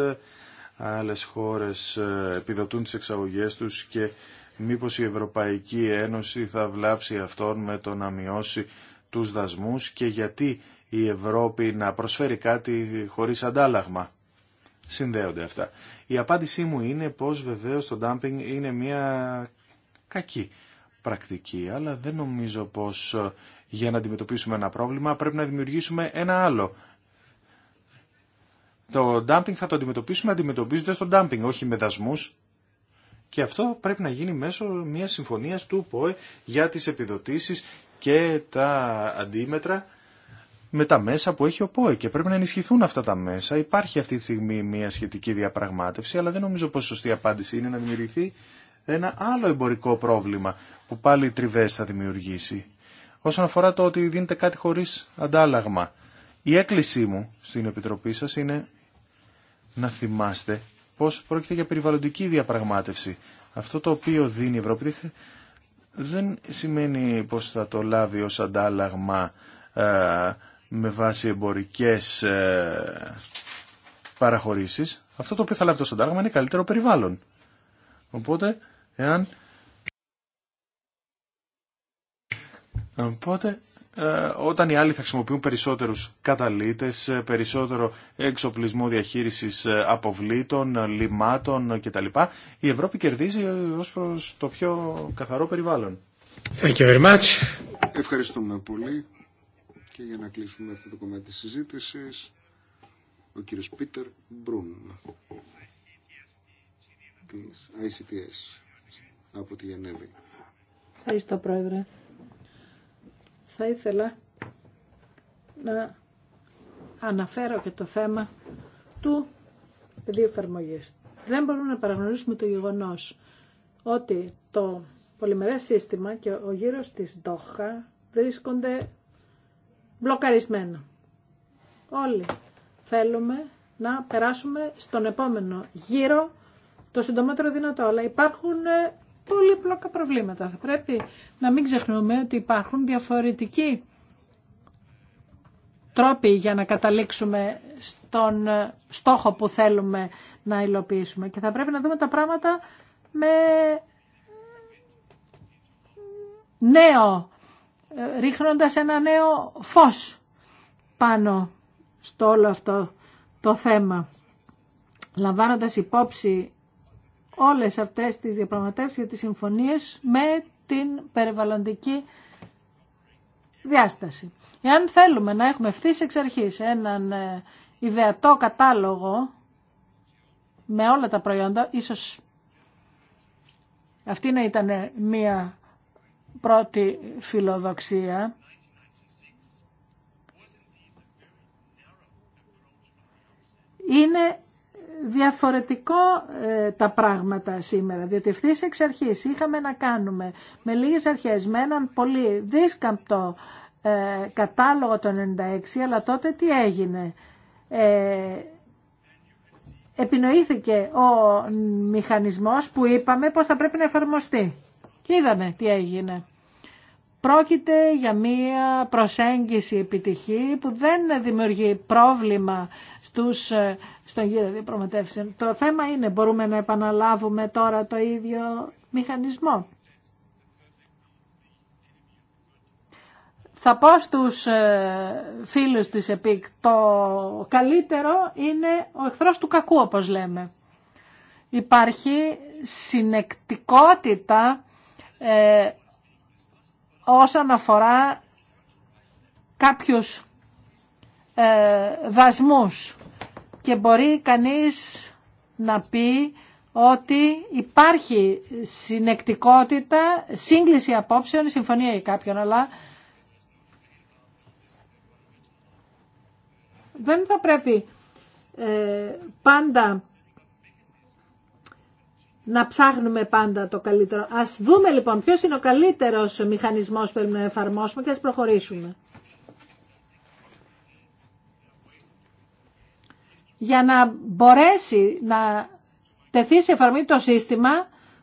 άλλες χώρες ε, επιδοτούν τις εξαγωγές τους και μήπως η Ευρωπαϊκή Ένωση θα βλάψει αυτόν με το να μειώσει τους δασμούς και γιατί η Ευρώπη να προσφέρει κάτι χωρίς αντάλλαγμα. Συνδέονται αυτά. Η απάντησή μου είναι πως βεβαίως το dumping είναι μια κακή πρακτική, αλλά δεν νομίζω πως ε, για να αντιμετωπίσουμε ένα πρόβλημα πρέπει να δημιουργήσουμε ένα άλλο, το dumping θα το αντιμετωπίσουμε αντιμετωπίζοντα το dumping, όχι με δασμού. Και αυτό πρέπει να γίνει μέσω μια συμφωνία του ΠΟΕ για τι επιδοτήσει και τα αντίμετρα με τα μέσα που έχει ο ΠΟΕ και πρέπει να ενισχυθούν αυτά τα μέσα. Υπάρχει αυτή τη στιγμή μια σχετική διαπραγμάτευση, αλλά δεν νομίζω πως σωστή απάντηση είναι να δημιουργηθεί ένα άλλο εμπορικό πρόβλημα που πάλι τριβέ θα δημιουργήσει. Όσον αφορά το ότι δίνετε κάτι χωρί αντάλλαγμα. Η έκκλησή μου στην Επιτροπή σας είναι να θυμάστε πως πρόκειται για περιβαλλοντική διαπραγμάτευση. Αυτό το οποίο δίνει η Ευρώπη δεν σημαίνει πως θα το λάβει ως αντάλλαγμα ε, με βάση εμπορικές ε, παραχωρήσεις. Αυτό το οποίο θα λάβει το αντάλλαγμα είναι καλύτερο περιβάλλον. Οπότε, εάν... Οπότε, ε, όταν οι άλλοι θα χρησιμοποιούν περισσότερους καταλύτες, ε, περισσότερο εξοπλισμό διαχείρισης ε, αποβλήτων, λιμάτων κτλ. Η Ευρώπη κερδίζει ως προς το πιο καθαρό περιβάλλον. Thank you very much. Ευχαριστούμε πολύ και για να κλείσουμε αυτό το κομμάτι της συζήτησης ο κύριος Πίτερ Μπρούν ICTS από τη Γενέβη. Ευχαριστώ πρόεδρε. Θα ήθελα να αναφέρω και το θέμα του πεδίου εφαρμογή. Δεν μπορούμε να παραγνωρίσουμε το γεγονός ότι το πολυμερές σύστημα και ο γύρος της ΔΟΧΑ βρίσκονται μπλοκαρισμένα. Όλοι θέλουμε να περάσουμε στον επόμενο γύρο το συντομότερο δυνατό, αλλά υπάρχουν πολύπλοκα προβλήματα. Θα πρέπει να μην ξεχνούμε ότι υπάρχουν διαφορετικοί τρόποι για να καταλήξουμε στον στόχο που θέλουμε να υλοποιήσουμε και θα πρέπει να δούμε τα πράγματα με νέο, ρίχνοντας ένα νέο φως πάνω στο όλο αυτό το θέμα, λαμβάνοντας υπόψη όλες αυτές τις διαπραγματεύσεις για τις συμφωνίες με την περιβαλλοντική διάσταση. Εάν θέλουμε να έχουμε ευθύ εξ αρχής έναν ε, ιδεατό κατάλογο με όλα τα προϊόντα, ίσως αυτή να ήταν ε, μία πρώτη φιλοδοξία. Είναι διαφορετικό ε, τα πράγματα σήμερα, διότι ευθύ εξ αρχής είχαμε να κάνουμε με λίγες αρχές, με έναν πολύ δίσκαμπτο ε, κατάλογο το 96, αλλά τότε τι έγινε. Ε, επινοήθηκε ο μηχανισμός που είπαμε πώς θα πρέπει να εφαρμοστεί. Και είδαμε τι έγινε. Πρόκειται για μία προσέγγιση επιτυχή που δεν δημιουργεί πρόβλημα στους ε, στον γύρο διαπραγματεύσεων. Το θέμα είναι, μπορούμε να επαναλάβουμε τώρα το ίδιο μηχανισμό. Θα πω στους ε, φίλους της ΕΠΙΚ, το καλύτερο είναι ο εχθρός του κακού, όπως λέμε. Υπάρχει συνεκτικότητα ε, όσον αφορά κάποιους ε, δασμούς και μπορεί κανείς να πει ότι υπάρχει συνεκτικότητα, σύγκληση απόψεων, συμφωνία ή κάποιον, αλλά δεν θα πρέπει ε, πάντα να ψάχνουμε πάντα το καλύτερο. Ας δούμε λοιπόν ποιος είναι ο καλύτερος μηχανισμός που να εφαρμόσουμε και ας προχωρήσουμε. για να μπορέσει να τεθεί σε εφαρμή το σύστημα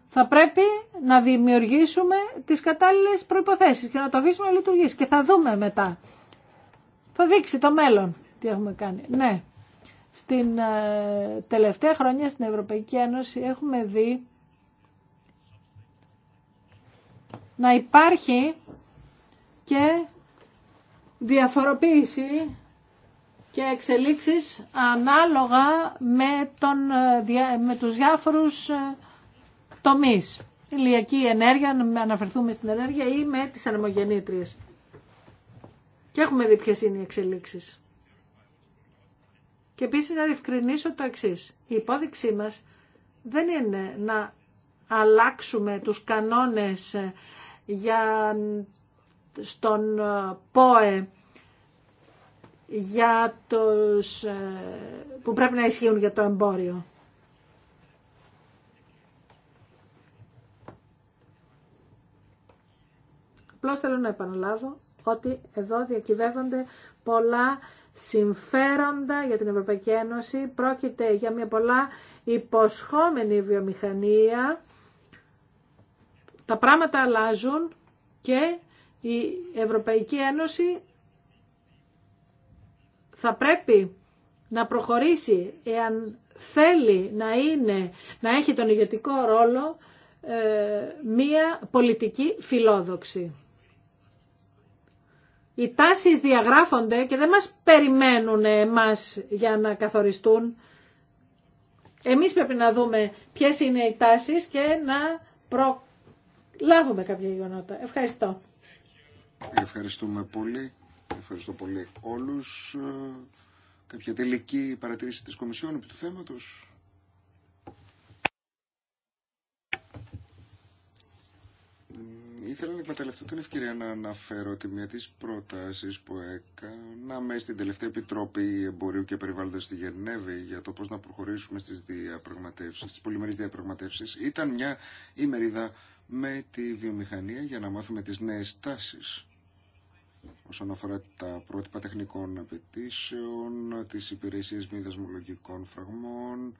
θα πρέπει να δημιουργήσουμε τις κατάλληλες προϋποθέσεις και να το αφήσουμε να λειτουργήσει και θα δούμε μετά. Θα δείξει το μέλλον τι έχουμε κάνει. Ναι, στην ε, τελευταία χρονιά στην Ευρωπαϊκή Ένωση έχουμε δει να υπάρχει και διαφοροποίηση και εξελίξεις ανάλογα με, τον, ε, με τους διάφορους ε, τομείς. Ηλιακή ενέργεια, να αναφερθούμε στην ενέργεια ή με τις ανεμογεννήτριες. Και έχουμε δει ποιες είναι οι εξελίξεις. Και επίσης να διευκρινίσω το εξής. Η υπόδειξή μας δεν είναι να αλλάξουμε τους κανόνες ε, για στον ΠΟΕ για τους, ε, που πρέπει να ισχύουν για το εμπόριο. Απλώς θέλω να επαναλάβω ότι εδώ διακυβεύονται πολλά συμφέροντα για την Ευρωπαϊκή Ένωση. Πρόκειται για μια πολλά υποσχόμενη βιομηχανία. Τα πράγματα αλλάζουν και η Ευρωπαϊκή Ένωση θα πρέπει να προχωρήσει εάν θέλει να, είναι, να έχει τον ηγετικό ρόλο ε, μία πολιτική φιλόδοξη. Οι τάσεις διαγράφονται και δεν μας περιμένουν εμάς για να καθοριστούν. Εμείς πρέπει να δούμε ποιες είναι οι τάσεις και να προλάβουμε κάποια γεγονότα. Ευχαριστώ. Ευχαριστούμε πολύ. Ευχαριστώ πολύ όλους. Ε, κάποια τελική παρατήρηση της Κομισιόν επί του θέματος. Ήθελα να εκμεταλλευτώ την ευκαιρία να αναφέρω ότι μια της πρότασης που έκανα έκαναμε στην τελευταία Επιτροπή Εμπορίου και Περιβάλλοντος στη Γενέβη για το πώς να προχωρήσουμε στις διαπραγματεύσεις, στις πολυμερείς διαπραγματεύσεις, ήταν μια ημερίδα με τη βιομηχανία για να μάθουμε τις νέες τάσεις όσον αφορά τα πρότυπα τεχνικών απαιτήσεων, τις υπηρεσίες μη δασμολογικών φραγμών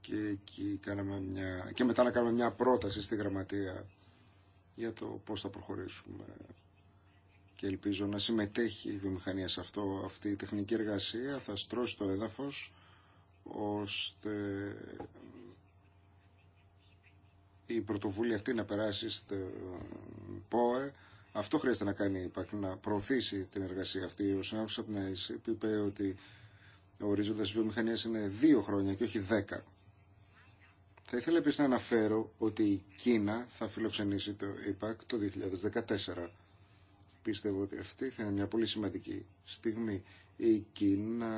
και, κάναμε μια... και μετά να κάνουμε μια πρόταση στη γραμματεία για το πώς θα προχωρήσουμε και ελπίζω να συμμετέχει η βιομηχανία σε αυτό. Αυτή η τεχνική εργασία θα στρώσει το έδαφος ώστε η πρωτοβουλία αυτή να περάσει στο ΠΟΕ αυτό χρειάζεται να κάνει η να προωθήσει την εργασία αυτή. Ο συνάδελφο από την είπε ότι ο ορίζοντας βιομηχανία είναι δύο χρόνια και όχι δέκα. Θα ήθελα επίση να αναφέρω ότι η Κίνα θα φιλοξενήσει το ΕΠΑΚ το 2014. Πιστεύω ότι αυτή θα είναι μια πολύ σημαντική στιγμή. Η Κίνα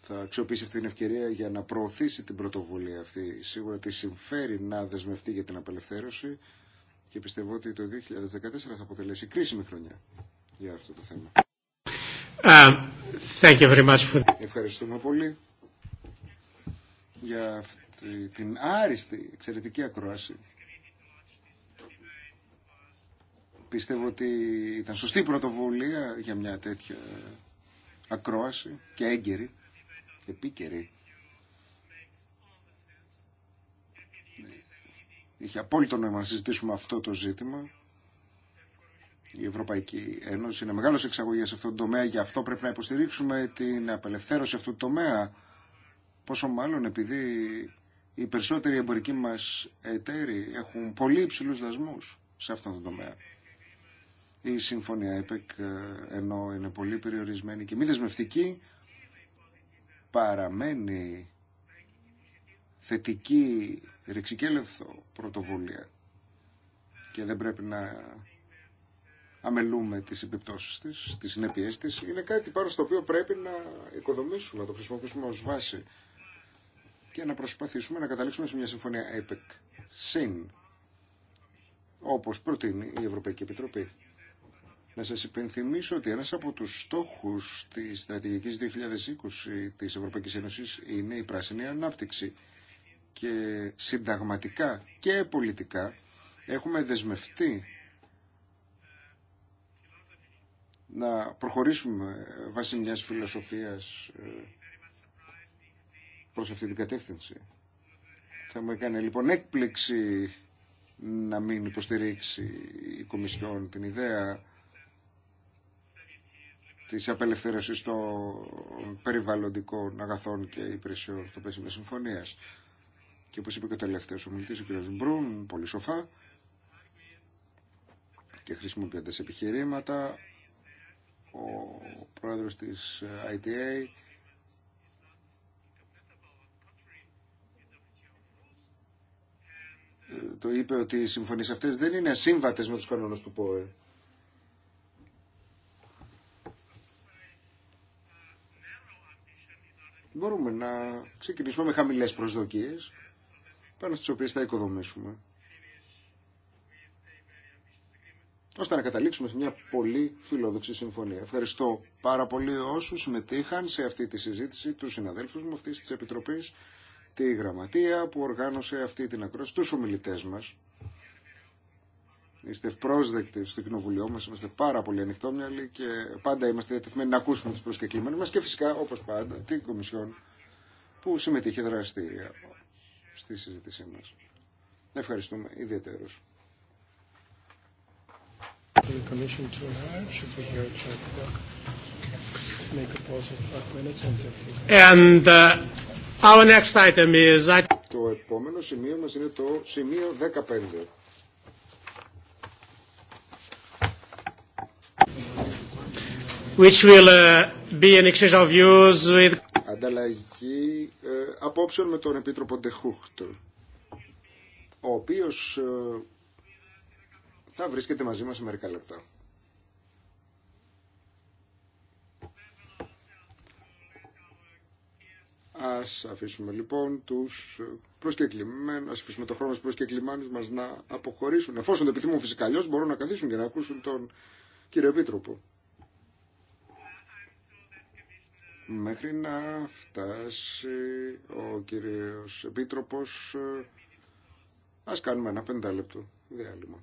θα αξιοποιήσει αυτή την ευκαιρία για να προωθήσει την πρωτοβουλία αυτή. Σίγουρα τη συμφέρει να δεσμευτεί για την απελευθέρωση και πιστεύω ότι το 2014 θα αποτελέσει κρίσιμη χρονιά για αυτό το θέμα. Ε, thank you very much for... Ευχαριστούμε πολύ για αυτή την άριστη, εξαιρετική ακρόαση. Πιστεύω ότι ήταν σωστή πρωτοβουλία για μια τέτοια ακρόαση και έγκαιρη, επίκαιρη. Είχε απόλυτο νόημα να συζητήσουμε αυτό το ζήτημα. Η Ευρωπαϊκή Ένωση είναι μεγάλο εξαγωγή σε αυτόν τον τομέα, γι' αυτό πρέπει να υποστηρίξουμε την απελευθέρωση αυτού του τομέα. Πόσο μάλλον επειδή οι περισσότεροι εμπορικοί μα εταίροι έχουν πολύ υψηλού δασμού σε αυτόν τον τομέα. Η συμφωνία ΕΠΕΚ ε, ενώ είναι πολύ περιορισμένη και μη δεσμευτική παραμένει θετική ρηξικέλευθο πρωτοβουλία και δεν πρέπει να αμελούμε τις επιπτώσεις της, τις συνέπειές της, είναι κάτι πάνω στο οποίο πρέπει να οικοδομήσουμε, να το χρησιμοποιήσουμε ως βάση και να προσπαθήσουμε να καταλήξουμε σε μια συμφωνία ΕΠΕΚ συν, όπως προτείνει η Ευρωπαϊκή Επιτροπή. Να σας υπενθυμίσω ότι ένας από τους στόχους της στρατηγικής 2020 της Ευρωπαϊκής Ένωσης είναι η πράσινη ανάπτυξη και συνταγματικά και πολιτικά έχουμε δεσμευτεί να προχωρήσουμε βάσει μιας φιλοσοφίας ε, προς αυτή την κατεύθυνση. Θα μου έκανε λοιπόν έκπληξη να μην υποστηρίξει η Κομισιόν την ιδέα της απελευθέρωσης των περιβαλλοντικών αγαθών και υπηρεσιών στο πλαίσιο συμφωνίας. Και όπως είπε και ο τελευταίο ομιλητής, ο κ. Μπρούν, πολύ σοφά και χρησιμοποιώντας επιχειρήματα, ο πρόεδρος της ITA ε, το είπε ότι οι συμφωνίες αυτές δεν είναι σύμβατες με τους κανόνες του ΠΟΕ. Μπορούμε να ξεκινήσουμε με χαμηλές προσδοκίες πάνω στις οποίες θα οικοδομήσουμε ώστε να καταλήξουμε σε μια πολύ φιλόδοξη συμφωνία. Ευχαριστώ πάρα πολύ όσους συμμετείχαν σε αυτή τη συζήτηση, τους συναδέλφους μου αυτής της Επιτροπής, τη Γραμματεία που οργάνωσε αυτή την ακρόαση, τους ομιλητές μας. Είστε ευπρόσδεκτοι στο κοινοβουλίο μας, είμαστε πάρα πολύ ανοιχτόμυαλοι και πάντα είμαστε διατεθειμένοι να ακούσουμε τους προσκεκλήμενους μα και φυσικά, όπως πάντα, την Κομισιόν που συμμετείχε δραστήρια στη συζήτησή μας. Ευχαριστούμε ιδιαίτερως. And, uh, our next item is... Το επόμενο σημείο μας είναι το σημείο 15. Which will uh, be an exchange of views with ανταλλαγή ε, απόψεων με τον Επίτροπο Ντεχούχτ, ο οποίος ε, θα βρίσκεται μαζί μας σε μερικά λεπτά. Ας αφήσουμε λοιπόν τους προσκεκλημένους, ας αφήσουμε το χρόνο στους προσκεκλημένους μας να αποχωρήσουν. Εφόσον το επιθυμούν φυσικά αλλιώς μπορούν να καθίσουν και να ακούσουν τον κύριο Επίτροπο. μέχρι να φτάσει ο κύριος Επίτροπος ε, ας κάνουμε ένα πεντάλεπτο διάλειμμα.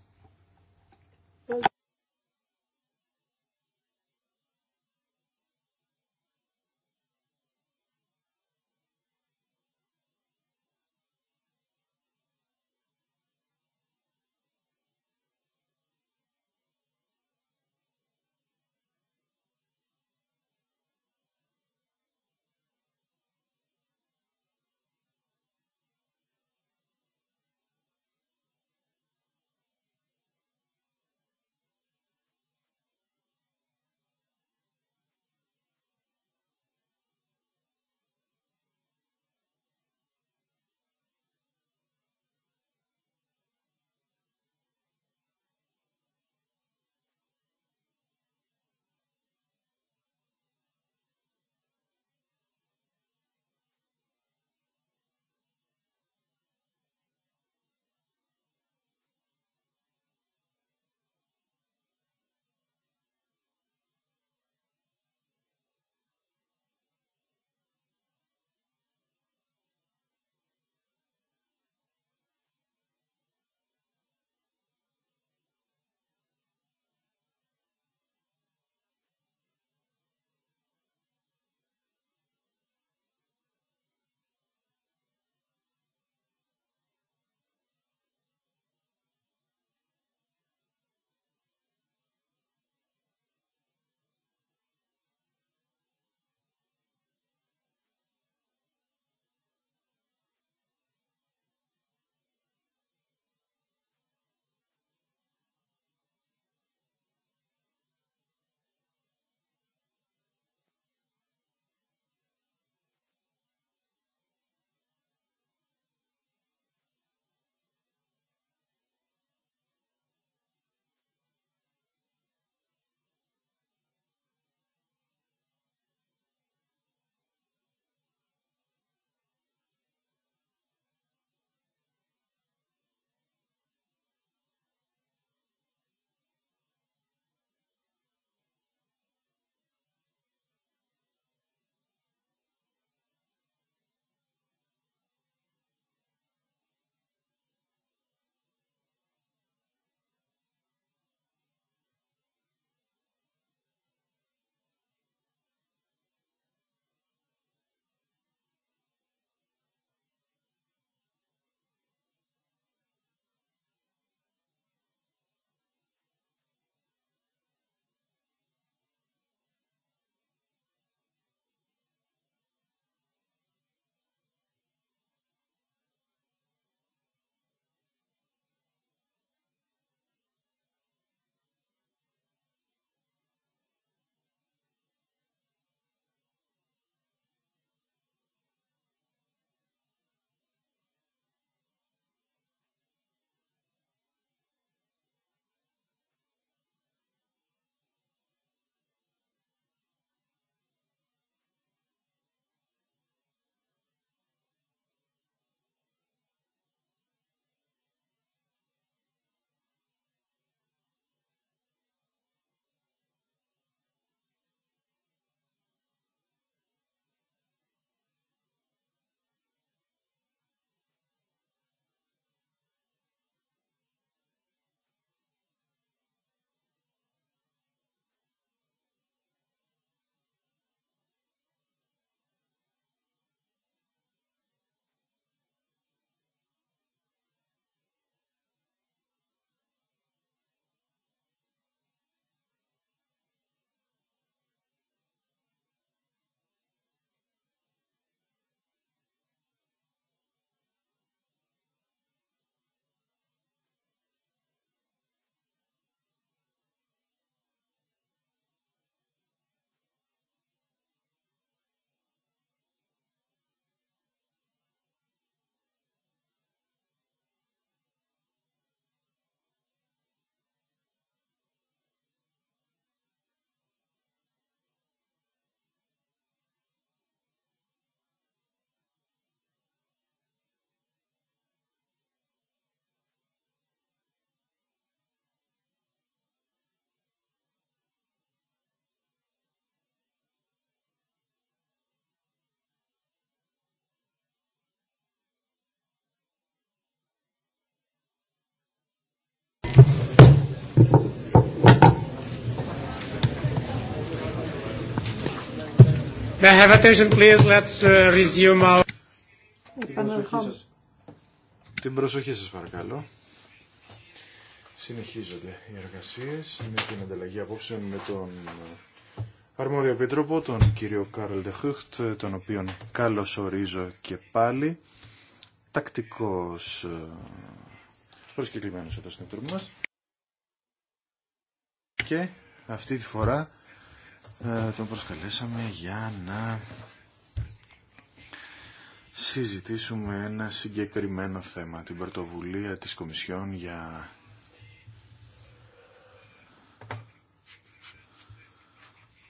May I have attention, please? Uh, την προσοχή σας παρακαλώ. Συνεχίζονται οι εργασίες με την ανταλλαγή απόψεων με τον αρμόδιο επίτροπο, τον κύριο Κάρλ Ντεχούχτ, τον οποίον καλώς ορίζω και πάλι, τακτικός ε, προσκεκλημένος εδώ στην επιτροπή μας. Και αυτή τη φορά ε, τον προσκαλέσαμε για να συζητήσουμε ένα συγκεκριμένο θέμα, την πρωτοβουλία της Κομισιόν για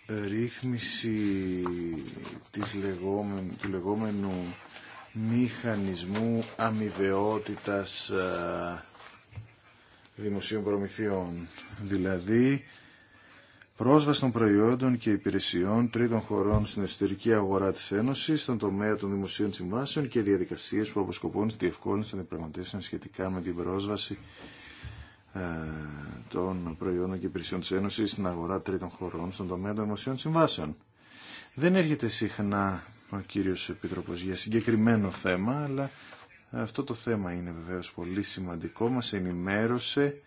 ρύθμιση της λεγόμενου, του λεγόμενου μηχανισμού αμοιβαιότητας ε, δημοσίων προμηθειών. Δηλαδή, πρόσβαση των προϊόντων και υπηρεσιών τρίτων χωρών στην εσωτερική αγορά της Ένωσης, στον τομέα των δημοσίων συμβάσεων και διαδικασίες που αποσκοπούν στη διευκόλυνση των διαπραγματεύσεων σχετικά με την πρόσβαση ε, των προϊόντων και υπηρεσιών της Ένωσης στην αγορά τρίτων χωρών στον τομέα των δημοσίων συμβάσεων. Δεν έρχεται συχνά ο κύριος Επίτροπος για συγκεκριμένο θέμα, αλλά αυτό το θέμα είναι βεβαίως πολύ σημαντικό. μα ενημέρωσε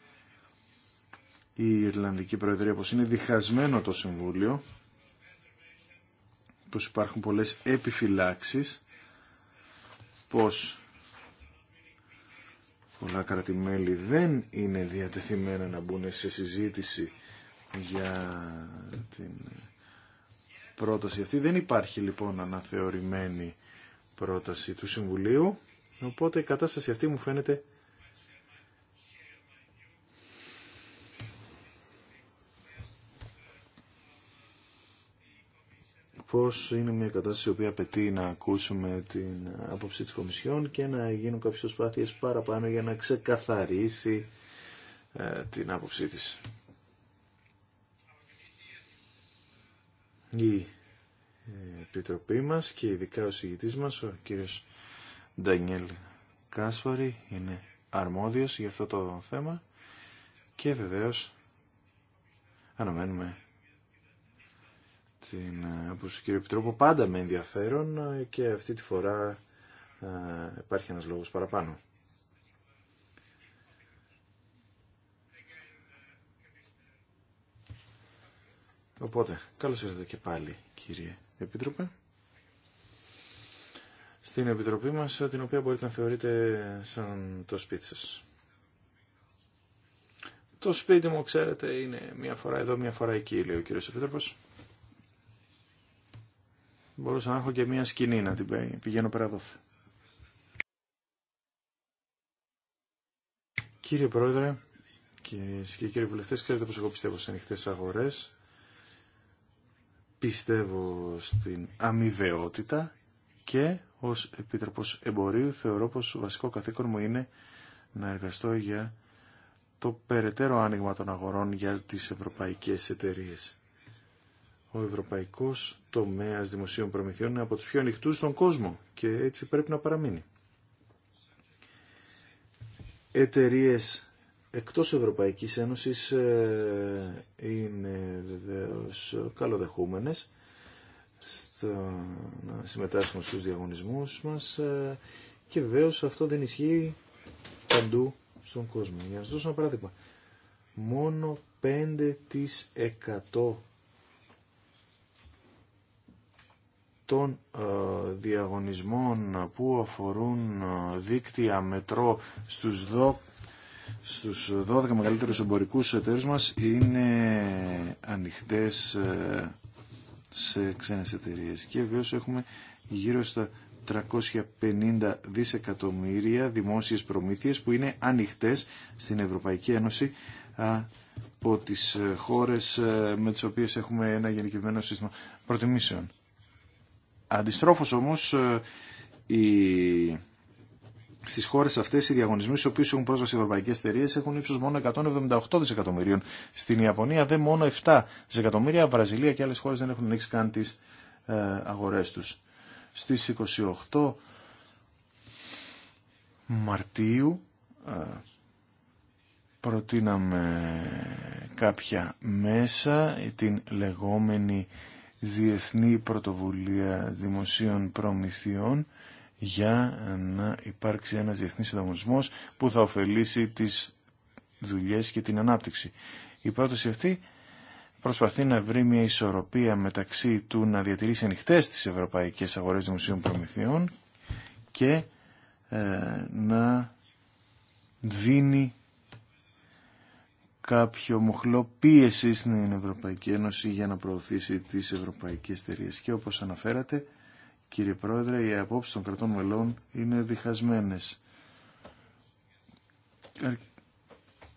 η Ιρλανδική Προεδρία πως είναι διχασμένο το Συμβούλιο, πως υπάρχουν πολλές επιφυλάξεις, πως πολλά κράτη-μέλη δεν είναι διατεθειμένα να μπουν σε συζήτηση για την πρόταση αυτή. Δεν υπάρχει λοιπόν αναθεωρημένη πρόταση του Συμβουλίου, οπότε η κατάσταση αυτή μου φαίνεται πως είναι μια κατάσταση η οποία απαιτεί να ακούσουμε την άποψη της Κομισιόν και να γίνουν κάποιες προσπάθειες παραπάνω για να ξεκαθαρίσει ε, την άποψή της. Η ε, Επιτροπή μας και ειδικά ο συγητής μας, ο κύριος Ντανιέλ Κάσφαρη, είναι αρμόδιος για αυτό το θέμα και βεβαίως αναμένουμε την άποψη του κύριου Επιτρόπου πάντα με ενδιαφέρον και αυτή τη φορά ε, υπάρχει ένας λόγος παραπάνω. Οπότε, καλώς ήρθατε και πάλι κύριε Επίτροπε. Στην Επιτροπή μας, την οποία μπορείτε να θεωρείτε σαν το σπίτι σας. Το σπίτι μου, ξέρετε, είναι μία φορά εδώ, μία φορά εκεί, λέει ο κύριος Επίτροπος μπορούσα να έχω και μία σκηνή να την πηγαίνω πέρα δόθε. Κύριε Πρόεδρε, και κύριοι βουλευτές, ξέρετε πως εγώ πιστεύω σε ανοιχτέ αγορές, Πιστεύω στην αμοιβαιότητα και ως Επίτροπος Εμπορίου θεωρώ πως βασικό καθήκον μου είναι να εργαστώ για το περαιτέρω άνοιγμα των αγορών για τις ευρωπαϊκές εταιρείες ο ευρωπαϊκός τομέας δημοσίων προμηθειών είναι από τους πιο ανοιχτού στον κόσμο και έτσι πρέπει να παραμείνει. Εταιρείε εκτός Ευρωπαϊκής Ένωσης ε, είναι βεβαίως καλοδεχούμενες στο να συμμετάσχουν στους διαγωνισμούς μας ε, και βεβαίως αυτό δεν ισχύει παντού στον κόσμο. Για να σας δώσω ένα παράδειγμα. Μόνο 5% των ε, διαγωνισμών που αφορούν ε, δίκτυα μετρό στους, δο, 12 μεγαλύτερους εμπορικούς εταίρους μας είναι ανοιχτές ε, σε ξένες εταιρείες. Και βέβαια έχουμε γύρω στα 350 δισεκατομμύρια δημόσιες προμήθειες που είναι ανοιχτές στην Ευρωπαϊκή Ένωση από τις χώρες με τις οποίες έχουμε ένα γενικευμένο σύστημα προτιμήσεων. Αντιστρόφως όμως ε, οι... Στι χώρε αυτέ οι διαγωνισμοί στου οποίου έχουν πρόσβαση ευρωπαϊκέ εταιρείε έχουν ύψος μόνο 178 δισεκατομμυρίων. Στην Ιαπωνία δεν μόνο 7 δισεκατομμύρια. Βραζιλία και άλλες χώρες δεν έχουν ανοίξει καν τις ε, αγορέ του. Στι 28 Μαρτίου ε, προτείναμε κάποια μέσα την λεγόμενη διεθνή πρωτοβουλία δημοσίων προμηθειών για να υπάρξει ένας διεθνής συνταγωνισμός που θα ωφελήσει τις δουλειές και την ανάπτυξη. Η πρόταση αυτή προσπαθεί να βρει μια ισορροπία μεταξύ του να διατηρήσει ανοιχτέ τις ευρωπαϊκές αγορές δημοσίων προμηθειών και ε, να δίνει κάποιο μοχλό πίεση στην Ευρωπαϊκή Ένωση για να προωθήσει τις ευρωπαϊκές εταιρείε. Και όπως αναφέρατε, κύριε Πρόεδρε, οι απόψει των κρατών μελών είναι διχασμένες.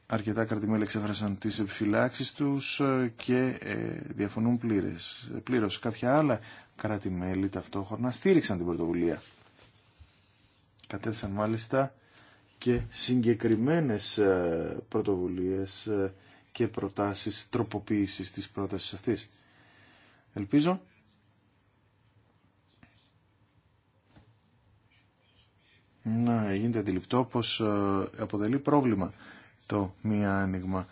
Αρκετά κρατημέλη εξέφρασαν τις επιφυλάξεις τους ε, και ε, διαφωνούν πλήρες. πλήρως. Κάποια άλλα κρατημέλη ταυτόχρονα στήριξαν την πρωτοβουλία. Κατέθεσαν μάλιστα και συγκεκριμένες ε, πρωτοβουλίες ε, και προτάσεις τροποποίησης της πρότασης αυτής. Ελπίζω να γίνεται αντιληπτό πως ε, αποτελεί πρόβλημα το μία άνοιγμα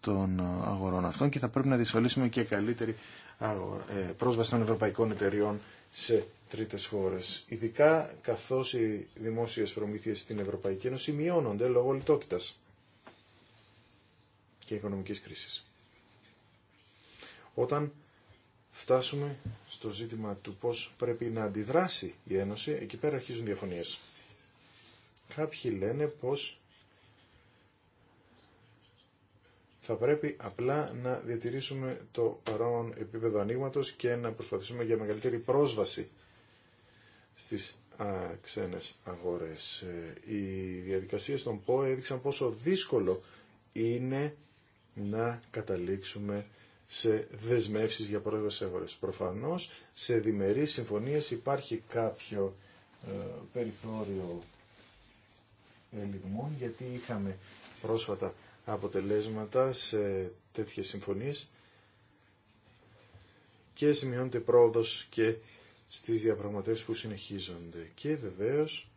των αγορών αυτών και θα πρέπει να διασφαλίσουμε και καλύτερη πρόσβαση των ευρωπαϊκών εταιριών σε τρίτες χώρες. Ειδικά καθώς οι δημόσιες προμήθειες στην Ευρωπαϊκή Ένωση μειώνονται λόγω λιτότητας και οικονομικής κρίσης. Όταν φτάσουμε στο ζήτημα του πώς πρέπει να αντιδράσει η Ένωση, εκεί πέρα αρχίζουν διαφωνίες. Κάποιοι λένε πως Θα πρέπει απλά να διατηρήσουμε το παρόν επίπεδο ανοίγματο και να προσπαθήσουμε για μεγαλύτερη πρόσβαση στις ξένες αγορές. Ε, οι διαδικασίες των ΠΟΕ έδειξαν πόσο δύσκολο είναι να καταλήξουμε σε δεσμεύσεις για πρόσβαση αγορές. Προφανώς σε διμερείς συμφωνίες υπάρχει κάποιο ε, περιθώριο ελιγμών γιατί είχαμε πρόσφατα αποτελέσματα σε τέτοιες συμφωνίες και σημειώνεται πρόοδος και στις διαπραγματεύσεις που συνεχίζονται. Και βεβαίως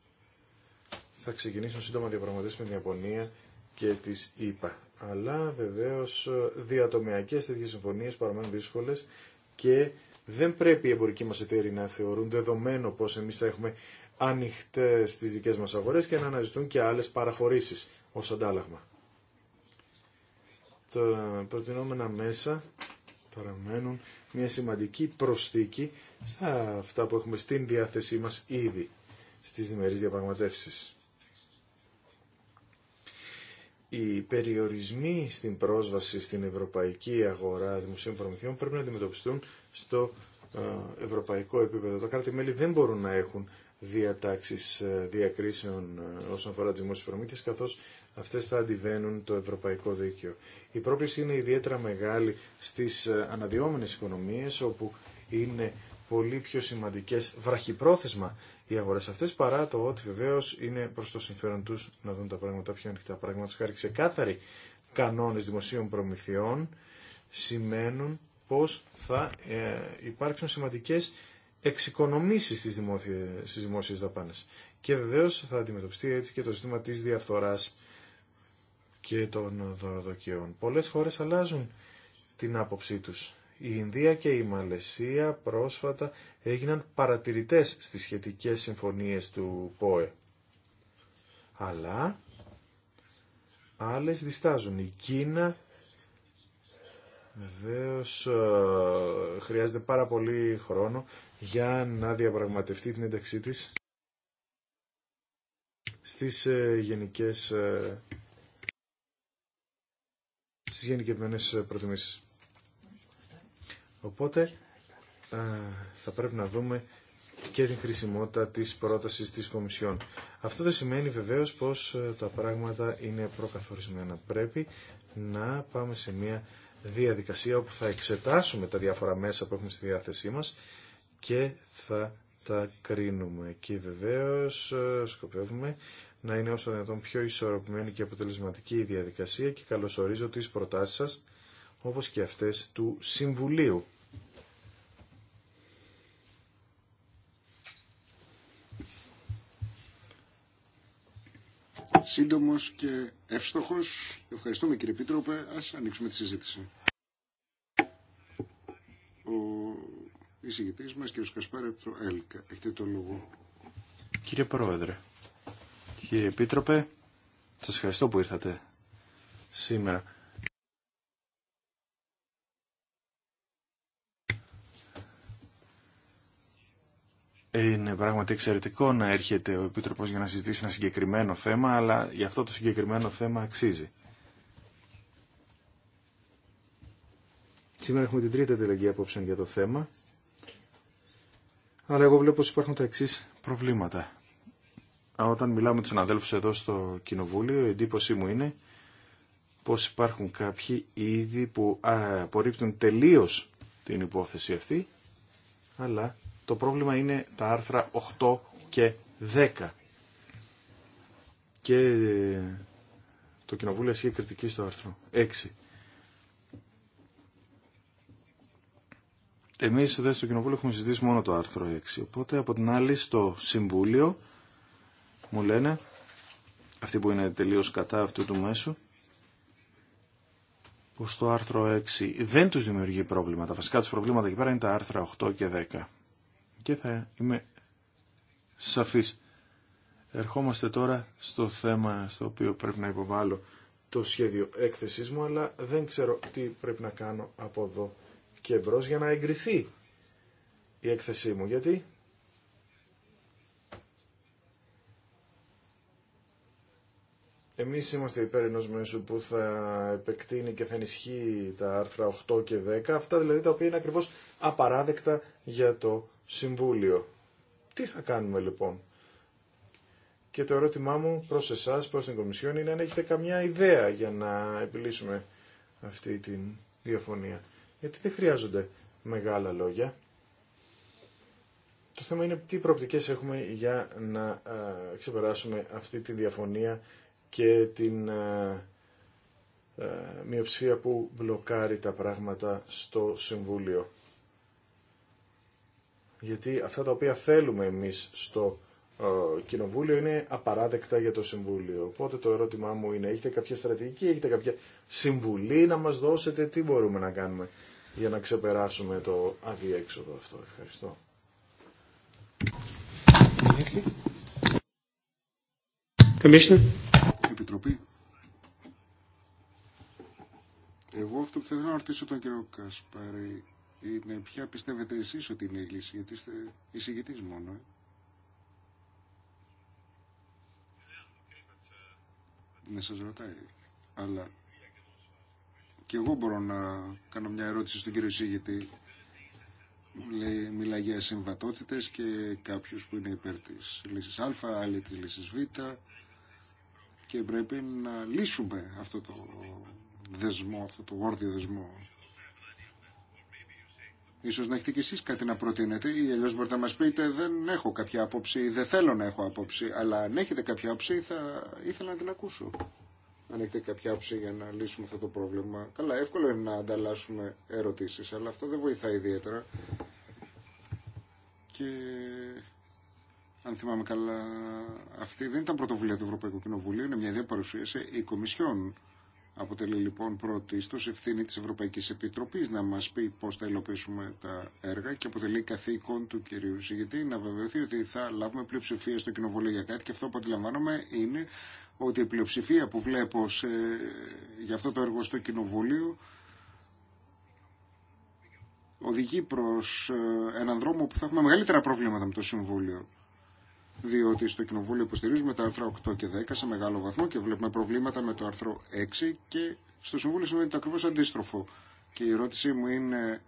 θα ξεκινήσουν σύντομα διαπραγματεύσεις με την Ιαπωνία και τις ΗΠΑ. Αλλά βεβαίως διατομιακές τέτοιες συμφωνίες παραμένουν δύσκολες και δεν πρέπει οι εμπορικοί μας εταίροι να θεωρούν δεδομένο πως εμείς θα έχουμε ανοιχτές τις δικές μας αγορές και να αναζητούν και άλλες παραχωρήσεις ως αντάλλαγμα τα προτινόμενα μέσα παραμένουν μια σημαντική προσθήκη στα αυτά που έχουμε στην διάθεσή μας ήδη στις διμερείς διαπραγματεύσεις. Οι περιορισμοί στην πρόσβαση στην ευρωπαϊκή αγορά δημοσίων προμηθειών πρέπει να αντιμετωπιστούν στο ε, ευρωπαϊκό επίπεδο. Τα κράτη-μέλη δεν μπορούν να έχουν διατάξεις ε, διακρίσεων ε, όσον αφορά τις δημόσιες προμήθειες, καθώς αυτές θα αντιβαίνουν το ευρωπαϊκό δίκαιο. Η πρόκληση είναι ιδιαίτερα μεγάλη στις ε, αναδυόμενες οικονομίες όπου είναι πολύ πιο σημαντικές βραχυπρόθεσμα οι αγορές αυτές παρά το ότι βεβαίως είναι προς το συμφέρον τους να δουν τα πράγματα πιο ανοιχτά πράγματα. Χάρη ξεκάθαροι κανόνες δημοσίων προμηθειών σημαίνουν πως θα ε, υπάρξουν σημαντικές εξοικονομήσεις στις δημόσιες, στις δαπάνες. Και βεβαίως θα αντιμετωπιστεί έτσι και το ζήτημα της διαφθοράς και των δωροδοκιών. Πολλές χώρες αλλάζουν την άποψή τους. Η Ινδία και η Μαλαισία πρόσφατα έγιναν παρατηρητές στις σχετικές συμφωνίες του ΠΟΕ. Αλλά άλλες διστάζουν. Η Κίνα βεβαίω ε, χρειάζεται πάρα πολύ χρόνο για να διαπραγματευτεί την ένταξή της στις ε, γενικές ε, στις γενικευμένες ε, προτιμήσεις. Οπότε ε, θα πρέπει να δούμε και την χρησιμότητα της πρότασης της Κομισιόν. Αυτό δεν σημαίνει βεβαίως πως ε, τα πράγματα είναι προκαθορισμένα. Πρέπει να πάμε σε μια διαδικασία όπου θα εξετάσουμε τα διάφορα μέσα που έχουμε στη διάθεσή μας και θα τα κρίνουμε. Και βεβαίως σκοπεύουμε να είναι όσο δυνατόν πιο ισορροπημένη και αποτελεσματική η διαδικασία και καλωσορίζω τις προτάσεις σας, όπως και αυτές του Συμβουλίου. Σύντομος και εύστοχος. Ευχαριστούμε κύριε Πίτροπε. Ας ανοίξουμε τη συζήτηση. Ο εισηγητής μας, κύριος Κασπάρη, ΕΛΚΑ. Έχετε το λόγο. Κύριε Πρόεδρε, Κύριε Επίτροπε, σας ευχαριστώ που ήρθατε σήμερα. Είναι πράγματι εξαιρετικό να έρχεται ο Επίτροπος για να συζητήσει ένα συγκεκριμένο θέμα, αλλά για αυτό το συγκεκριμένο θέμα αξίζει. Σήμερα έχουμε την τρίτη τελεγγύη απόψεων για το θέμα, αλλά εγώ βλέπω ότι υπάρχουν τα εξή προβλήματα όταν μιλάμε με τους συναδέλφους εδώ στο Κοινοβούλιο, η εντύπωσή μου είναι πως υπάρχουν κάποιοι ήδη που απορρίπτουν τελείως την υπόθεση αυτή, αλλά το πρόβλημα είναι τα άρθρα 8 και 10. Και ε, το Κοινοβούλιο ασχεί κριτική στο άρθρο 6. Εμείς εδώ στο Κοινοβούλιο έχουμε συζητήσει μόνο το άρθρο 6, οπότε από την άλλη στο Συμβούλιο μου λένε, αυτοί που είναι τελείως κατά αυτού του μέσου, που στο άρθρο 6 δεν τους δημιουργεί πρόβλημα. Τα βασικά τους προβλήματα εκεί πέρα είναι τα άρθρα 8 και 10. Και θα είμαι σαφής. Ερχόμαστε τώρα στο θέμα στο οποίο πρέπει να υποβάλω το σχέδιο έκθεσής μου, αλλά δεν ξέρω τι πρέπει να κάνω από εδώ και μπρος για να εγκριθεί η έκθεσή μου. Γιατί Εμείς είμαστε υπέρ ενός μέσου που θα επεκτείνει και θα ενισχύει τα άρθρα 8 και 10, αυτά δηλαδή τα οποία είναι ακριβώς απαράδεκτα για το Συμβούλιο. Τι θα κάνουμε λοιπόν. Και το ερώτημά μου προς εσάς, προς την Κομισιόν, είναι αν έχετε καμιά ιδέα για να επιλύσουμε αυτή τη διαφωνία. Γιατί δεν χρειάζονται μεγάλα λόγια. Το θέμα είναι τι προοπτικές έχουμε για να ε, ξεπεράσουμε αυτή τη διαφωνία και την ε, ε, μειοψηφία που μπλοκάρει τα πράγματα στο Συμβούλιο. Γιατί αυτά τα οποία θέλουμε εμείς στο ε, Κοινοβούλιο είναι απαράδεκτα για το Συμβούλιο. Οπότε το ερώτημά μου είναι, έχετε κάποια στρατηγική, έχετε κάποια συμβουλή να μας δώσετε, τι μπορούμε να κάνουμε για να ξεπεράσουμε το αδιέξοδο αυτό. Ευχαριστώ. Εγώ αυτό που θα ήθελα να ρωτήσω τον κύριο Κασπαρή είναι ποια πιστεύετε εσείς ότι είναι η λύση, γιατί είστε εισηγητής μόνο. Ε. Ναι, σας ρωτάει. Αλλά και εγώ μπορώ να κάνω μια ερώτηση στον κύριο εισηγητή. Λέει, μιλάει για συμβατότητες και κάποιους που είναι υπέρ της λύσης Α, άλλοι της λύσης Β και πρέπει να λύσουμε αυτό το δεσμό, αυτό το γόρδιο δεσμό. Ίσως να έχετε κι εσείς κάτι να προτείνετε ή αλλιώ μπορείτε να μας πείτε δεν έχω κάποια άποψη, δεν θέλω να έχω άποψη, αλλά αν έχετε κάποια άποψη θα ήθελα να την ακούσω. Αν έχετε κάποια άποψη για να λύσουμε αυτό το πρόβλημα. Καλά, εύκολο είναι να ανταλλάσσουμε ερωτήσεις, αλλά αυτό δεν βοηθάει ιδιαίτερα. Και αν θυμάμαι καλά, αυτή δεν ήταν πρωτοβουλία του Ευρωπαϊκού Κοινοβουλίου, είναι μια ιδέα παρουσίασε η Κομισιόν. Αποτελεί λοιπόν στο ευθύνη της Ευρωπαϊκής Επιτροπής να μας πει πώς θα υλοποιήσουμε τα έργα και αποτελεί καθήκον του κυρίου Σιγητή να βεβαιωθεί ότι θα λάβουμε πλειοψηφία στο κοινοβούλιο για κάτι και αυτό που αντιλαμβάνομαι είναι ότι η πλειοψηφία που βλέπω σε... για αυτό το έργο στο κοινοβούλιο οδηγεί προ ε, έναν δρόμο που θα έχουμε μεγαλύτερα προβλήματα με το Συμβούλιο διότι στο Κοινοβούλιο υποστηρίζουμε τα άρθρα 8 και 10 σε μεγάλο βαθμό και βλέπουμε προβλήματα με το άρθρο 6 και στο Συμβούλιο σημαίνει το ακριβώς αντίστροφο. Και η ερώτησή μου είναι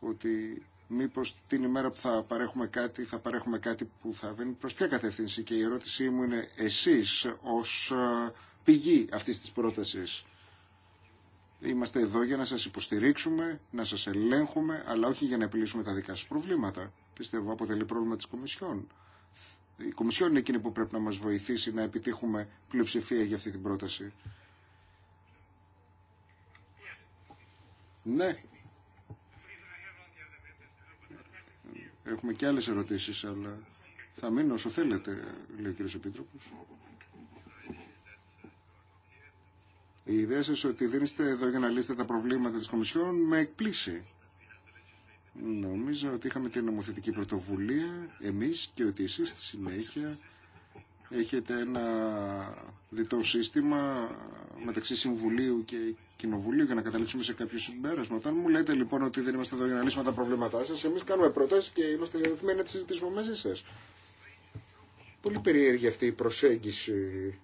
ότι μήπως την ημέρα που θα παρέχουμε κάτι, θα παρέχουμε κάτι που θα βαίνει προς ποια κατεύθυνση. Και η ερώτησή μου είναι εσείς ως ε, πηγή αυτής της πρότασης. Είμαστε εδώ για να σας υποστηρίξουμε, να σας ελέγχουμε, αλλά όχι για να επιλύσουμε τα δικά σας προβλήματα. Πιστεύω αποτελεί πρόβλημα της Κομισιόν η Κομισιόν είναι εκείνη που πρέπει να μας βοηθήσει να επιτύχουμε πλειοψηφία για αυτή την πρόταση. Ναι. Έχουμε και άλλες ερωτήσεις, αλλά θα μείνω όσο θέλετε, λέει ο Επίτροπος. Η ιδέα σας ότι δεν είστε εδώ για να λύσετε τα προβλήματα της Κομισιόν με εκπλήσει. Νομίζω ότι είχαμε την νομοθετική πρωτοβουλία εμείς και ότι εσείς στη συνέχεια έχετε ένα διτό σύστημα μεταξύ Συμβουλίου και Κοινοβουλίου για να καταλήξουμε σε κάποιο συμπέρασμα. Όταν μου λέτε λοιπόν ότι δεν είμαστε εδώ για να λύσουμε τα προβλήματά σας, εμείς κάνουμε προτάσεις και είμαστε διαδεθμένοι να τις συζητήσουμε μαζί σας. Πολύ περίεργη αυτή η προσέγγιση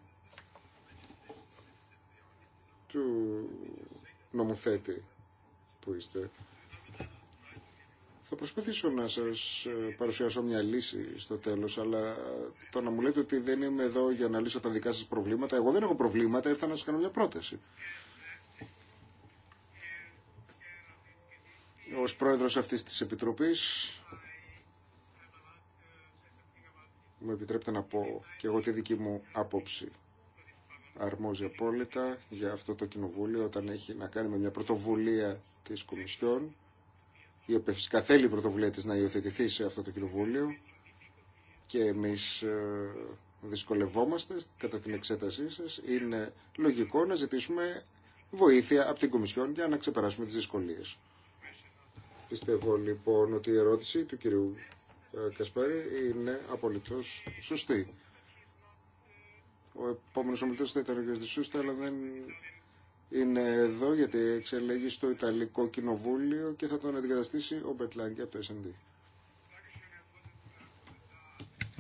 του νομοθέτη που είστε. Θα προσπαθήσω να σας ε, παρουσιάσω μια λύση στο τέλος, αλλά ε, το να μου λέτε ότι δεν είμαι εδώ για να λύσω τα δικά σας προβλήματα, εγώ δεν έχω προβλήματα, ήρθα να σας κάνω μια πρόταση. Ως πρόεδρος αυτής της Επιτροπής, μου επιτρέπετε να πω και εγώ τη δική μου άποψη. Αρμόζει απόλυτα για αυτό το κοινοβούλιο όταν έχει να κάνει με μια πρωτοβουλία της Κομισιόν η οποία φυσικά θέλει η πρωτοβουλία της να υιοθετηθεί σε αυτό το κοινοβούλιο και εμείς ε, δυσκολευόμαστε κατά την εξέτασή σας, είναι λογικό να ζητήσουμε βοήθεια από την Κομισιόν για να ξεπεράσουμε τις δυσκολίες. Πιστεύω λοιπόν ότι η ερώτηση του κυρίου ε, Κασπάρη είναι απολύτως σωστή. Ο επόμενος ομιλητής θα ήταν ο κ. αλλά δεν είναι εδώ γιατί εξελέγει στο Ιταλικό Κοινοβούλιο και θα τον αντικαταστήσει ο Μπετλάνγκη από το S&D.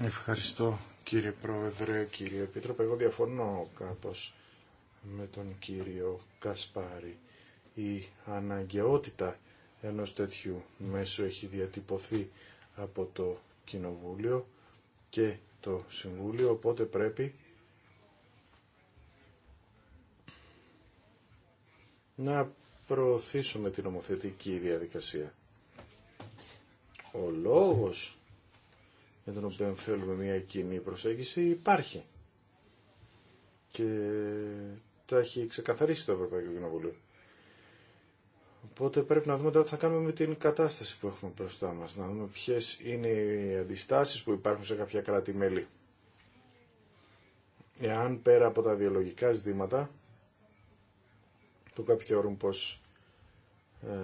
Ευχαριστώ κύριε Πρόεδρε, κύριε Επίτροπε. Εγώ διαφωνώ κάπως με τον κύριο Κασπάρη. Η αναγκαιότητα ενός τέτοιου μέσου έχει διατυπωθεί από το Κοινοβούλιο και το Συμβούλιο, οπότε πρέπει να προωθήσουμε την ομοθετική διαδικασία. Ο λόγος για τον οποίο θέλουμε μια κοινή προσέγγιση υπάρχει. Και τα έχει ξεκαθαρίσει το Ευρωπαϊκό Κοινοβούλιο. Οπότε πρέπει να δούμε τώρα τι θα κάνουμε με την κατάσταση που έχουμε μπροστά μας. Να δούμε ποιες είναι οι αντιστάσεις που υπάρχουν σε κάποια κράτη-μέλη. Εάν πέρα από τα βιολογικά ζητήματα που κάποιοι θεωρούν πως ε,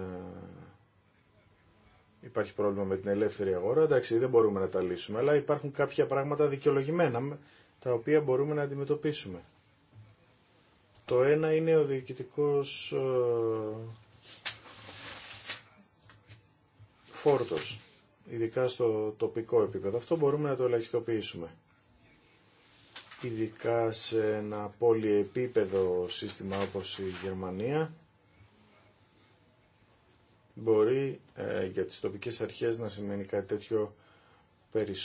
υπάρχει πρόβλημα με την ελεύθερη αγορά, εντάξει δεν μπορούμε να τα λύσουμε, αλλά υπάρχουν κάποια πράγματα δικαιολογημένα τα οποία μπορούμε να αντιμετωπίσουμε. Το ένα είναι ο διοικητικός ε, φόρτος, ειδικά στο τοπικό επίπεδο. Αυτό μπορούμε να το ελαχιστοποιήσουμε ειδικά σε ένα πολυεπίπεδο σύστημα όπως η Γερμανία, μπορεί ε, για τις τοπικές αρχές να σημαίνει κάτι τέτοιο περισσότερο.